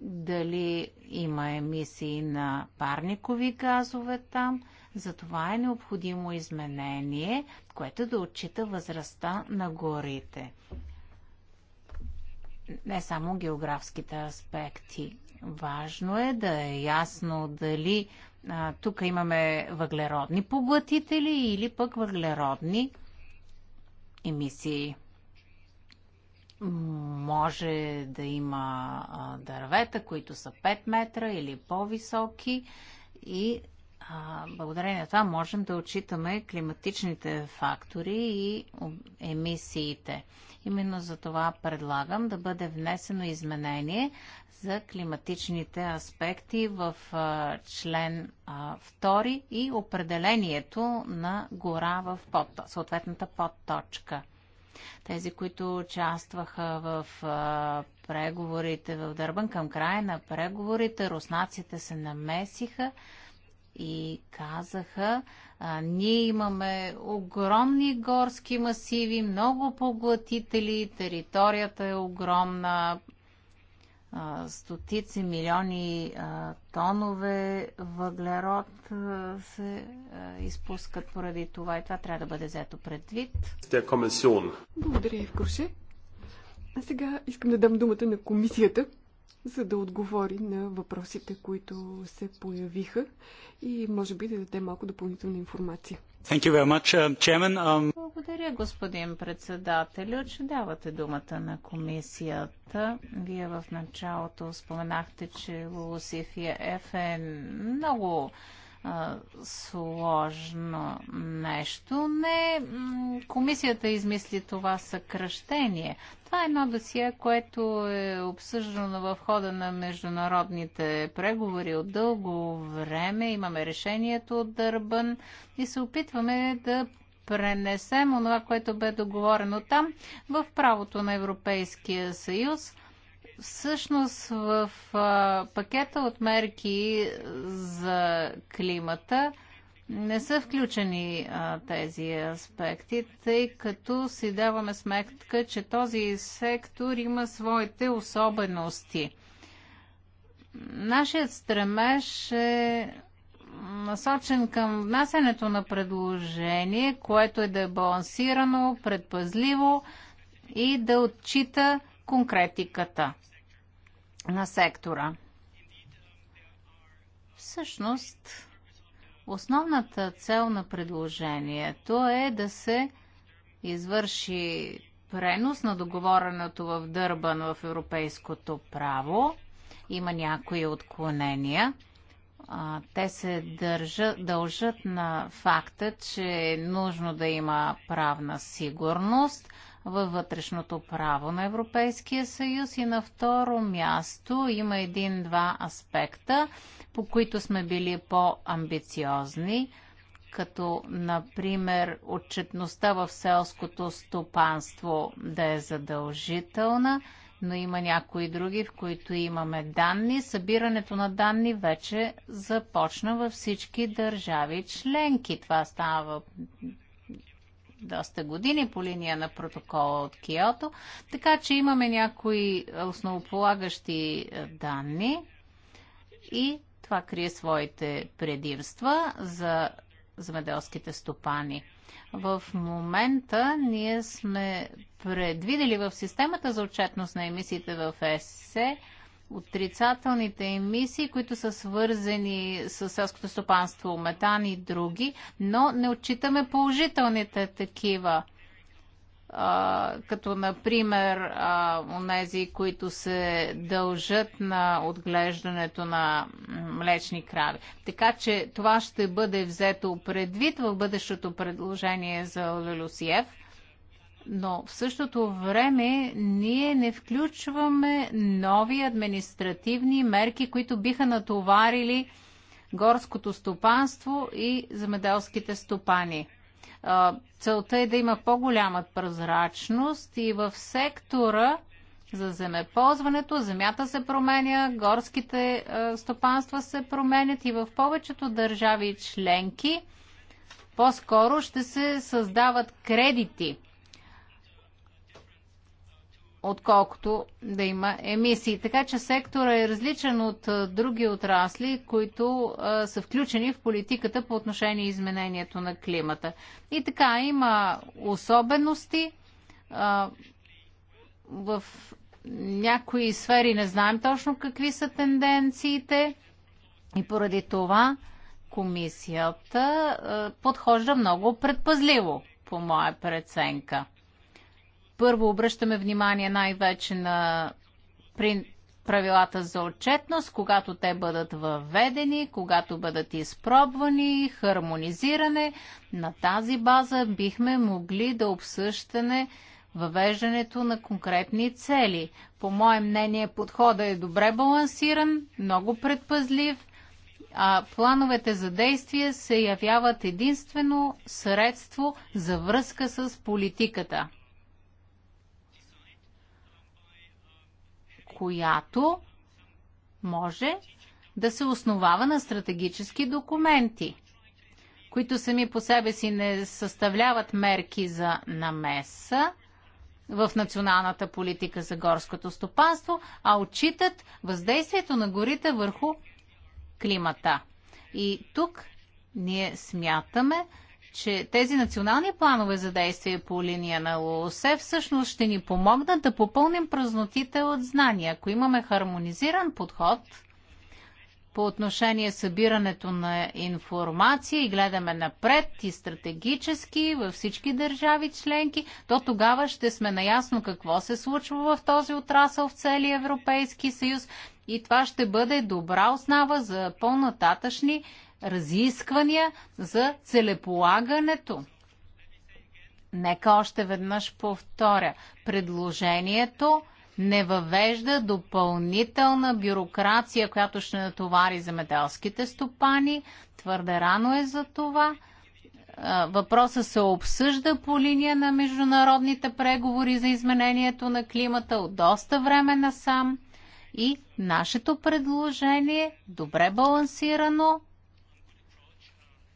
дали има емисии на парникови газове там. Затова е необходимо изменение, което да отчита възрастта на горите. Не само географските аспекти. Важно е да е ясно дали а, тук имаме въглеродни поглътители или пък въглеродни емисии. Може да има дървета, които са 5 метра или по-високи и а, благодарение на това можем да отчитаме климатичните фактори и емисиите. Именно за това предлагам да бъде внесено изменение за климатичните аспекти в а, член а, 2 и определението на гора в под, съответната подточка. Тези, които участваха в а, преговорите в Дърбан към края на преговорите, руснаците се намесиха и казаха, а, ние имаме огромни горски масиви, много поглътители, територията е огромна, а, стотици милиони а, тонове въглерод а, се а, изпускат поради това и това трябва да бъде взето предвид. Благодаря, Евкруше. А сега искам да дам думата на комисията за да отговори на въпросите, които се появиха и може би да даде малко допълнителна информация. Thank you very much, uh, chairman. Um... Благодаря, господин председател, че давате думата на комисията. Вие в началото споменахте, че Лусифия Еф е много сложно нещо. Не, комисията измисли това съкръщение. Това е едно досие, което е обсъждано в хода на международните преговори от дълго време. Имаме решението от Дърбън и се опитваме да пренесем онова, което бе договорено там в правото на Европейския съюз Всъщност в пакета от мерки за климата не са включени а, тези аспекти, тъй като си даваме сметка, че този сектор има своите особености. Нашият стремеж е насочен към внасянето на предложение, което е да е балансирано, предпазливо и да отчита конкретиката на сектора. Всъщност, основната цел на предложението е да се извърши пренос на договореното в Дърбан в европейското право. Има някои отклонения. Те се държат, дължат на факта, че е нужно да има правна сигурност – във вътрешното право на Европейския съюз и на второ място има един-два аспекта, по които сме били по-амбициозни, като например отчетността в селското стопанство да е задължителна, но има някои други, в които имаме данни. Събирането на данни вече започна във всички държави членки. Това става доста години по линия на протокола от Киото, така че имаме някои е, основополагащи е, данни и това крие своите предимства за земеделските стопани. В момента ние сме предвидели в системата за отчетност на емисиите в ЕСЕ отрицателните емисии, които са свързани с селското стопанство, метан и други, но не отчитаме положителните такива. А, като, например, онези, които се дължат на отглеждането на млечни крави. Така че това ще бъде взето предвид в бъдещото предложение за Лелюсиев – но в същото време ние не включваме нови административни мерки, които биха натоварили горското стопанство и земеделските стопани. Целта е да има по-голяма прозрачност и в сектора за земеползването земята се променя, горските стопанства се променят и в повечето държави членки по-скоро ще се създават кредити – отколкото да има емисии. Така че сектора е различен от други отрасли, които са включени в политиката по отношение изменението на климата. И така, има особености. в някои сфери не знаем точно какви са тенденциите и поради това комисията подхожда много предпазливо, по моя преценка. Първо обръщаме внимание най-вече на при правилата за отчетност, когато те бъдат въведени, когато бъдат изпробвани, хармонизиране. На тази база бихме могли да обсъщане въвеждането на конкретни цели. По мое мнение, подходът е добре балансиран, много предпазлив, а плановете за действие се явяват единствено средство за връзка с политиката. която може да се основава на стратегически документи, които сами по себе си не съставляват мерки за намеса в националната политика за горското стопанство, а отчитат въздействието на горите върху климата. И тук ние смятаме, че тези национални планове за действие по линия на ООС всъщност ще ни помогнат да попълним празнотите от знания. Ако имаме хармонизиран подход по отношение събирането на информация и гледаме напред и стратегически във всички държави членки, то тогава ще сме наясно какво се случва в този отрасъл в целия Европейски съюз и това ще бъде добра основа за по-нататъчни разисквания за целеполагането. Нека още веднъж повторя. Предложението не въвежда допълнителна бюрокрация, която ще натовари земеделските стопани. Твърде рано е за това. Въпроса се обсъжда по линия на международните преговори за изменението на климата от доста време насам. И нашето предложение, добре балансирано,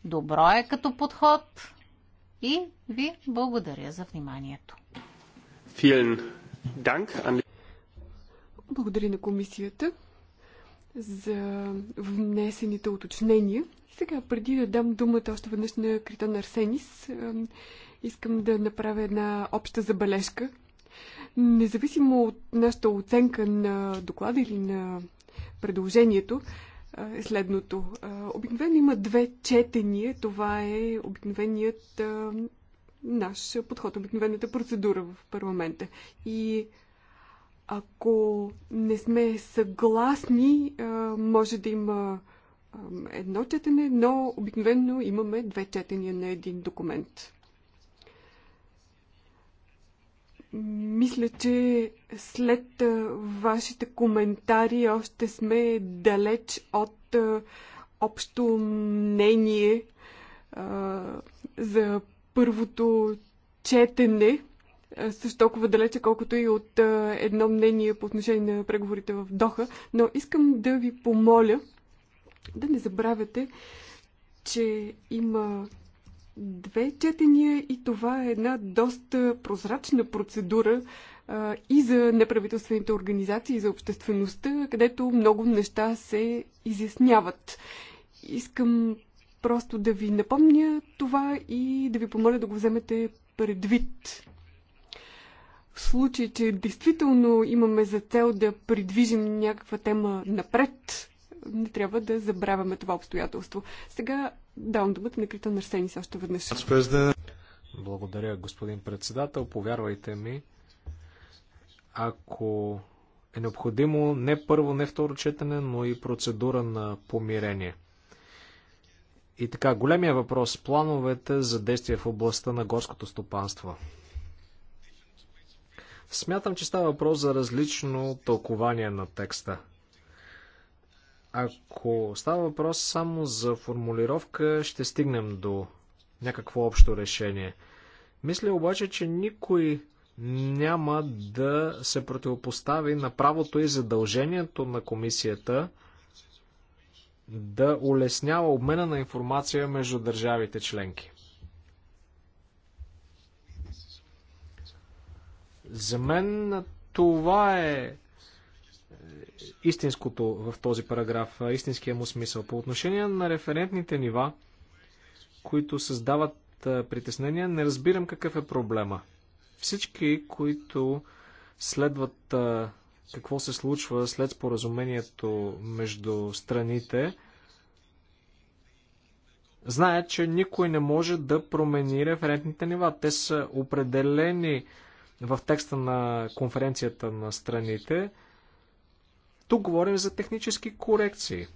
Добро е като подход и ви благодаря за вниманието. Благодаря на комисията за внесените уточнения. Сега, преди да дам думата още веднъж на Критон Арсенис, искам да направя една обща забележка. Независимо от нашата оценка на доклада или на предложението, е следното. Обикновено има две четения. Това е обикновеният наш подход, обикновената процедура в парламента. И ако не сме съгласни, може да има едно четене, но обикновено имаме две четения на един документ. Мисля, че след вашите коментари още сме далеч от общо мнение за първото четене, също толкова далече, колкото и от едно мнение по отношение на преговорите в Доха, но искам да ви помоля да не забравяте, че има две четения и това е една доста прозрачна процедура а, и за неправителствените организации, и за обществеността, където много неща се изясняват. Искам просто да ви напомня това и да ви помоля да го вземете предвид. В случай, че действително имаме за цел да придвижим някаква тема напред, не трябва да забравяме това обстоятелство. Сега давам думата на Критон Арсенис още веднъж. Благодаря, господин председател. Повярвайте ми, ако е необходимо не първо, не второ четене, но и процедура на помирение. И така, големия въпрос плановете за действие в областта на горското стопанство. Смятам, че става въпрос за различно тълкование на текста. Ако става въпрос само за формулировка, ще стигнем до някакво общо решение. Мисля обаче, че никой няма да се противопостави на правото и задължението на комисията да улеснява обмена на информация между държавите членки. За мен това е е, истинското в този параграф, истинския му смисъл. По отношение на референтните нива, които създават притеснения, не разбирам какъв е проблема. Всички, които следват какво се случва след споразумението между страните, знаят, че никой не може да промени референтните нива. Те са определени в текста на конференцията на страните. Тук говорим за технически корекции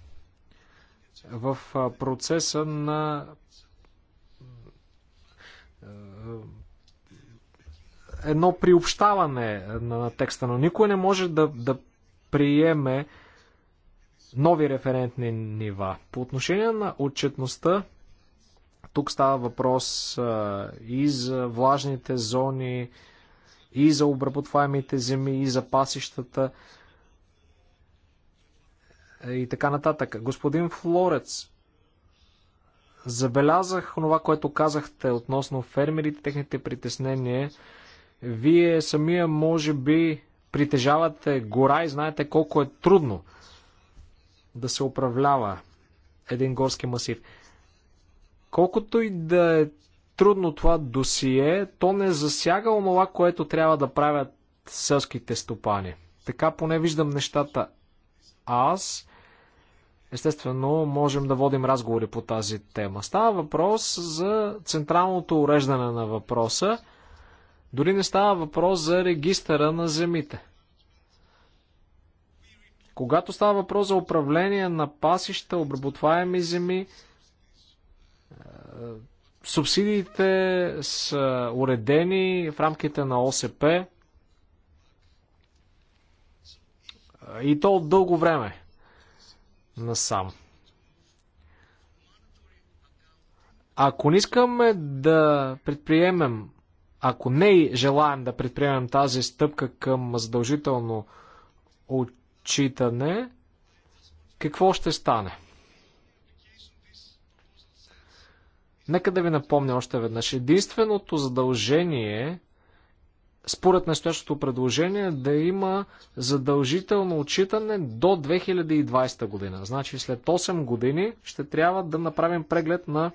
в процеса на едно приобщаване на текста, но никой не може да, да приеме нови референтни нива. По отношение на отчетността, тук става въпрос и за влажните зони, и за обработваемите земи, и за пасищата. Е, и така нататък. Господин Флорец, забелязах това, което казахте относно фермерите, техните притеснения. Вие самия, може би, притежавате гора и знаете колко е трудно да се управлява един горски масив. Колкото и да е трудно това досие, то не засяга онова, което трябва да правят селските стопани. Така поне виждам нещата аз. Естествено, можем да водим разговори по тази тема. Става въпрос за централното уреждане на въпроса. Дори не става въпрос за регистъра на земите. Когато става въпрос за управление на пасища, обработваеми земи, е, субсидиите са уредени в рамките на ОСП е, и то от дълго време насам. Ако не искаме да предприемем, ако не желаем да предприемем тази стъпка към задължително отчитане, какво ще стане? Нека да ви напомня още веднъж. Единственото задължение според настоящото предложение да има задължително отчитане до 2020 година. Значи след 8 години ще трябва да направим преглед на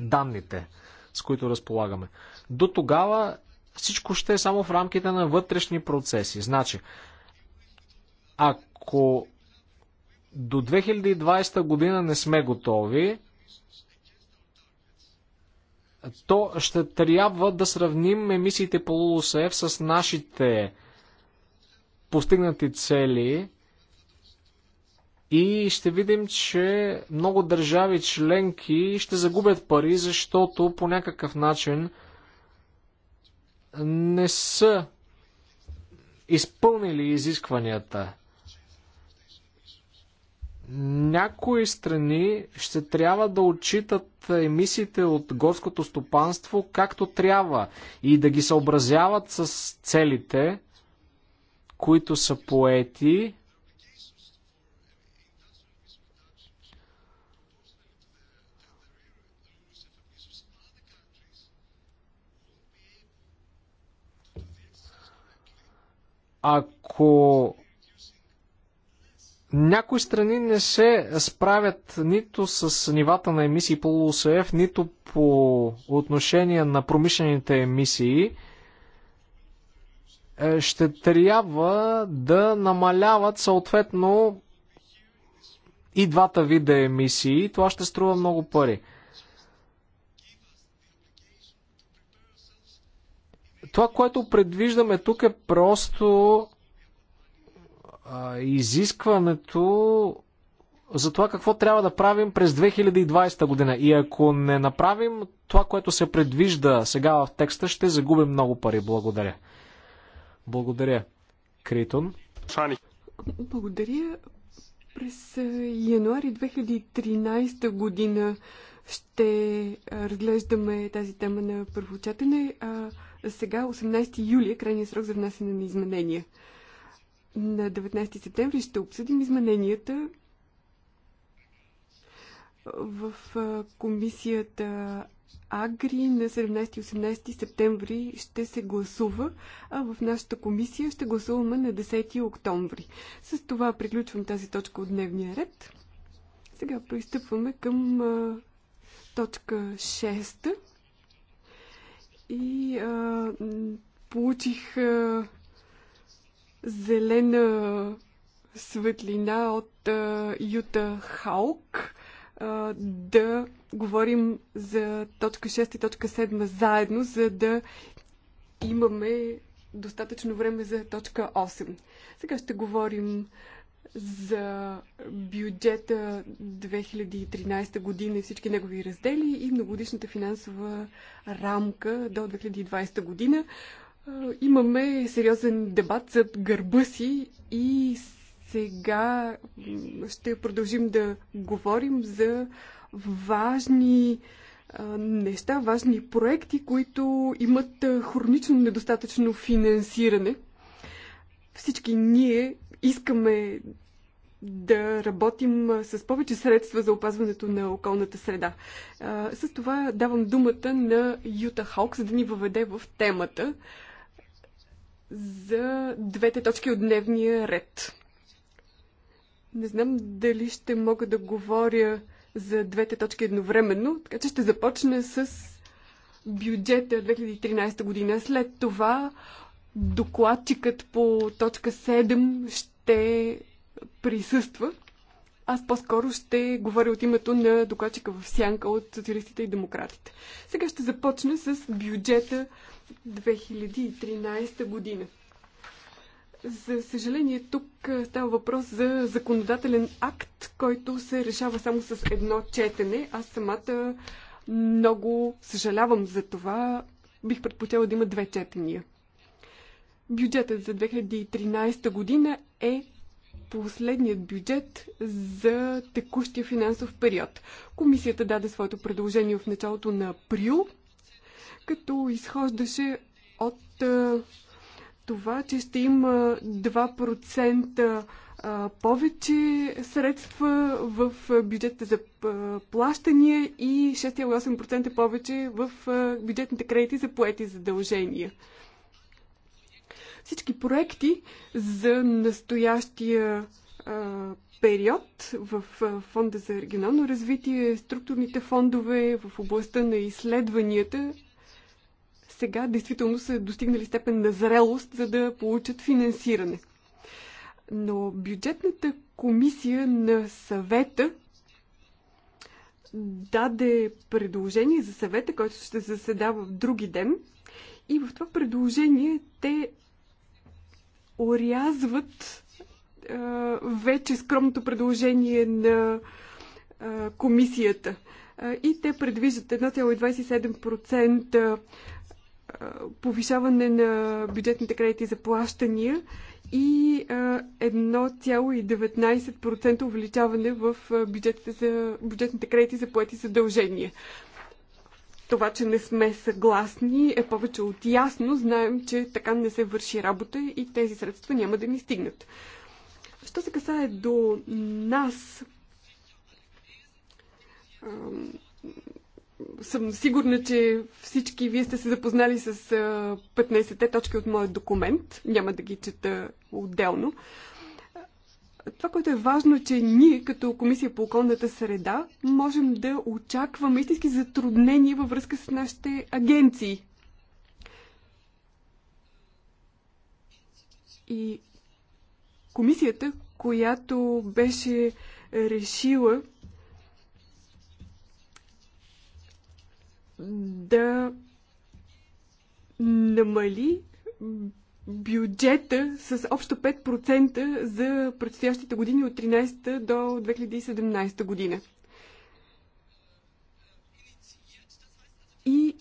данните, с които разполагаме. До тогава всичко ще е само в рамките на вътрешни процеси. Значи, ако до 2020 година не сме готови, то ще трябва да сравним емисиите по ЛУСФ с нашите постигнати цели и ще видим, че много държави членки ще загубят пари, защото по някакъв начин не са изпълнили изискванията някои страни ще трябва да отчитат емисиите от горското стопанство както трябва и да ги съобразяват с целите, които са поети. Ако някои страни не се справят нито с нивата на емисии по ЛОСФ, нито по отношение на промишлените емисии. Е, ще трябва да намаляват съответно и двата вида емисии. Това ще струва много пари. Това, което предвиждаме тук е просто изискването за това какво трябва да правим през 2020 година. И ако не направим това, което се предвижда сега в текста, ще загубим много пари. Благодаря. Благодаря, Критон. Благодаря. През януари 2013 година ще разглеждаме тази тема на първочатане, а сега 18 юли е крайният срок за внасяне на изменения. На 19 септември ще обсъдим измененията в комисията Агри на 17 и 18 септември ще се гласува, а в нашата комисия ще гласуваме на 10 октомври. С това приключвам тази точка от дневния ред. Сега пристъпваме към а, точка 6. И а, получих а, зелена светлина от Юта Хаук да говорим за точка 6 и точка 7 заедно, за да имаме достатъчно време за точка 8. Сега ще говорим за бюджета 2013 година и всички негови раздели и многодишната финансова рамка до 2020 година. Имаме сериозен дебат зад гърба си и сега ще продължим да говорим за важни неща, важни проекти, които имат хронично недостатъчно финансиране. Всички ние искаме да работим с повече средства за опазването на околната среда. С това давам думата на Юта Халк, за да ни въведе в темата за двете точки от дневния ред. Не знам дали ще мога да говоря за двете точки едновременно, така че ще започна с бюджета 2013 година. След това докладчикът по точка 7 ще присъства. Аз по-скоро ще говоря от името на докладчика в Сянка от социалистите и демократите. Сега ще започна с бюджета 2013 година. За съжаление, тук става въпрос за законодателен акт, който се решава само с едно четене. Аз самата много съжалявам за това. Бих предпочела да има две четения. Бюджетът за 2013 година е последният бюджет за текущия финансов период. Комисията даде своето предложение в началото на април, като изхождаше от това, че ще има 2% повече средства в бюджета за плащания и 6,8% повече в бюджетните кредити за поети задължения всички проекти за настоящия период в Фонда за регионално развитие, структурните фондове в областта на изследванията сега действително са достигнали степен на зрелост, за да получат финансиране. Но бюджетната комисия на съвета даде предложение за съвета, който ще заседава в други ден. И в това предложение те орязват вече скромното предложение на комисията. И те предвиждат 1,27% повишаване на бюджетните кредити за плащания и 1,19% увеличаване в бюджетите за, бюджетните кредити за поети задължения. Това, че не сме съгласни е повече от ясно. Знаем, че така не се върши работа и тези средства няма да ни стигнат. Що се касае до нас, съм сигурна, че всички вие сте се запознали с 15-те точки от моят документ. Няма да ги чета отделно това, което е важно, е, че ние като Комисия по околната среда можем да очакваме истински затруднения във връзка с нашите агенции. И комисията, която беше решила да намали бюджета с общо 5% за предстоящите години от 13 до 2017 година. И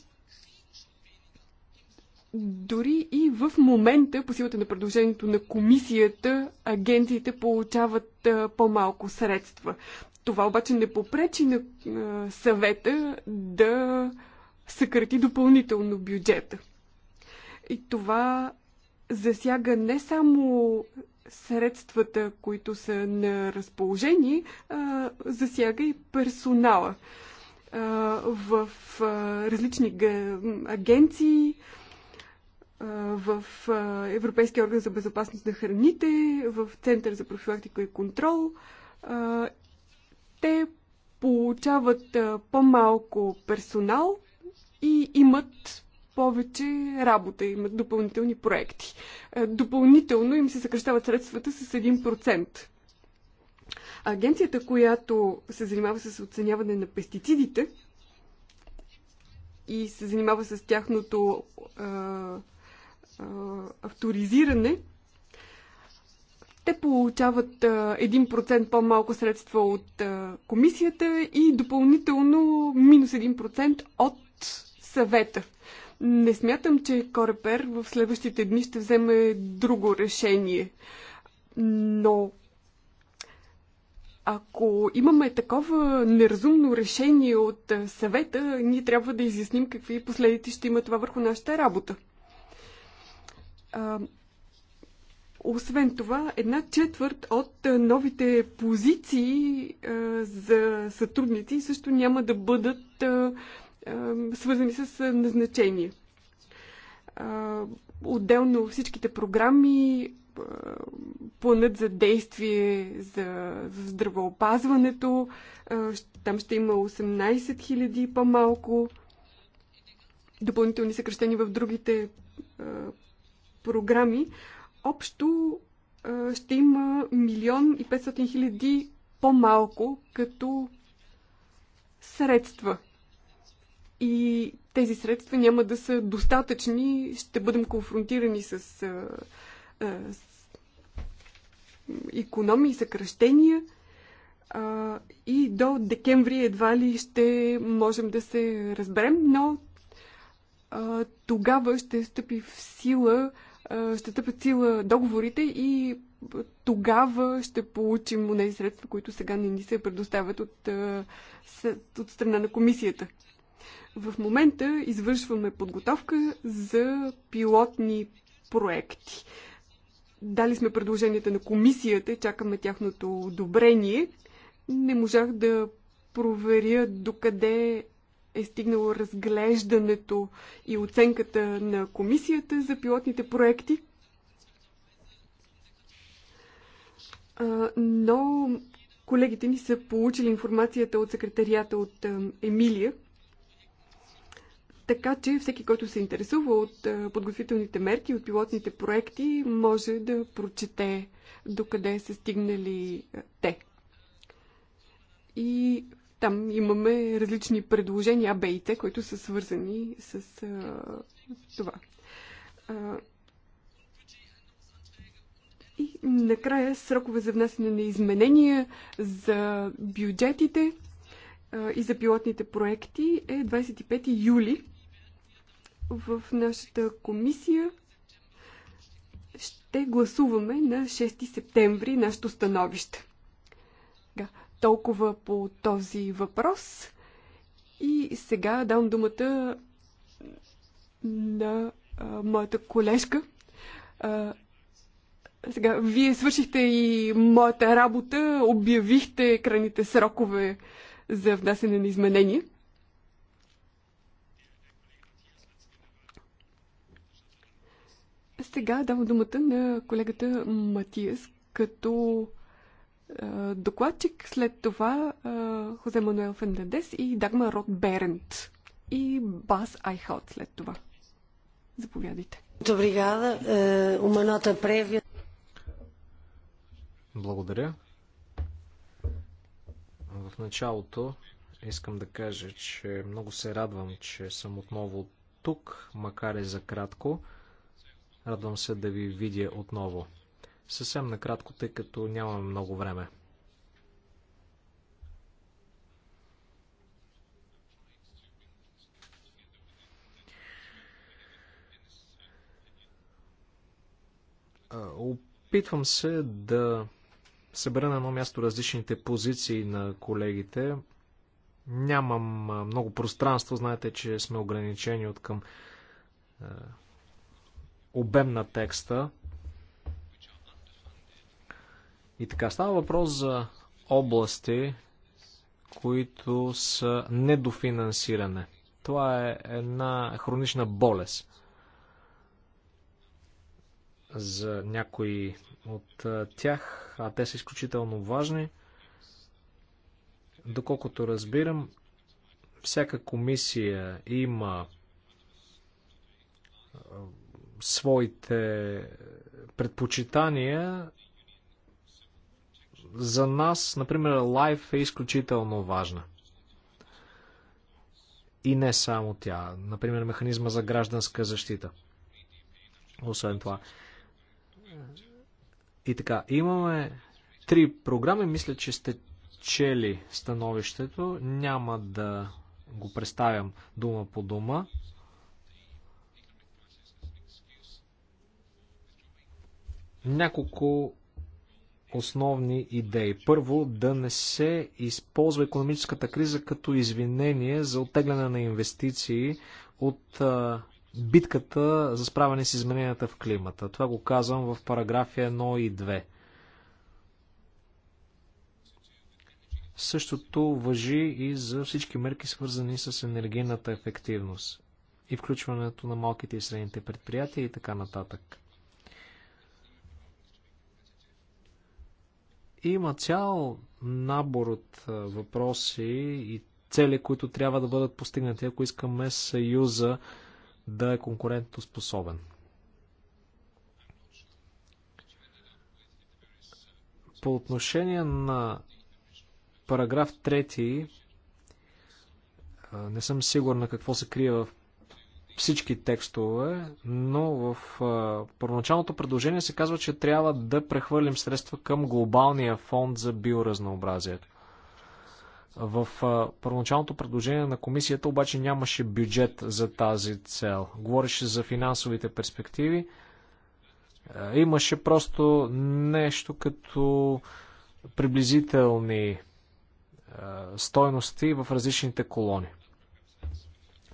дори и в момента, по силата на предложението на комисията, агенциите получават по-малко средства. Това обаче не попречи на съвета да съкрати допълнително бюджета. И това засяга не само средствата, които са на разположение, а, засяга и персонала в различни агенции, в Европейския орган за безопасност на храните, в Център за профилактика и контрол. те получават по-малко персонал и имат повече работа, имат допълнителни проекти. Е, допълнително им се съкръщават средствата с 1%. Агенцията, която се занимава с оценяване на пестицидите и се занимава с тяхното а, е, а, е, авторизиране, те получават 1% по-малко средства от комисията и допълнително минус 1% от съвета. Не смятам, че Корепер в следващите дни ще вземе друго решение. Но ако имаме такова неразумно решение от съвета, ние трябва да изясним какви последици ще има това върху нашата работа. А, освен това, една четвърт от новите позиции а, за сътрудници също няма да бъдат а, свързани с назначение. Отделно всичките програми, планът за действие за здравеопазването, там ще има 18 000 по-малко, допълнителни съкръщения в другите програми. Общо ще има 1 и 500 хиляди по-малко като средства и тези средства няма да са достатъчни. Ще бъдем конфронтирани с, а, а, с економии, съкръщения а, и до декември едва ли ще можем да се разберем, но а, тогава ще стъпи в сила, а, ще стъпят сила договорите и тогава ще получим тези средства, които сега не ни се предоставят от, от страна на комисията. В момента извършваме подготовка за пилотни проекти. Дали сме предложенията на комисията, чакаме тяхното одобрение. Не можах да проверя докъде е стигнало разглеждането и оценката на комисията за пилотните проекти. Но колегите ни са получили информацията от секретарията от Емилия, така че всеки, който се интересува от подготвителните мерки, от пилотните проекти, може да прочете докъде са стигнали те. И там имаме различни предложения, А, Б и Т, които са свързани с а, това. А, и накрая срокове за внасяне на изменения за бюджетите а, и за пилотните проекти е 25 юли в нашата комисия ще гласуваме на 6 септември нашето становище. Да, толкова по този въпрос. И сега дам думата на а, моята колежка. А, сега, вие свършихте и моята работа, обявихте крайните срокове за внасяне на изменения. Сега давам думата на колегата Матиас като а, докладчик, след това а, Хозе Мануел Фернандес и Дагма Рот Берент и Бас Айхаут след това. Заповядайте. Добригада. Е, уманата превия. Благодаря. В началото искам да кажа, че много се радвам, че съм отново тук, макар и за кратко. Радвам се да ви видя отново. Съвсем накратко, тъй като нямаме много време. Опитвам се да събера на едно място различните позиции на колегите. Нямам много пространство, знаете, че сме ограничени от към обем на текста. И така, става въпрос за области, които са недофинансиране. Това е една хронична болест за някои от тях, а те са изключително важни. Доколкото разбирам, всяка комисия има своите предпочитания, за нас, например, лайф е изключително важна. И не само тя. Например, механизма за гражданска защита. Освен това. И така, имаме три програми. Мисля, че сте чели становището. Няма да го представям дума по дума. Няколко основни идеи. Първо, да не се използва економическата криза като извинение за оттегляне на инвестиции от битката за справяне с измененията в климата. Това го казвам в параграфи 1 и 2. Същото въжи и за всички мерки, свързани с енергийната ефективност и включването на малките и средните предприятия и така нататък. Има цял набор от въпроси и цели, които трябва да бъдат постигнати, ако искаме Съюза да е конкурентоспособен. По отношение на параграф 3, не съм сигурна на какво се крие в всички текстове, но в а, първоначалното предложение се казва, че трябва да прехвърлим средства към глобалния фонд за биоразнообразието. В а, първоначалното предложение на комисията обаче нямаше бюджет за тази цел. Говореше за финансовите перспективи. А, имаше просто нещо като приблизителни а, стойности в различните колони.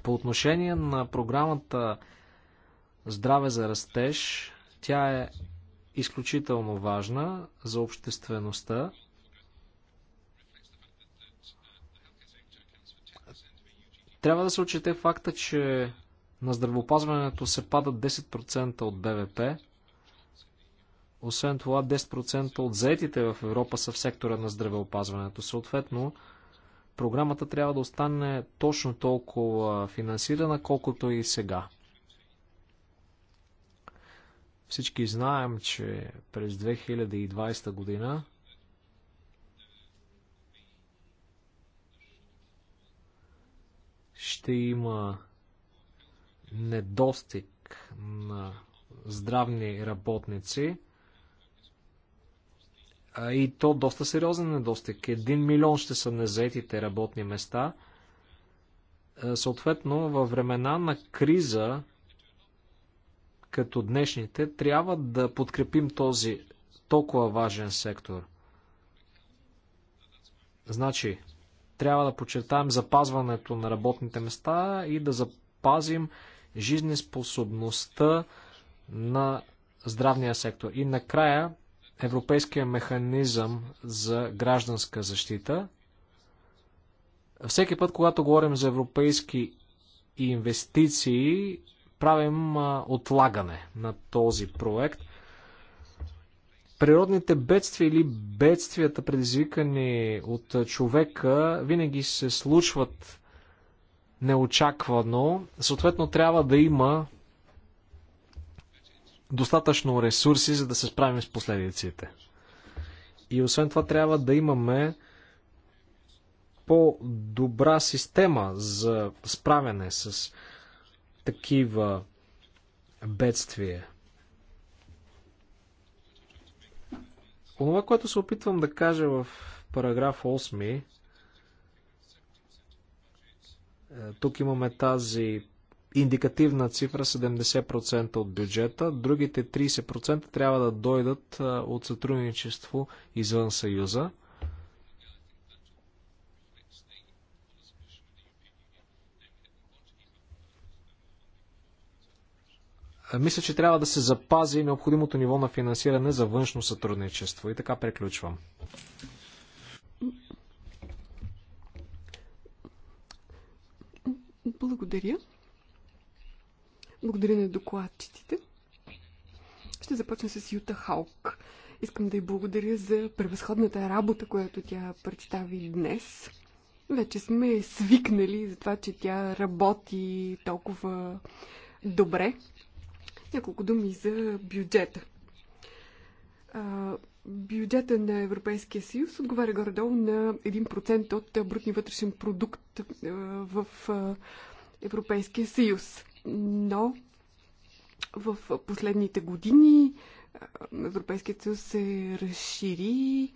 По отношение на програмата Здраве за растеж, тя е изключително важна за обществеността. Трябва да се отчете факта, че на здравеопазването се падат 10% от БВП. Освен това, 10% от заетите в Европа са в сектора на здравеопазването. Съответно, Програмата трябва да остане точно толкова финансирана, колкото и сега. Всички знаем, че през 2020 година ще има недостиг на здравни работници и то доста сериозен недостиг. Един милион ще са незаетите работни места. Съответно, във времена на криза, като днешните, трябва да подкрепим този толкова важен сектор. Значи, трябва да подчертаем запазването на работните места и да запазим жизнеспособността на здравния сектор. И накрая Европейския механизъм за гражданска защита. Всеки път, когато говорим за европейски инвестиции, правим отлагане на този проект. Природните бедствия или бедствията, предизвикани от човека, винаги се случват неочаквано. Съответно, трябва да има достатъчно ресурси, за да се справим с последиците. И освен това трябва да имаме по-добра система за справяне с такива бедствия. Онова, което се опитвам да кажа в параграф 8, е, тук имаме тази индикативна цифра 70% от бюджета, другите 30% трябва да дойдат от сътрудничество извън Съюза. Мисля, че трябва да се запази необходимото ниво на финансиране за външно сътрудничество. И така приключвам. Благодаря. Благодаря на докладчиците. Ще започна с Юта Халк. Искам да й благодаря за превъзходната работа, която тя представи днес. Вече сме свикнали за това, че тя работи толкова добре. Няколко думи за бюджета. А, бюджета на Европейския съюз отговаря горе-долу на 1% от брутния вътрешен продукт а, в а, Европейския съюз но в последните години Европейският съюз се разшири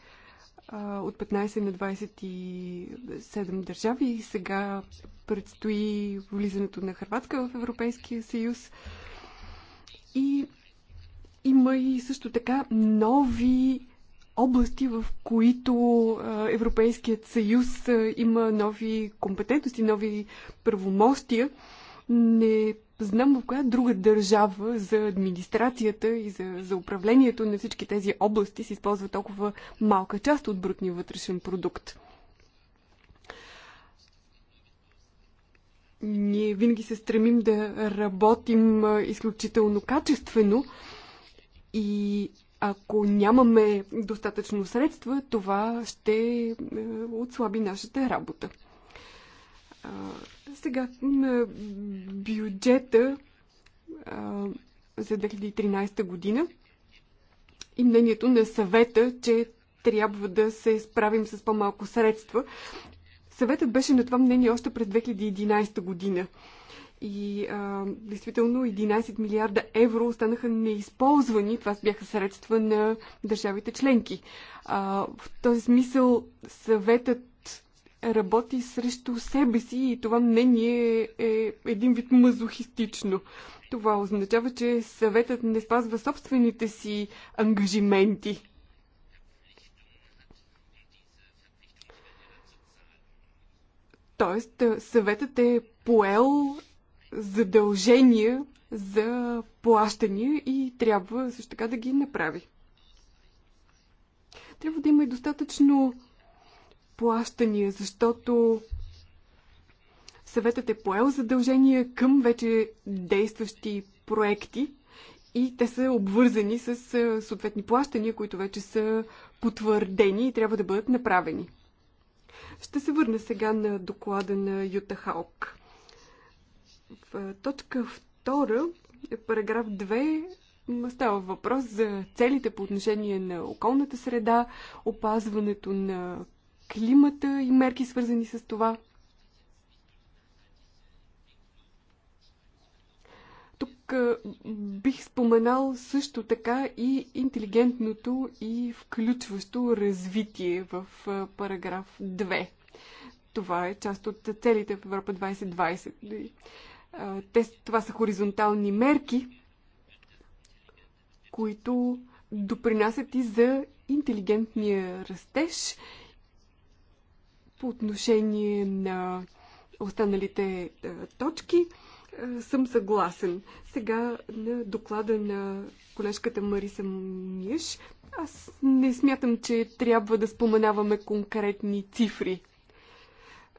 от 15 на 27 държави и сега предстои влизането на Хрватска в Европейския съюз. И има и също така нови области, в които Европейският съюз има нови компетентности, нови правомощия не знам в коя друга държава за администрацията и за, за управлението на всички тези области се използва толкова малка част от брутния вътрешен продукт. Ние винаги се стремим да работим изключително качествено и ако нямаме достатъчно средства, това ще отслаби нашата работа сега на бюджета а, за 2013 година и мнението на съвета, че трябва да се справим с по-малко средства. Съветът беше на това мнение още през 2011 година. И а, действително 11 милиарда евро останаха неизползвани. Това бяха средства на държавите членки. А, в този смисъл съветът работи срещу себе си и това мнение е един вид мазохистично. Това означава, че съветът не спазва собствените си ангажименти. Тоест, съветът е поел задължения за плащания и трябва също така да ги направи. Трябва да има и достатъчно плащания, защото съветът е поел задължения към вече действащи проекти и те са обвързани с съответни плащания, които вече са потвърдени и трябва да бъдат направени. Ще се върна сега на доклада на Юта Халк. В точка 2, параграф 2, става въпрос за целите по отношение на околната среда, опазването на климата и мерки свързани с това. Тук бих споменал също така и интелигентното и включващо развитие в параграф 2. Това е част от целите в Европа 2020. Те, това са хоризонтални мерки, които допринасят и за интелигентния растеж по отношение на останалите е, точки е, съм съгласен. Сега на доклада на колежката Мариса Миеш, аз не смятам, че трябва да споменаваме конкретни цифри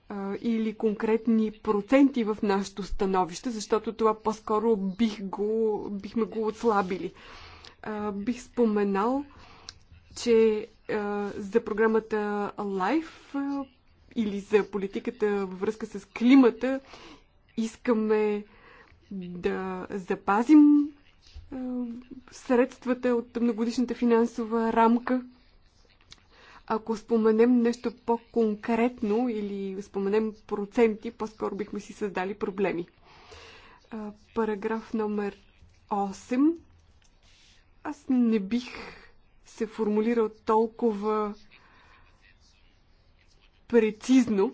а, е, или конкретни проценти в нашето становище, защото това по-скоро бих го, бихме го отслабили. А, бих споменал, че а, за програмата Life или за политиката във връзка с климата. Искаме да запазим средствата от многодишната финансова рамка. Ако споменем нещо по-конкретно или споменем проценти, по-скоро бихме си създали проблеми. Параграф номер 8. Аз не бих се формулирал толкова прецизно.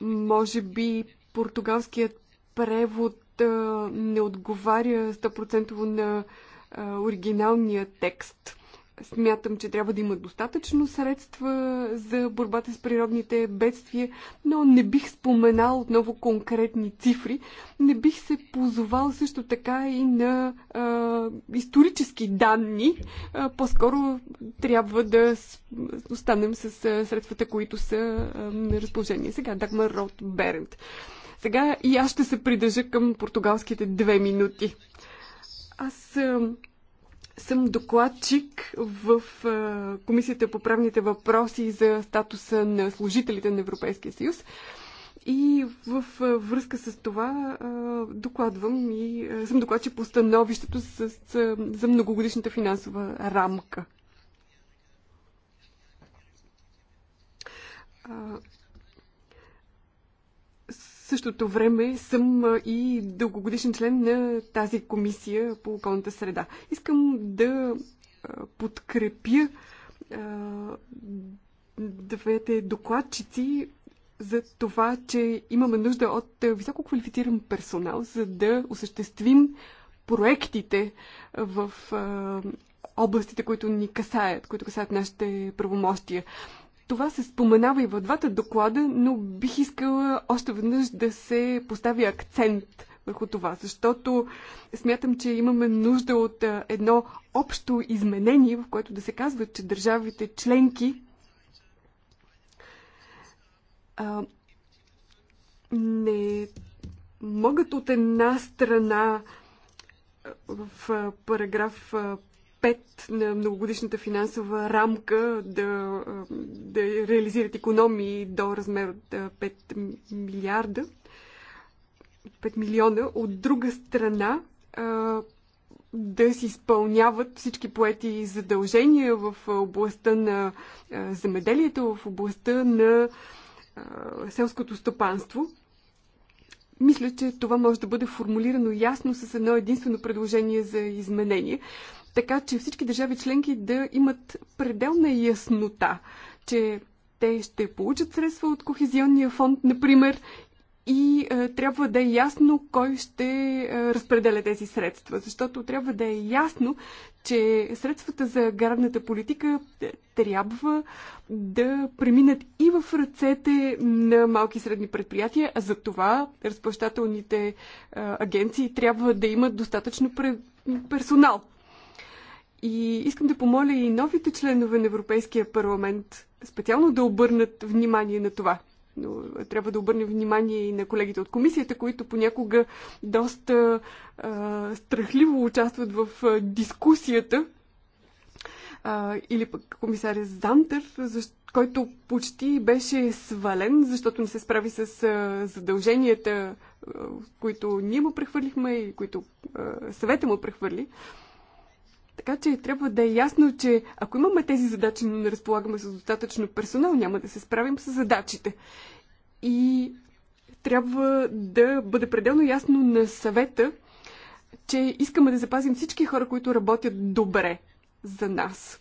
Може би португалският превод а, не отговаря 100% на а, оригиналния текст. Смятам, че трябва да има достатъчно средства за борбата с природните бедствия, но не бих споменал отново конкретни цифри. Не бих се позовал също така и на а, исторически данни. А, по-скоро трябва да останем с средствата, които са а, на разположение. Сега Дагмар Рот Берент. Сега и аз ще се придържа към португалските две минути. Аз съм докладчик в Комисията по правните въпроси за статуса на служителите на Европейския съюз. И в връзка с това докладвам и съм докладчик по становището с, с, за многогодишната финансова рамка същото време съм и дългогодишен член на тази комисия по околната среда. Искам да подкрепя двете докладчици за това, че имаме нужда от високо квалифициран персонал, за да осъществим проектите в областите, които ни касаят, които касаят нашите правомощия. Това се споменава и в двата доклада, но бих искала още веднъж да се постави акцент върху това, защото смятам, че имаме нужда от едно общо изменение, в което да се казва, че държавите членки а, не могат от една страна в параграф 5 на многогодишната финансова рамка да, да реализират економии до размер от 5 милиарда, 5 милиона. От друга страна, да си изпълняват всички поети задължения в областта на земеделието, в областта на селското стопанство. Мисля, че това може да бъде формулирано ясно с едно единствено предложение за изменение така че всички държави членки да имат пределна яснота, че те ще получат средства от Кохезионния фонд, например, и е, трябва да е ясно кой ще е, разпределя тези средства, защото трябва да е ясно, че средствата за гарадната политика е, трябва да преминат и в ръцете на малки и средни предприятия, а за това разплащателните е, агенции трябва да имат достатъчно персонал. И искам да помоля и новите членове на Европейския парламент специално да обърнат внимание на това. Но е, трябва да обърнем внимание и на колегите от комисията, които понякога доста а, страхливо участват в а, дискусията. А, или пък комисаря Зантер, защ... който почти беше свален, защото не се справи с а, задълженията, а, които ние му прехвърлихме и които а, съвета му прехвърли. А, така че трябва да е ясно, че ако имаме тези задачи, но не разполагаме с достатъчно персонал, няма да се справим с задачите. И трябва да бъде пределно ясно на съвета, че искаме да запазим всички хора, които работят добре за нас.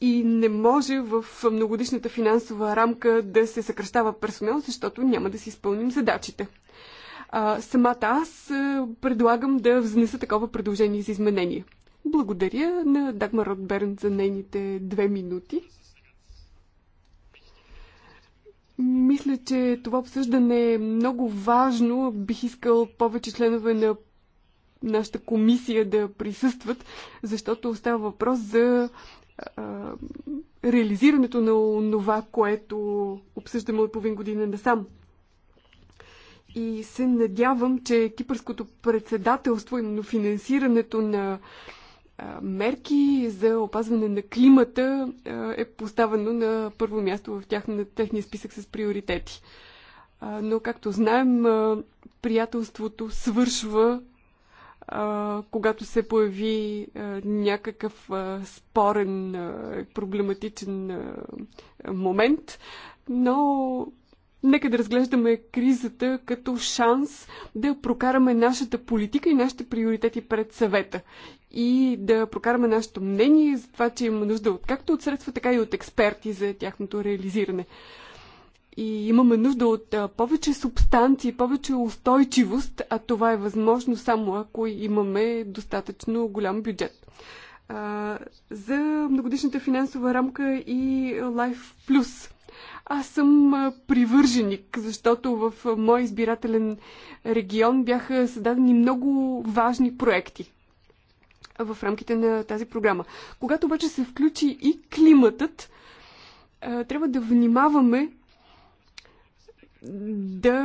И не може в многодишната финансова рамка да се съкръщава персонал, защото няма да си изпълним задачите. А, самата аз предлагам да внеса такова предложение за изменение. Благодаря на Дагмар Ротберн за нейните две минути. Мисля, че това обсъждане е много важно. Бих искал повече членове на нашата комисия да присъстват, защото става въпрос за а, реализирането на това, което обсъждаме от половин година насам. И се надявам, че кипърското председателство, именно финансирането на мерки за опазване на климата е поставено на първо място в тях, на техния списък с приоритети. Но, както знаем, приятелството свършва, когато се появи някакъв спорен, проблематичен момент, но Нека да разглеждаме кризата като шанс да прокараме нашата политика и нашите приоритети пред съвета. И да прокараме нашето мнение за това, че има нужда от както от средства, така и от експерти за тяхното реализиране. И имаме нужда от повече субстанции, повече устойчивост, а това е възможно само ако имаме достатъчно голям бюджет за многодишната финансова рамка и Life Plus. Аз съм привърженик, защото в мой избирателен регион бяха създадени много важни проекти в рамките на тази програма. Когато обаче се включи и климатът, трябва да внимаваме да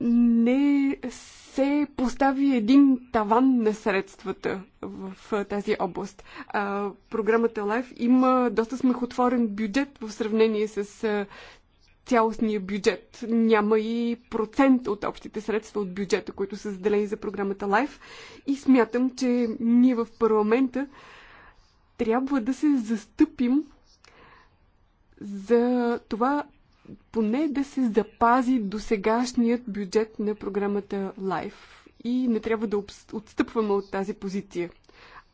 не се постави един таван на средствата в тази област. А, програмата Life има доста смехотворен бюджет в сравнение с цялостния бюджет. Няма и процент от общите средства от бюджета, които са заделени за програмата Life. И смятам, че ние в парламента трябва да се застъпим за това поне да се запази досегашният бюджет на програмата LIFE и не трябва да отстъпваме от тази позиция.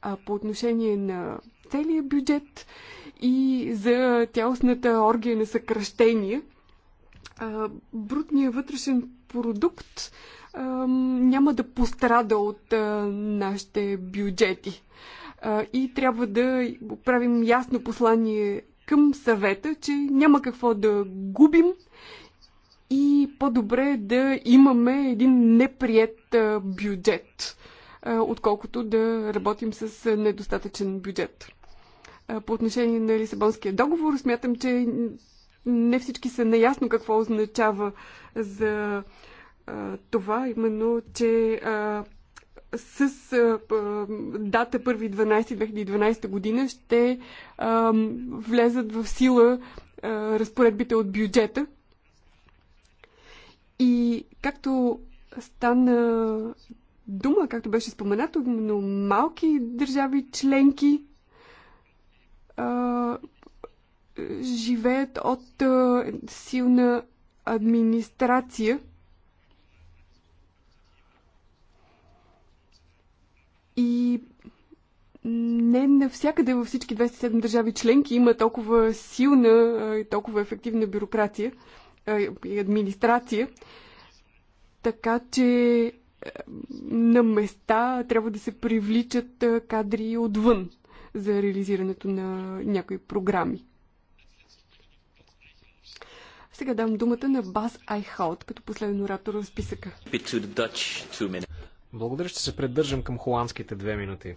А по отношение на целия бюджет и за тялостната оргия на съкръщения, брутният вътрешен продукт няма да пострада от нашите бюджети. И трябва да правим ясно послание към съвета, че няма какво да губим и по-добре е да имаме един неприят бюджет, отколкото да работим с недостатъчен бюджет. По отношение на Лисабонския договор, смятам, че не всички са наясно какво означава за това, именно, че с дата 1.12.2012 година ще влезат в сила разпоредбите от бюджета. И както стана дума, както беше споменато, но малки държави членки а, живеят от а, силна администрация И не навсякъде във всички 27 държави членки има толкова силна и толкова ефективна бюрокрация и администрация. Така че на места трябва да се привличат кадри отвън за реализирането на някои програми. Сега дам думата на Бас Айхаут като последен оратор в списъка. Благодаря, ще се придържам към холандските две минути.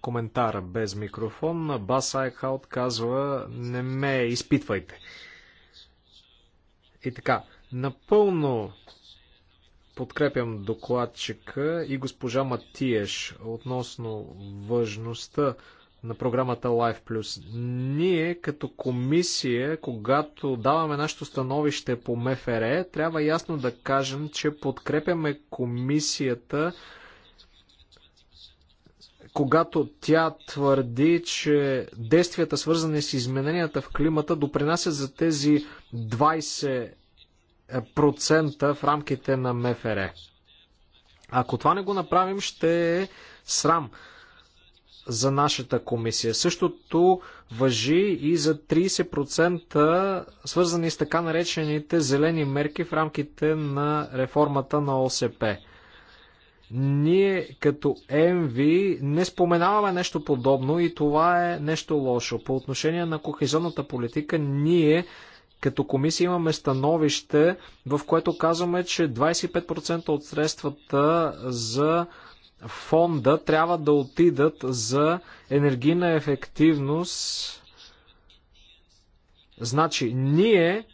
Коментара без микрофон. Бас Айхалт казва, не ме изпитвайте. И така, напълно подкрепям докладчика и госпожа Матиеш относно важността на програмата Live Plus. Ние като комисия, когато даваме нашето становище по МФР, трябва ясно да кажем, че подкрепяме комисията, когато тя твърди, че действията свързани с измененията в климата допринасят за тези 20% в рамките на МФР. Ако това не го направим, ще е срам за нашата комисия. Същото въжи и за 30% свързани с така наречените зелени мерки в рамките на реформата на ОСП. Ние като МВ не споменаваме нещо подобно и това е нещо лошо. По отношение на кохезионната политика, ние като комисия имаме становище, в което казваме, че 25% от средствата за фонда трябва да отидат за енергийна ефективност. Значи, ние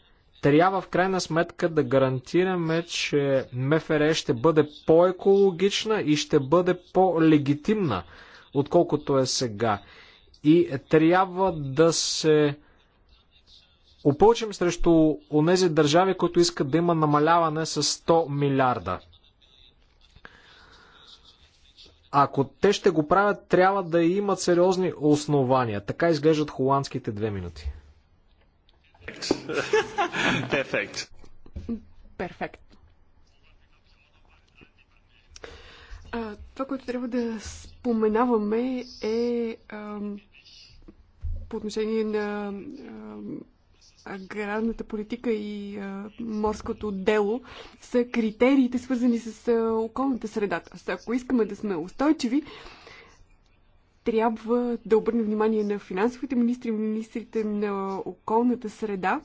трябва в крайна сметка да гарантираме, че МФР ще бъде по-екологична и ще бъде по-легитимна, отколкото е сега. И трябва да се опълчим срещу онези държави, които искат да има намаляване с 100 милиарда ако те ще го правят, трябва да имат сериозни основания. Така изглеждат холандските две минути. [laughs] Перфект. Перфект. това, което трябва да споменаваме е а, по отношение на а, аграрната политика и а, морското дело са критериите, свързани с а, околната среда. Тоест, ако искаме да сме устойчиви, трябва да обърнем внимание на финансовите министри, министрите на околната среда.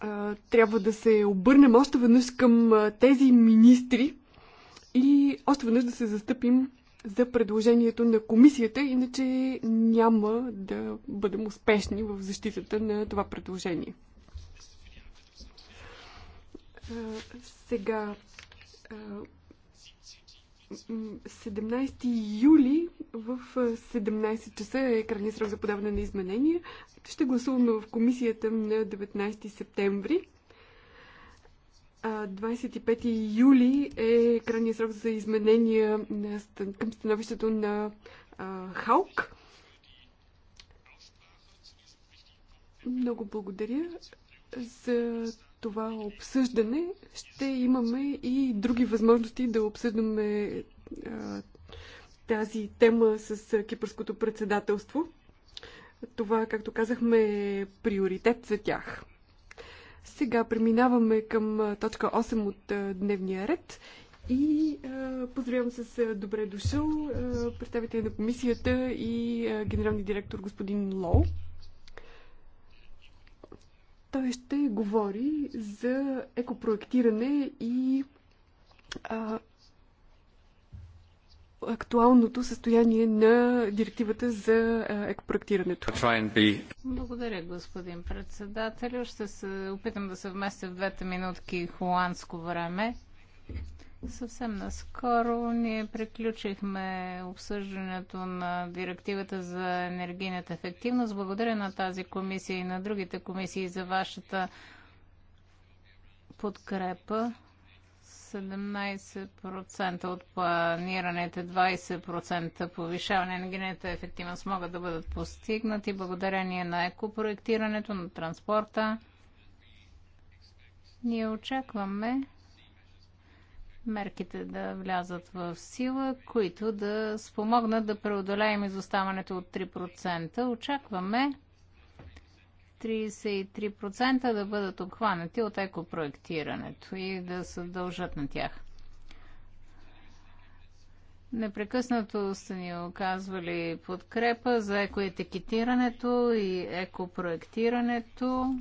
А, трябва да се обърнем още веднъж към а, тези министри и още веднъж да се застъпим за предложението на комисията, иначе няма да бъдем успешни в защитата на това предложение. Сега 17 юли в 17 часа е крайният срок за подаване на изменения. Ще гласуваме в комисията на 19 септември. 25 юли е крайния срок за изменения на, към становището на а, Халк. Много благодаря за това обсъждане. Ще имаме и други възможности да обсъждаме тази тема с кипърското председателство. Това, както казахме, е приоритет за тях. Сега преминаваме към точка 8 от дневния ред и поздравям поздравявам с добре дошъл представител на комисията и генерални генералния директор господин Лоу. Той ще говори за екопроектиране и актуалното състояние на директивата за екопроектирането. Благодаря, господин председател. Ще се опитам да се вместя в двете минутки холандско време. Съвсем наскоро ние приключихме обсъждането на директивата за енергийната ефективност. Благодаря на тази комисия и на другите комисии за вашата подкрепа. 17% от планираните 20% повишаване на енергийната ефективност могат да бъдат постигнати благодарение на екопроектирането на транспорта. Ние очакваме мерките да влязат в сила, които да спомогнат да преодолеем изоставането от 3%. Очакваме 33% да бъдат обхванати от екопроектирането и да се дължат на тях. Непрекъснато сте ни оказвали подкрепа за екоетикетирането и екопроектирането.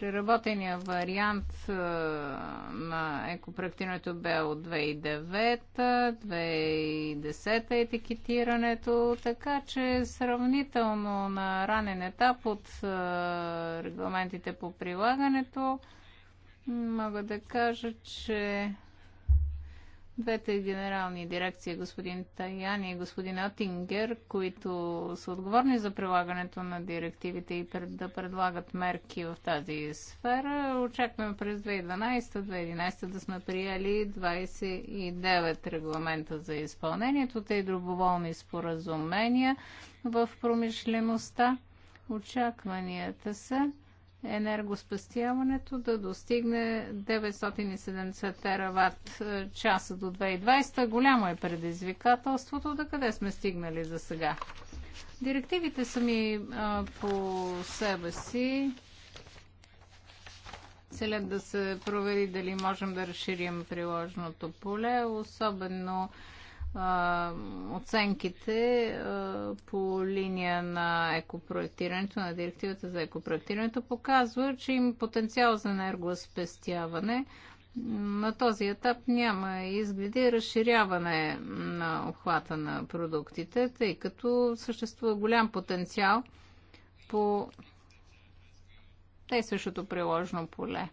Преработения вариант на екопроектирането бе от 2009-2010 е етикетирането, така че сравнително на ранен етап от регламентите по прилагането мога да кажа, че двете генерални дирекции, господин Таяни и господин Отингер, които са отговорни за прилагането на директивите и пред, да предлагат мерки в тази сфера. Очакваме през 2012-2011 да сме приели 29 регламента за изпълнението, те и доброволни споразумения в промишлеността. Очакванията са енергоспестяването да достигне 970 тераватт е, часа до 2020. Голямо е предизвикателството. До къде сме стигнали за сега? Директивите ми а, е, по себе си целят да се провери дали можем да разширим приложното поле, особено оценките по линия на екопроектирането, на директивата за екопроектирането, показва, че има потенциал за енергоспестяване. На този етап няма изгледи разширяване на обхвата на продуктите, тъй като съществува голям потенциал по действащото приложено поле.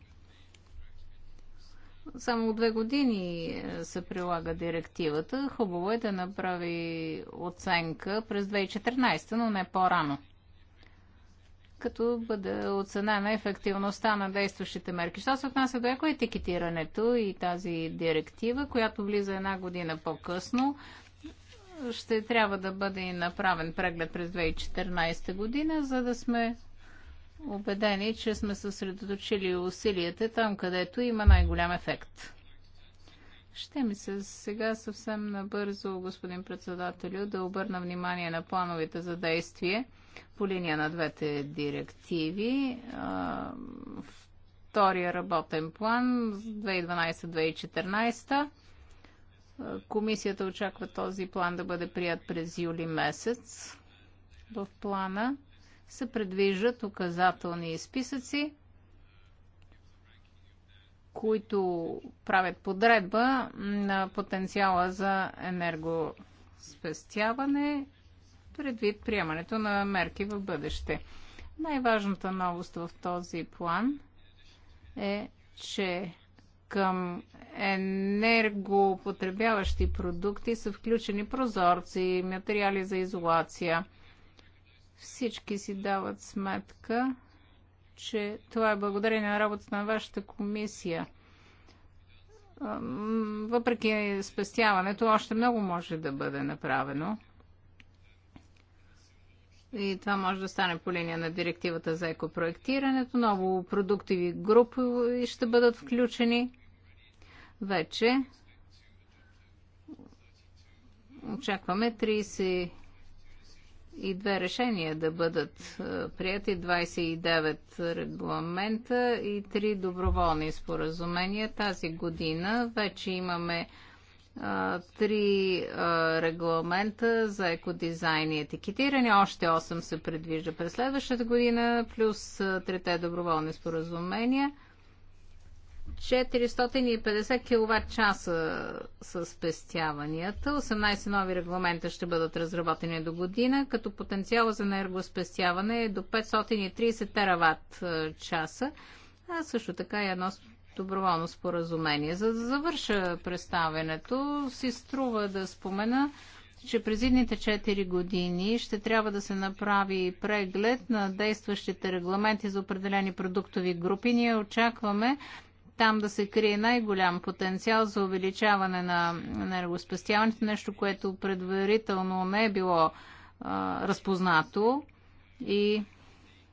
Само две години е, се прилага директивата. Хубаво е да направи оценка през 2014, но не по-рано. Като бъде оценена ефективността на действащите мерки. Що се отнася до еко етикетирането и тази директива, която влиза една година по-късно, ще трябва да бъде направен преглед през 2014 година, за да сме убедени, че сме съсредоточили усилията там, където има най-голям ефект. Ще ми се сега съвсем набързо, господин председателю, да обърна внимание на плановете за действие по линия на двете директиви. Втория работен план 2012-2014. Комисията очаква този план да бъде прият през юли месец. В плана се предвиждат указателни списъци, които правят подредба на потенциала за енергоспестяване предвид приемането на мерки в бъдеще. Най-важната новост в този план е, че към енергопотребяващи продукти са включени прозорци, материали за изолация, всички си дават сметка, че това е благодарение на работата на вашата комисия. Въпреки спестяването, още много може да бъде направено. И това може да стане по линия на директивата за екопроектирането. Ново продуктиви групи ще бъдат включени. Вече очакваме и две решения да бъдат е, прияти, 29 регламента и 3 доброволни споразумения. Тази година вече имаме е, три е, регламента за екодизайн и етикетиране. Още 8 се предвижда през следващата година, плюс трите доброволни споразумения – 450 кВт часа с спестяванията. 18 нови регламента ще бъдат разработени до година, като потенциала за енергоспестяване е до 530 тераватт часа, а също така и е едно доброволно споразумение. За да завърша представенето, си струва да спомена, че през едните 4 години ще трябва да се направи преглед на действащите регламенти за определени продуктови групи. Ние очакваме там да се крие най-голям потенциал за увеличаване на енергоспестяването, нещо, което предварително не е било а, разпознато и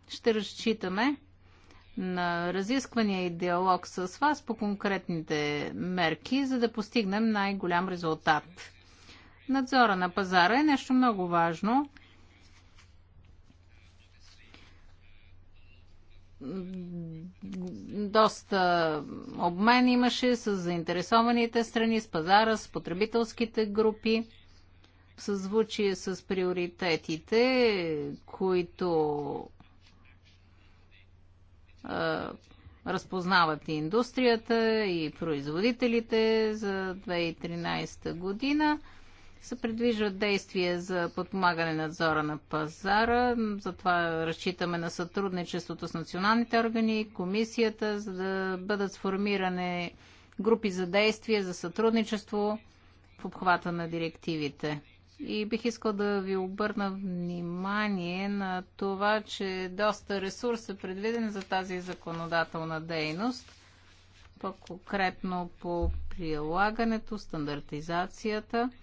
ще разчитаме на разисквания и диалог с вас по конкретните мерки, за да постигнем най-голям резултат. Надзора на пазара е нещо много важно. доста обмен имаше с заинтересованите страни, с пазара, с потребителските групи, в съзвучие с приоритетите, които разпознават и индустрията, и производителите за 2013 година се предвижват действия за подпомагане надзора на пазара. Затова разчитаме на сътрудничеството с националните органи, комисията, за да бъдат сформирани групи за действие, за сътрудничество в обхвата на директивите. И бих искал да ви обърна внимание на това, че доста ресурс е предвиден за тази законодателна дейност, по-конкретно по прилагането, стандартизацията –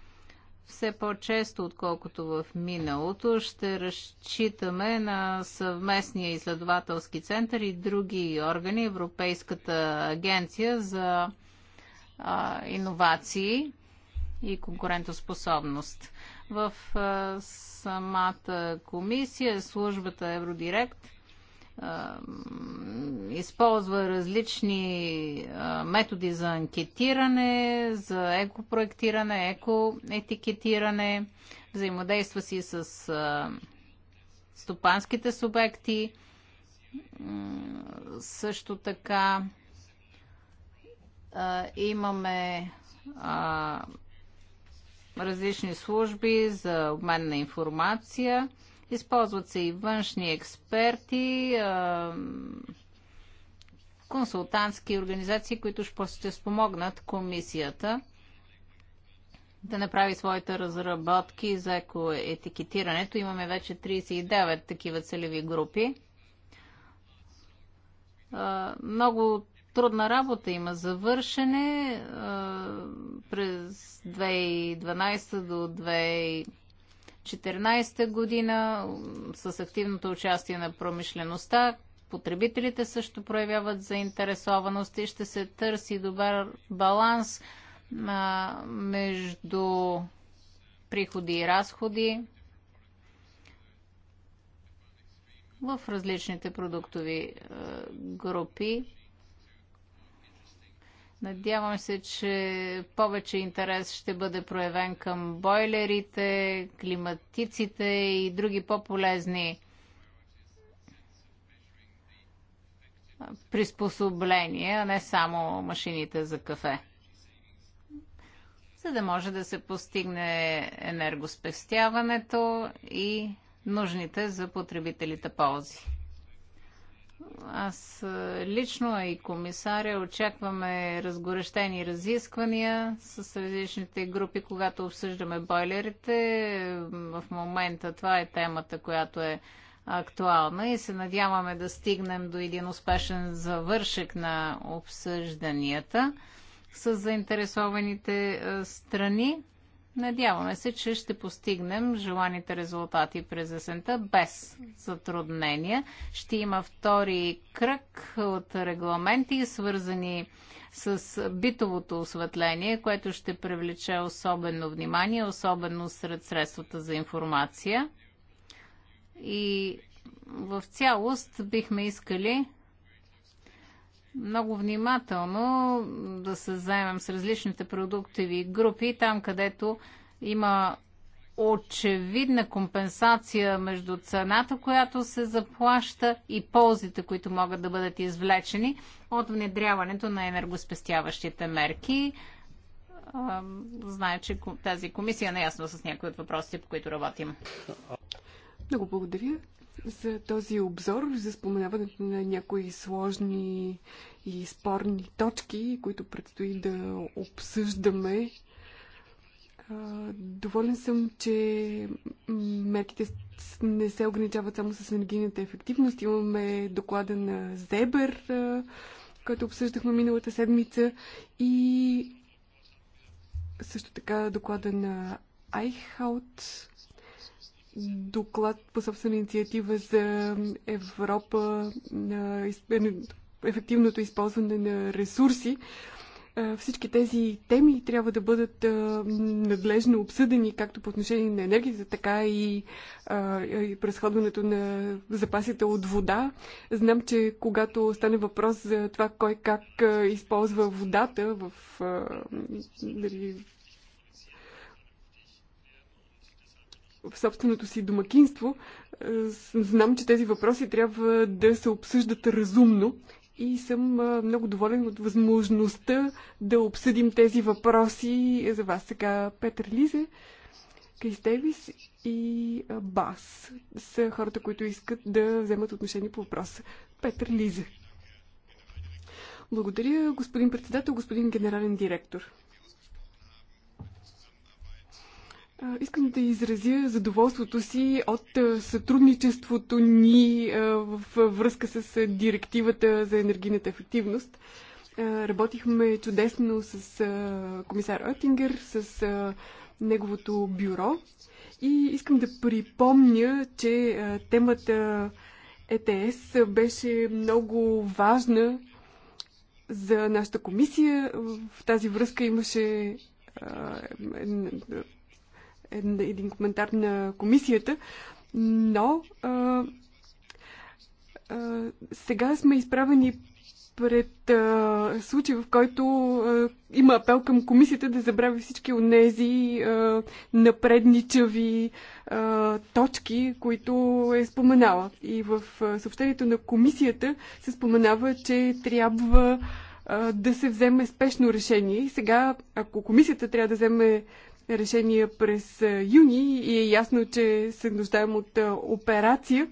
все по-често, отколкото в миналото, ще разчитаме на съвместния изследователски център и други органи, Европейската агенция за а, иновации и конкурентоспособност. В а, самата комисия, службата Евродирект – използва различни методи за анкетиране, за екопроектиране, екоетикетиране, взаимодейства си с стопанските субекти, също така имаме различни служби за обмен на информация – Използват се и външни експерти, консултантски организации, които ще спомогнат комисията да направи своите разработки за екоетикетирането. Имаме вече 39 такива целеви групи. Много трудна работа има завършене през 2012 до 2015 2014 година с активното участие на промишлеността. Потребителите също проявяват заинтересованост и ще се търси добър баланс а, между приходи и разходи в различните продуктови а, групи. Надявам се, че повече интерес ще бъде проявен към бойлерите, климатиците и други по-полезни приспособления, а не само машините за кафе. За да може да се постигне енергоспестяването и нужните за потребителите ползи. Аз е, лично и комисаря очакваме разгорещени разисквания с различните групи, когато обсъждаме бойлерите. В момента това е темата, която е актуална и се надяваме да стигнем до един успешен завършек на обсъжданията с заинтересованите е, страни. Надяваме се, че ще постигнем желаните резултати през есента без затруднения. Ще има втори кръг от регламенти, свързани с битовото осветление, което ще привлече особено внимание, особено сред средствата за информация. И в цялост бихме искали много внимателно да се заемем с различните продуктиви групи, там където има очевидна компенсация между цената, която се заплаща и ползите, които могат да бъдат извлечени от внедряването на енергоспестяващите мерки. Знае, че тази комисия е наясно с някои от въпросите, по които работим. Много благодаря за този обзор, за споменаването на някои сложни и спорни точки, които предстои да обсъждаме. Доволен съм, че мерките не се ограничават само с енергийната ефективност. Имаме доклада на Зебер, който обсъждахме миналата седмица и също така доклада на Айхаут, доклад по собствена инициатива за Европа на е, ефективното използване на ресурси. Всички тези теми трябва да бъдат надлежно обсъдени, както по отношение на енергията, така и, и разходването на запасите от вода. Знам, че когато стане въпрос за това кой как използва водата в нали, в собственото си домакинство, е, знам, че тези въпроси трябва да се обсъждат разумно и съм е, много доволен от възможността да обсъдим тези въпроси за вас. Сега Петър Лизе, Кристевис и е, Бас са хората, които искат да вземат отношение по въпроса. Петър Лизе. Благодаря, господин председател, господин генерален директор. Искам да изразя задоволството си от сътрудничеството ни в връзка с директивата за енергийната ефективност. Работихме чудесно с комисар Оттингер, с неговото бюро и искам да припомня, че темата ЕТС беше много важна за нашата комисия. В тази връзка имаше един коментар на комисията, но а, а, сега сме изправени пред а, случай, в който а, има апел към комисията да забрави всички от тези напредничави а, точки, които е споменала. И в а, съобщението на комисията се споменава, че трябва а, да се вземе спешно решение. И сега, ако комисията трябва да вземе решение през юни и е ясно, че се нуждаем от операция,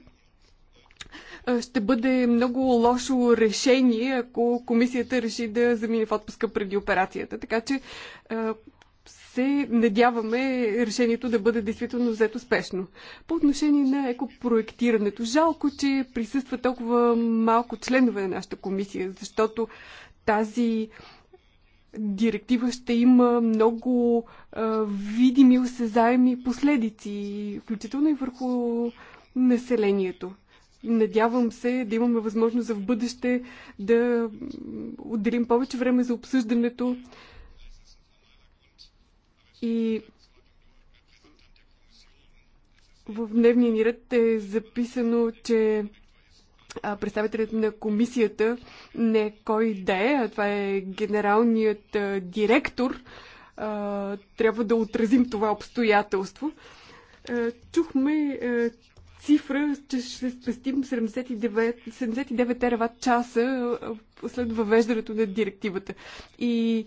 ще бъде много лошо решение, ако комисията реши да замине в отпуска преди операцията. Така че се надяваме решението да бъде действително взето спешно. По отношение на екопроектирането, жалко, че присъства толкова малко членове на нашата комисия, защото тази директива ще има много а, видими, осезаеми последици, включително и върху населението. Надявам се да имаме възможност за в бъдеще да отделим повече време за обсъждането и в дневния ни ред е записано, че представителят на комисията не кой да е, а това е генералният директор. Трябва да отразим това обстоятелство. Чухме цифра, че ще спестим 79, 79 тераватт часа след въвеждането на директивата. И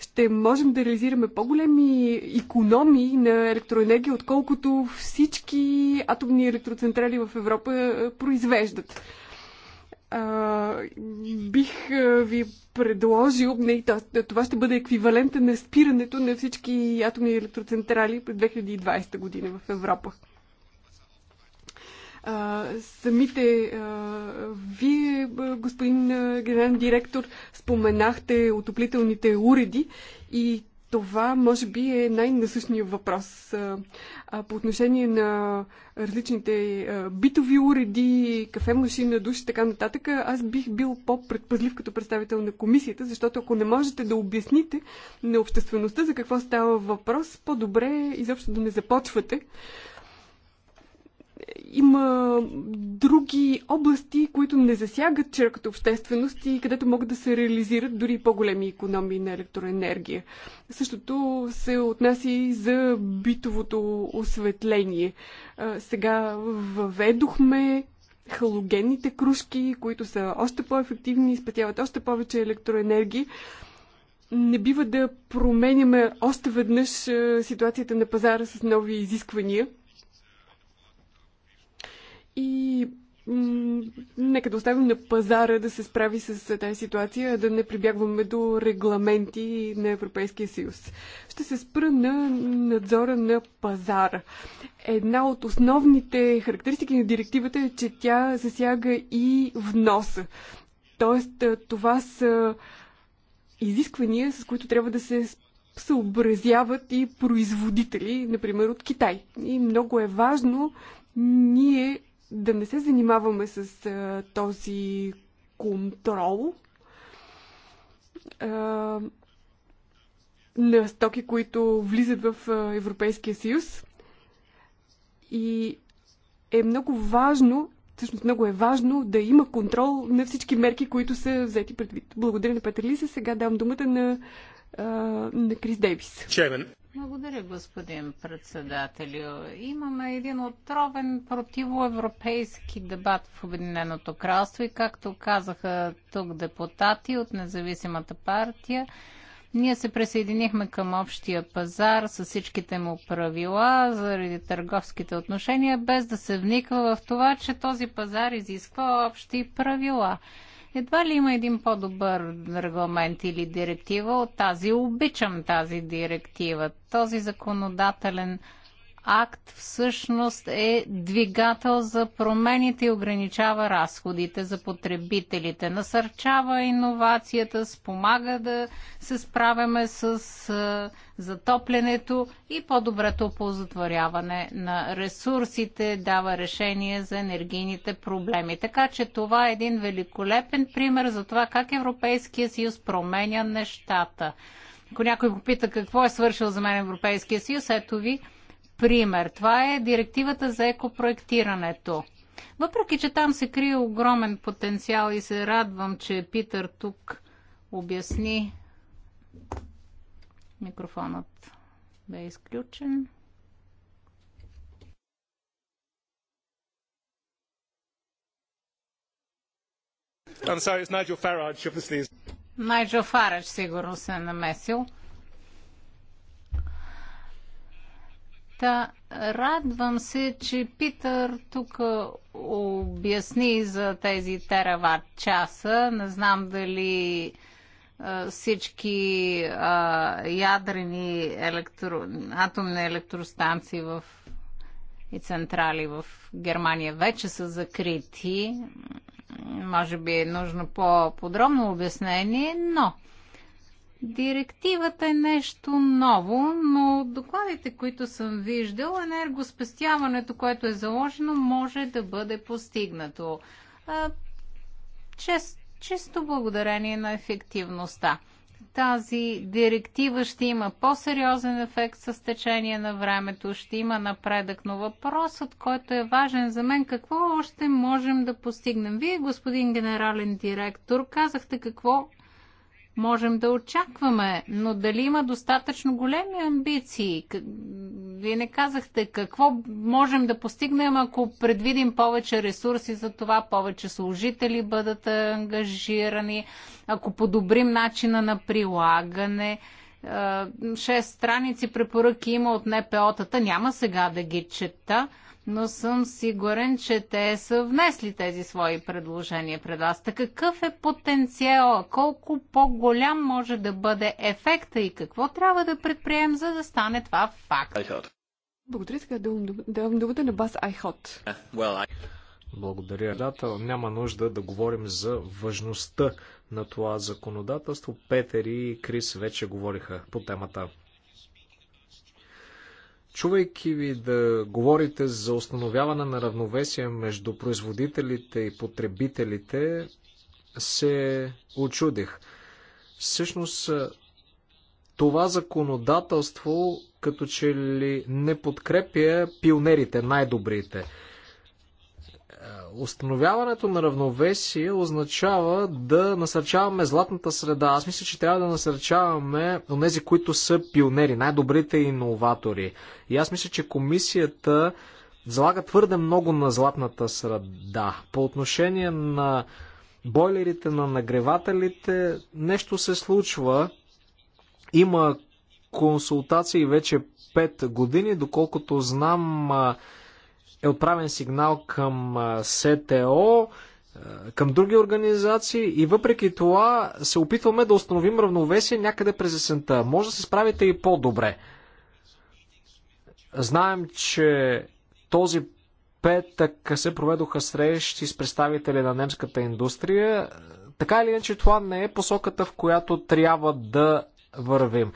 ще можем да реализираме по-големи економии на електроенергия, отколкото всички атомни електроцентрали в Европа е, произвеждат. А, бих е, ви предложил, не, това ще бъде еквивалента на спирането на всички атомни електроцентрали през 2020 година в Европа. А, самите а, вие, господин а, генерален директор, споменахте отоплителните уреди и това може би е най-насъщният въпрос а, по отношение на различните а, битови уреди, кафе, машина, душ и така нататък. Аз бих бил по-предпазлив като представител на комисията, защото ако не можете да обясните на обществеността за какво става въпрос, по-добре изобщо да не започвате има други области, които не засягат черката общественост и където могат да се реализират дори по-големи економии на електроенергия. Същото се отнася и за битовото осветление. Сега въведохме халогенните кружки, които са още по-ефективни и спатяват още повече електроенергия не бива да променяме още веднъж ситуацията на пазара с нови изисквания и нека да оставим на пазара да се справи с тази ситуация, да не прибягваме до регламенти на Европейския съюз. Ще се спра на надзора на пазара. Една от основните характеристики на директивата е, че тя засяга и вноса. Тоест, това са изисквания, с които трябва да се съобразяват и производители, например от Китай. И много е важно ние да не се занимаваме с а, този контрол а, на стоки, които влизат в а, Европейския съюз. И е много важно, всъщност много е важно да има контрол на всички мерки, които са взети предвид. Благодаря на Петър Лиса. Сега дам думата на, а, на Крис Дейвис. Чемен. Благодаря, господин председателю. Имаме един отровен противоевропейски дебат в Обединеното кралство и както казаха тук депутати от независимата партия, ние се присъединихме към общия пазар с всичките му правила заради търговските отношения, без да се вниква в това, че този пазар изисква общи правила. Едва ли има един по-добър регламент или директива от тази? Обичам тази директива, този законодателен акт всъщност е двигател за промените и ограничава разходите за потребителите. Насърчава иновацията, спомага да се справяме с затоплянето и по-доброто оползотворяване на ресурсите, дава решение за енергийните проблеми. Така че това е един великолепен пример за това как Европейския съюз променя нещата. Ако някой попита какво е свършил за мен Европейския съюз, ето ви – пример. Това е директивата за екопроектирането. Въпреки, че там се крие огромен потенциал и се радвам, че Питър тук обясни. Микрофонът бе изключен. I'm sorry, it's Nigel Farage, obviously. Фарадж сигурно се е намесил. Та, радвам се, че Питър тук обясни за тези тераватт часа. Не знам дали всички а, ядрени електро... атомни електростанции в... и централи в Германия вече са закрити. Може би е нужно по-подробно обяснение, но Директивата е нещо ново, но докладите, които съм виждал, енергоспестяването, което е заложено, може да бъде постигнато. Чест, чисто благодарение на ефективността. Тази директива ще има по-сериозен ефект с течение на времето, ще има напредък, но въпросът, който е важен за мен, какво още можем да постигнем? Вие, господин генерален директор, казахте какво можем да очакваме, но дали има достатъчно големи амбиции? Вие не казахте какво можем да постигнем, ако предвидим повече ресурси за това, повече служители бъдат ангажирани, ако подобрим начина на прилагане. Е, шест страници препоръки има от НПО-тата, няма сега да ги чета но съм сигурен, че те са внесли тези свои предложения пред вас. Така какъв е потенциала? Колко по-голям може да бъде ефекта и какво трябва да предприем, за да стане това факт? Благодаря сега давам думата на бас Айхот. Благодаря, Дата. Няма нужда да говорим за важността на това законодателство. Петър и Крис вече говориха по темата. Чувайки ви да говорите за установяване на равновесие между производителите и потребителите, се очудих. Всъщност, това законодателство като че ли не подкрепя пионерите, най-добрите. Установяването на равновесие означава да насърчаваме златната среда. Аз мисля, че трябва да насърчаваме тези, които са пионери, най-добрите иноватори. И аз мисля, че комисията залага твърде много на златната среда. По отношение на бойлерите, на нагревателите, нещо се случва. Има консултации вече 5 години, доколкото знам е отправен сигнал към СТО, към други организации и въпреки това се опитваме да установим равновесие някъде през есента. Може да се справите и по-добре. Знаем, че този петък се проведоха срещи с представители на немската индустрия. Така или иначе, това не е посоката, в която трябва да вървим.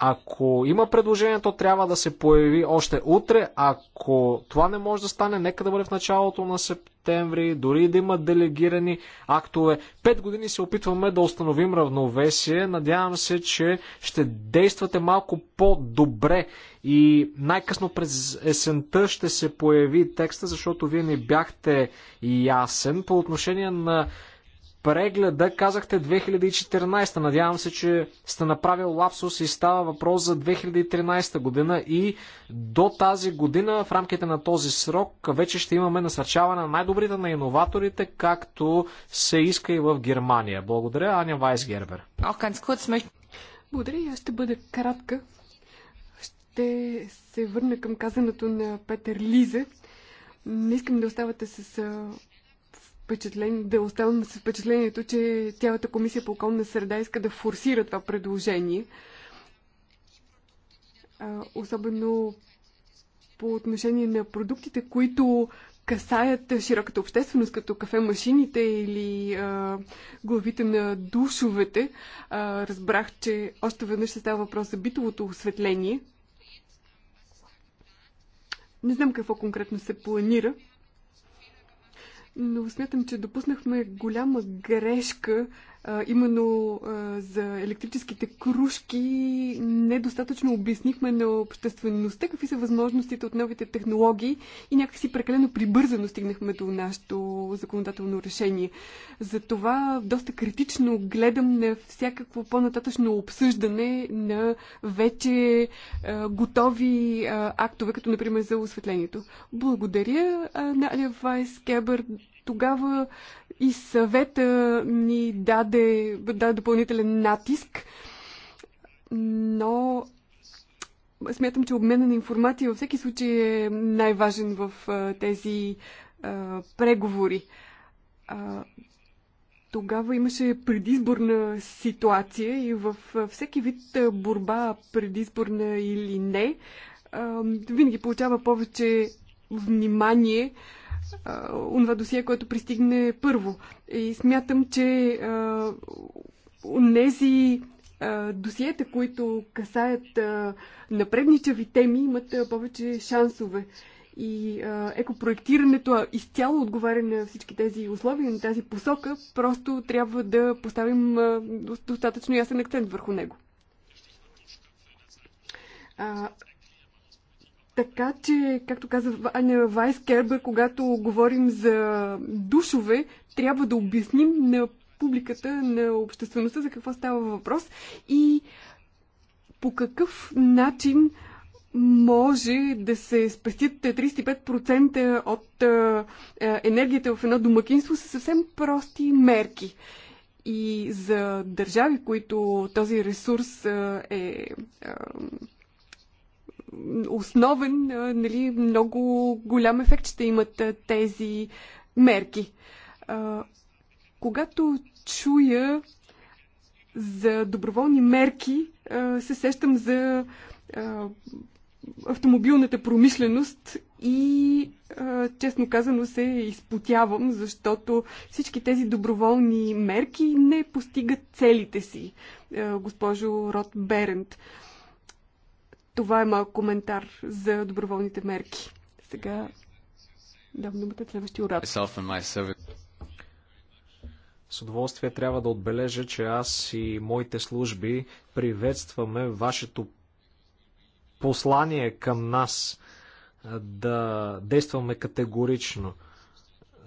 Ако има предложение, то трябва да се появи още утре. Ако това не може да стане, нека да бъде в началото на септември, дори да има делегирани актове. Пет години се опитваме да установим равновесие. Надявам се, че ще действате малко по-добре и най-късно през есента ще се появи текста, защото вие не бяхте ясен по отношение на прегледа казахте 2014. Надявам се, че сте направил лапсус и става въпрос за 2013 година и до тази година, в рамките на този срок, вече ще имаме насърчаване на най-добрите на иноваторите, както се иска и в Германия. Благодаря, Аня Вайсгербер. Благодаря и аз ще бъда кратка. Ще се върна към казаното на Петър Лиза. Не искам да оставате с впечатление, да е оставам с впечатлението, че цялата комисия по околна среда иска да форсира това предложение. особено по отношение на продуктите, които касаят широката общественост, като кафемашините или а, главите на душовете. А, разбрах, че още веднъж се става въпрос за битовото осветление. Не знам какво конкретно се планира но смятам, че допуснахме голяма грешка именно за електрическите кружки недостатъчно обяснихме на обществеността какви са възможностите от новите технологии и някакси прекалено прибързано стигнахме до нашето законодателно решение. Затова доста критично гледам на всякакво по-нататъчно обсъждане на вече готови актове, като например за осветлението. Благодаря на Алия Вайс Кебър. Тогава и съвета ни даде, даде допълнителен натиск, но смятам, че обмена на информация във всеки случай е най-важен в тези а, преговори. А, тогава имаше предизборна ситуация и във всеки вид борба, предизборна или не, а, винаги получава повече внимание онова досие, което пристигне първо. И смятам, че тези досиета, които касаят напредничави теми, имат повече шансове. И екопроектирането изцяло отговаря на всички тези условия, на тази посока. Просто трябва да поставим достатъчно ясен акцент върху него. Така че, както каза Аня Вайс Кербер, когато говорим за душове, трябва да обясним на публиката, на обществеността за какво става въпрос и по какъв начин може да се спестят 35% от енергията в едно домакинство с съвсем прости мерки. И за държави, които този ресурс е основен, нали, много голям ефект ще имат тези мерки. Когато чуя за доброволни мерки, се сещам за автомобилната промишленост и честно казано се изпотявам, защото всички тези доброволни мерки не постигат целите си, госпожо Рот Берент. Това е малко коментар за доброволните мерки. Сега дам думата следващия оратор. С удоволствие трябва да отбележа, че аз и моите служби приветстваме вашето послание към нас да действаме категорично –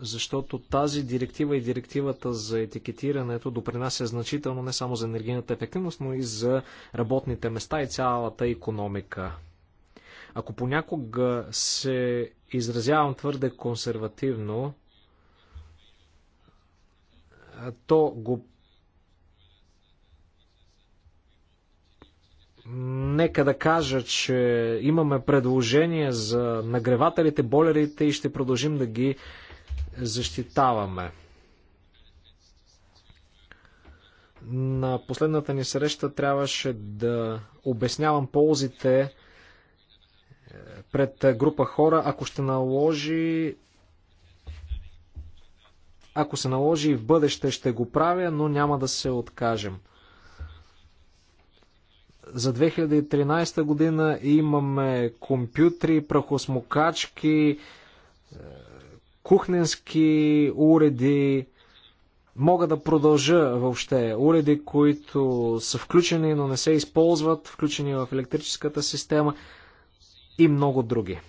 защото тази директива и директивата за етикетирането допринася значително не само за енергийната ефективност, но и за работните места и цялата економика. Ако понякога се изразявам твърде консервативно, то го нека да кажа, че имаме предложение за нагревателите, болерите и ще продължим да ги защитаваме. На последната ни среща трябваше да обяснявам ползите е, пред група хора, ако ще наложи ако се наложи и в бъдеще ще го правя, но няма да се откажем. За 2013 година имаме компютри, прахосмокачки, е, кухненски уреди, мога да продължа въобще. Уреди, които са включени, но не се използват, включени в електрическата система и много други.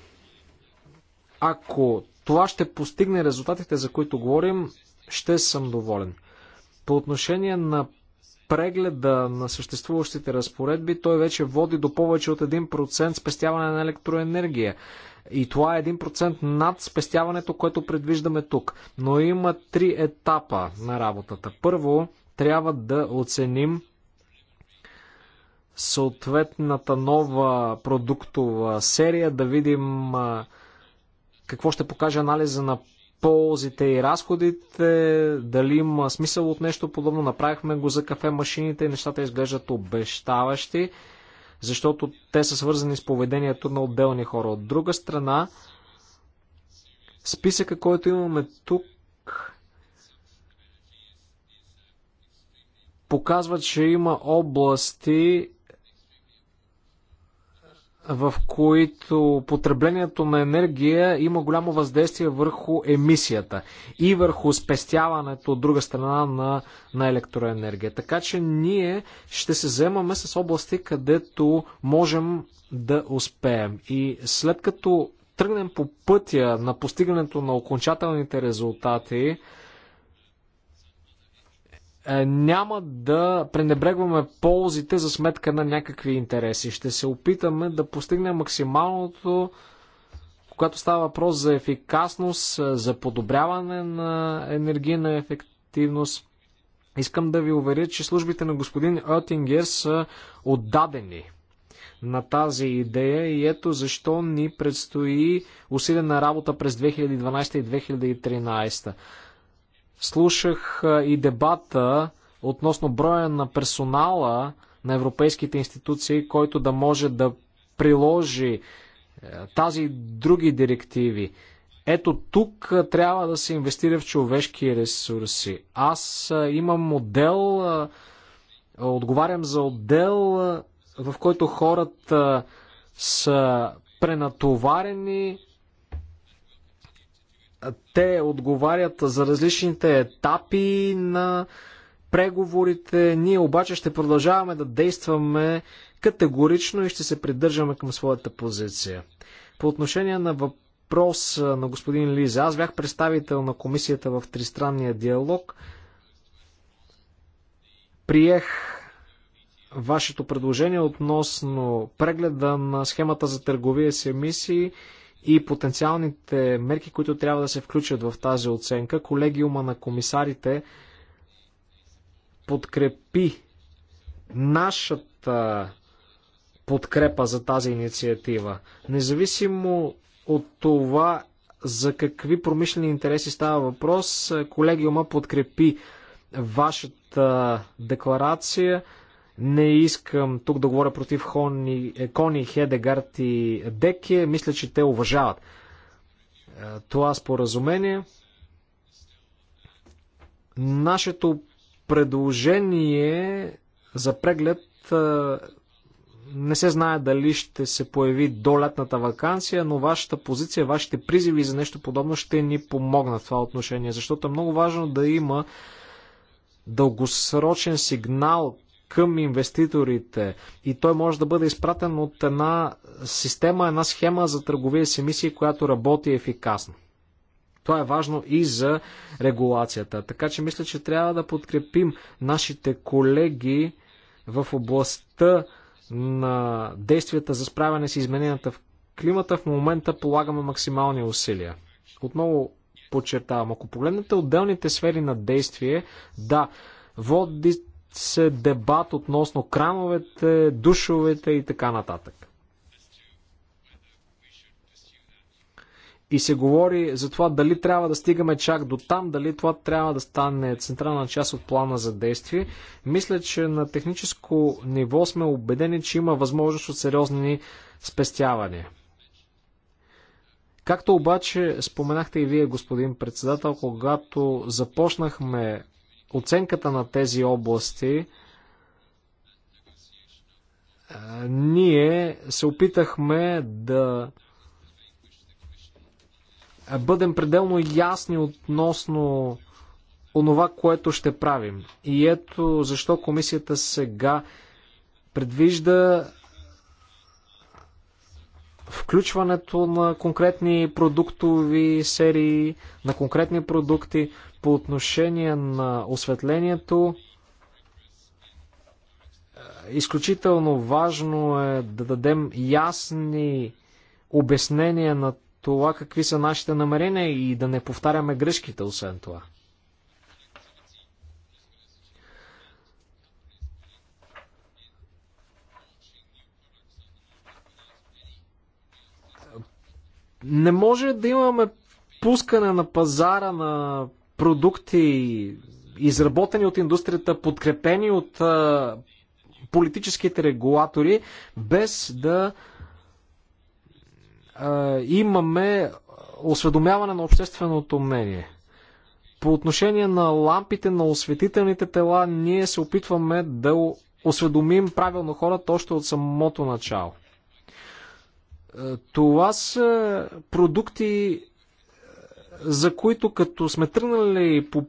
Ако това ще постигне резултатите, за които говорим, ще съм доволен. По отношение на прегледа на съществуващите разпоредби, той вече води до повече от 1% спестяване на електроенергия. И това е 1% над спестяването, което предвиждаме тук. Но има три етапа на работата. Първо, трябва да оценим съответната нова продуктова серия, да видим какво ще покаже анализа на ползите и разходите, дали има смисъл от нещо подобно. Направихме го за кафе машините и нещата изглеждат обещаващи защото те са свързани с поведението на отделни хора. От друга страна, списъка, който имаме тук, показва, че има области, в които потреблението на енергия има голямо въздействие върху емисията и върху спестяването от друга страна на, на електроенергия. Така че ние ще се заемаме с области, където можем да успеем. И след като тръгнем по пътя на постигането на окончателните резултати, е, няма да пренебрегваме ползите за сметка на някакви интереси. Ще се опитаме да постигнем максималното, когато става въпрос за ефикасност, е, за подобряване на енергийна ефективност. Искам да ви уверя, че службите на господин Оттингер са отдадени на тази идея и ето защо ни предстои усилена работа през 2012 и 2013. Слушах и дебата относно броя на персонала на европейските институции, който да може да приложи е, тази и други директиви. Ето тук трябва да се инвестира в човешки ресурси. Аз имам модел, отговарям за отдел, в който хората са пренатоварени, те отговарят за различните етапи на преговорите. Ние обаче ще продължаваме да действаме категорично и ще се придържаме към своята позиция. По отношение на въпрос на господин Лиза, аз бях представител на комисията в тристранния диалог. Приех вашето предложение относно прегледа на схемата за търговия с емисии и потенциалните мерки, които трябва да се включат в тази оценка. Колегиума на комисарите подкрепи нашата подкрепа за тази инициатива. Независимо от това за какви промишлени интереси става въпрос, колегиума подкрепи вашата декларация. Не искам тук да говоря против Хони, е, Кони, Хедегард и Деке. Мисля, че те уважават е, това споразумение. Нашето предложение за преглед е, не се знае дали ще се появи до летната вакансия, но вашата позиция, вашите призиви за нещо подобно ще ни помогнат в това отношение, защото е много важно да има дългосрочен сигнал към инвеститорите и той може да бъде изпратен от една система, една схема за търговия с емисии, която работи ефикасно. Това е важно и за регулацията. Така че мисля, че трябва да подкрепим нашите колеги в областта на действията за справяне с измененията в климата. В момента полагаме максимални усилия. Отново подчертавам, ако погледнете отделните сфери на действие, да, води се дебат относно крановете, душовете и така нататък. И се говори за това дали трябва да стигаме чак до там, дали това трябва да стане централна част от плана за действие. Мисля, че на техническо ниво сме убедени, че има възможност от сериозни спестявания. Както обаче споменахте и вие, господин председател, когато започнахме оценката на тези области е, ние се опитахме да бъдем пределно ясни относно онова, което ще правим. И ето защо комисията сега предвижда включването на конкретни продуктови серии, на конкретни продукти. По отношение на осветлението, изключително важно е да дадем ясни обяснения на това какви са нашите намерения и да не повтаряме грешките, освен това. Не може да имаме пускане на пазара на продукти, изработени от индустрията, подкрепени от а, политическите регулатори, без да а, имаме осведомяване на общественото мнение. По отношение на лампите, на осветителните тела, ние се опитваме да осведомим правилно хората още от самото начало. Е, това са продукти, за които като сме тръгнали по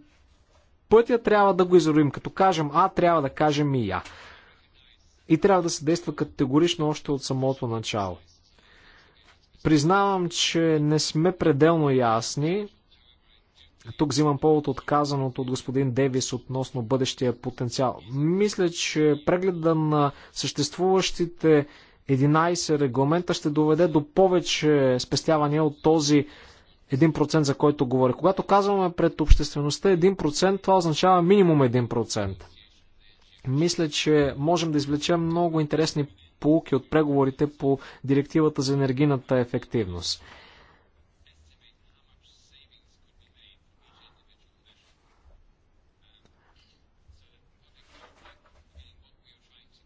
пътя, трябва да го изровим. Като кажем А, трябва да кажем и Я. И трябва да се действа категорично още от самото начало. Признавам, че не сме пределно ясни. Тук взимам повод от казаното от господин Девис относно бъдещия потенциал. Мисля, че прегледа на съществуващите 11 регламента ще доведе до повече спестявания от този 1%, за който говоря. Когато казваме пред обществеността 1%, това означава минимум 1%. Мисля, че можем да извлечем много интересни полуки от преговорите по директивата за енергийната ефективност.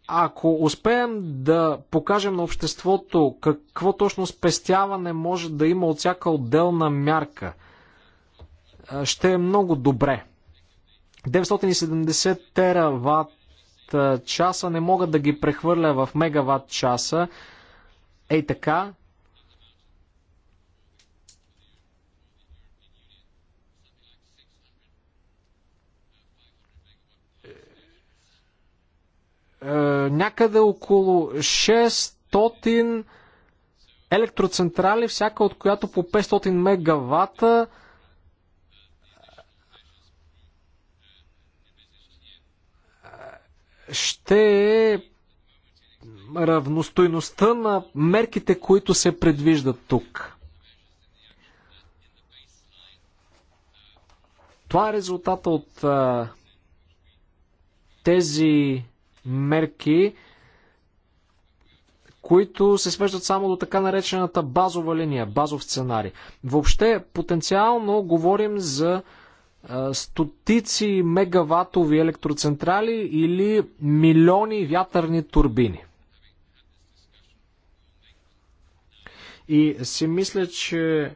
ако успеем да покажем на обществото какво точно спестяване може да има от всяка отделна мярка, ще е много добре. 970 тераватт часа не мога да ги прехвърля в мегаватт часа. Ей така, Е, някъде около 600 електроцентрали, всяка от която по 500 мегавата. ще е равностойността на мерките, които се предвиждат тук. Това е резултата от а, е, тези мерки, които се свеждат само до така наречената базова линия, базов сценарий. Въобще, потенциално говорим за стотици мегаватови електроцентрали или милиони вятърни турбини. И си мисля, че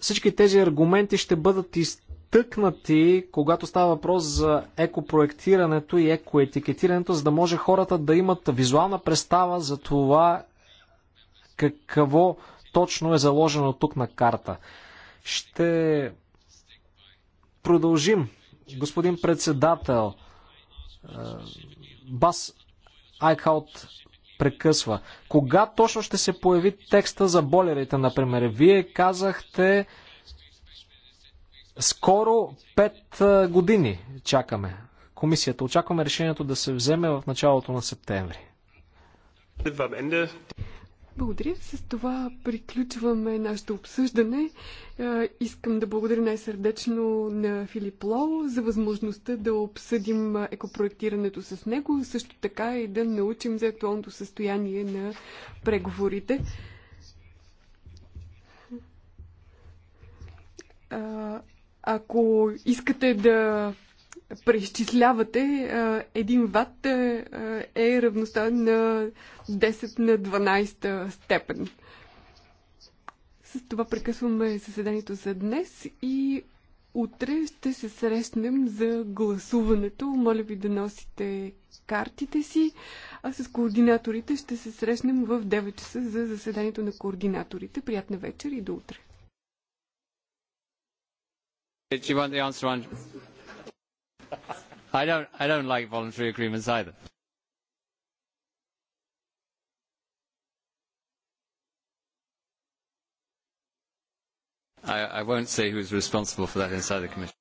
всички тези аргументи ще бъдат из изтъкнати, когато става въпрос за екопроектирането и екоетикетирането, за да може хората да имат визуална представа за това какво точно е заложено тук на карта. Ще продължим, господин председател. Е, Бас Айкхаут прекъсва. Кога точно ще се появи текста за болерите, например? Вие казахте скоро 5 години чакаме. Комисията очакваме решението да се вземе в началото на септември. Благодаря. С това приключваме нашето обсъждане. Искам да благодаря най-сърдечно на Филип Лоу за възможността да обсъдим екопроектирането с него, също така и да научим за актуалното състояние на преговорите. Ако искате да преизчислявате, един ват е равностоен на 10 на 12 степен. С това прекъсваме съседанието за днес и утре ще се срещнем за гласуването. Моля ви да носите картите си, а с координаторите ще се срещнем в 9 часа за заседанието на координаторите. Приятна вечер и до утре! Do you want the answer on? I don't. I don't like voluntary agreements either. I, I won't say who's responsible for that inside the Commission.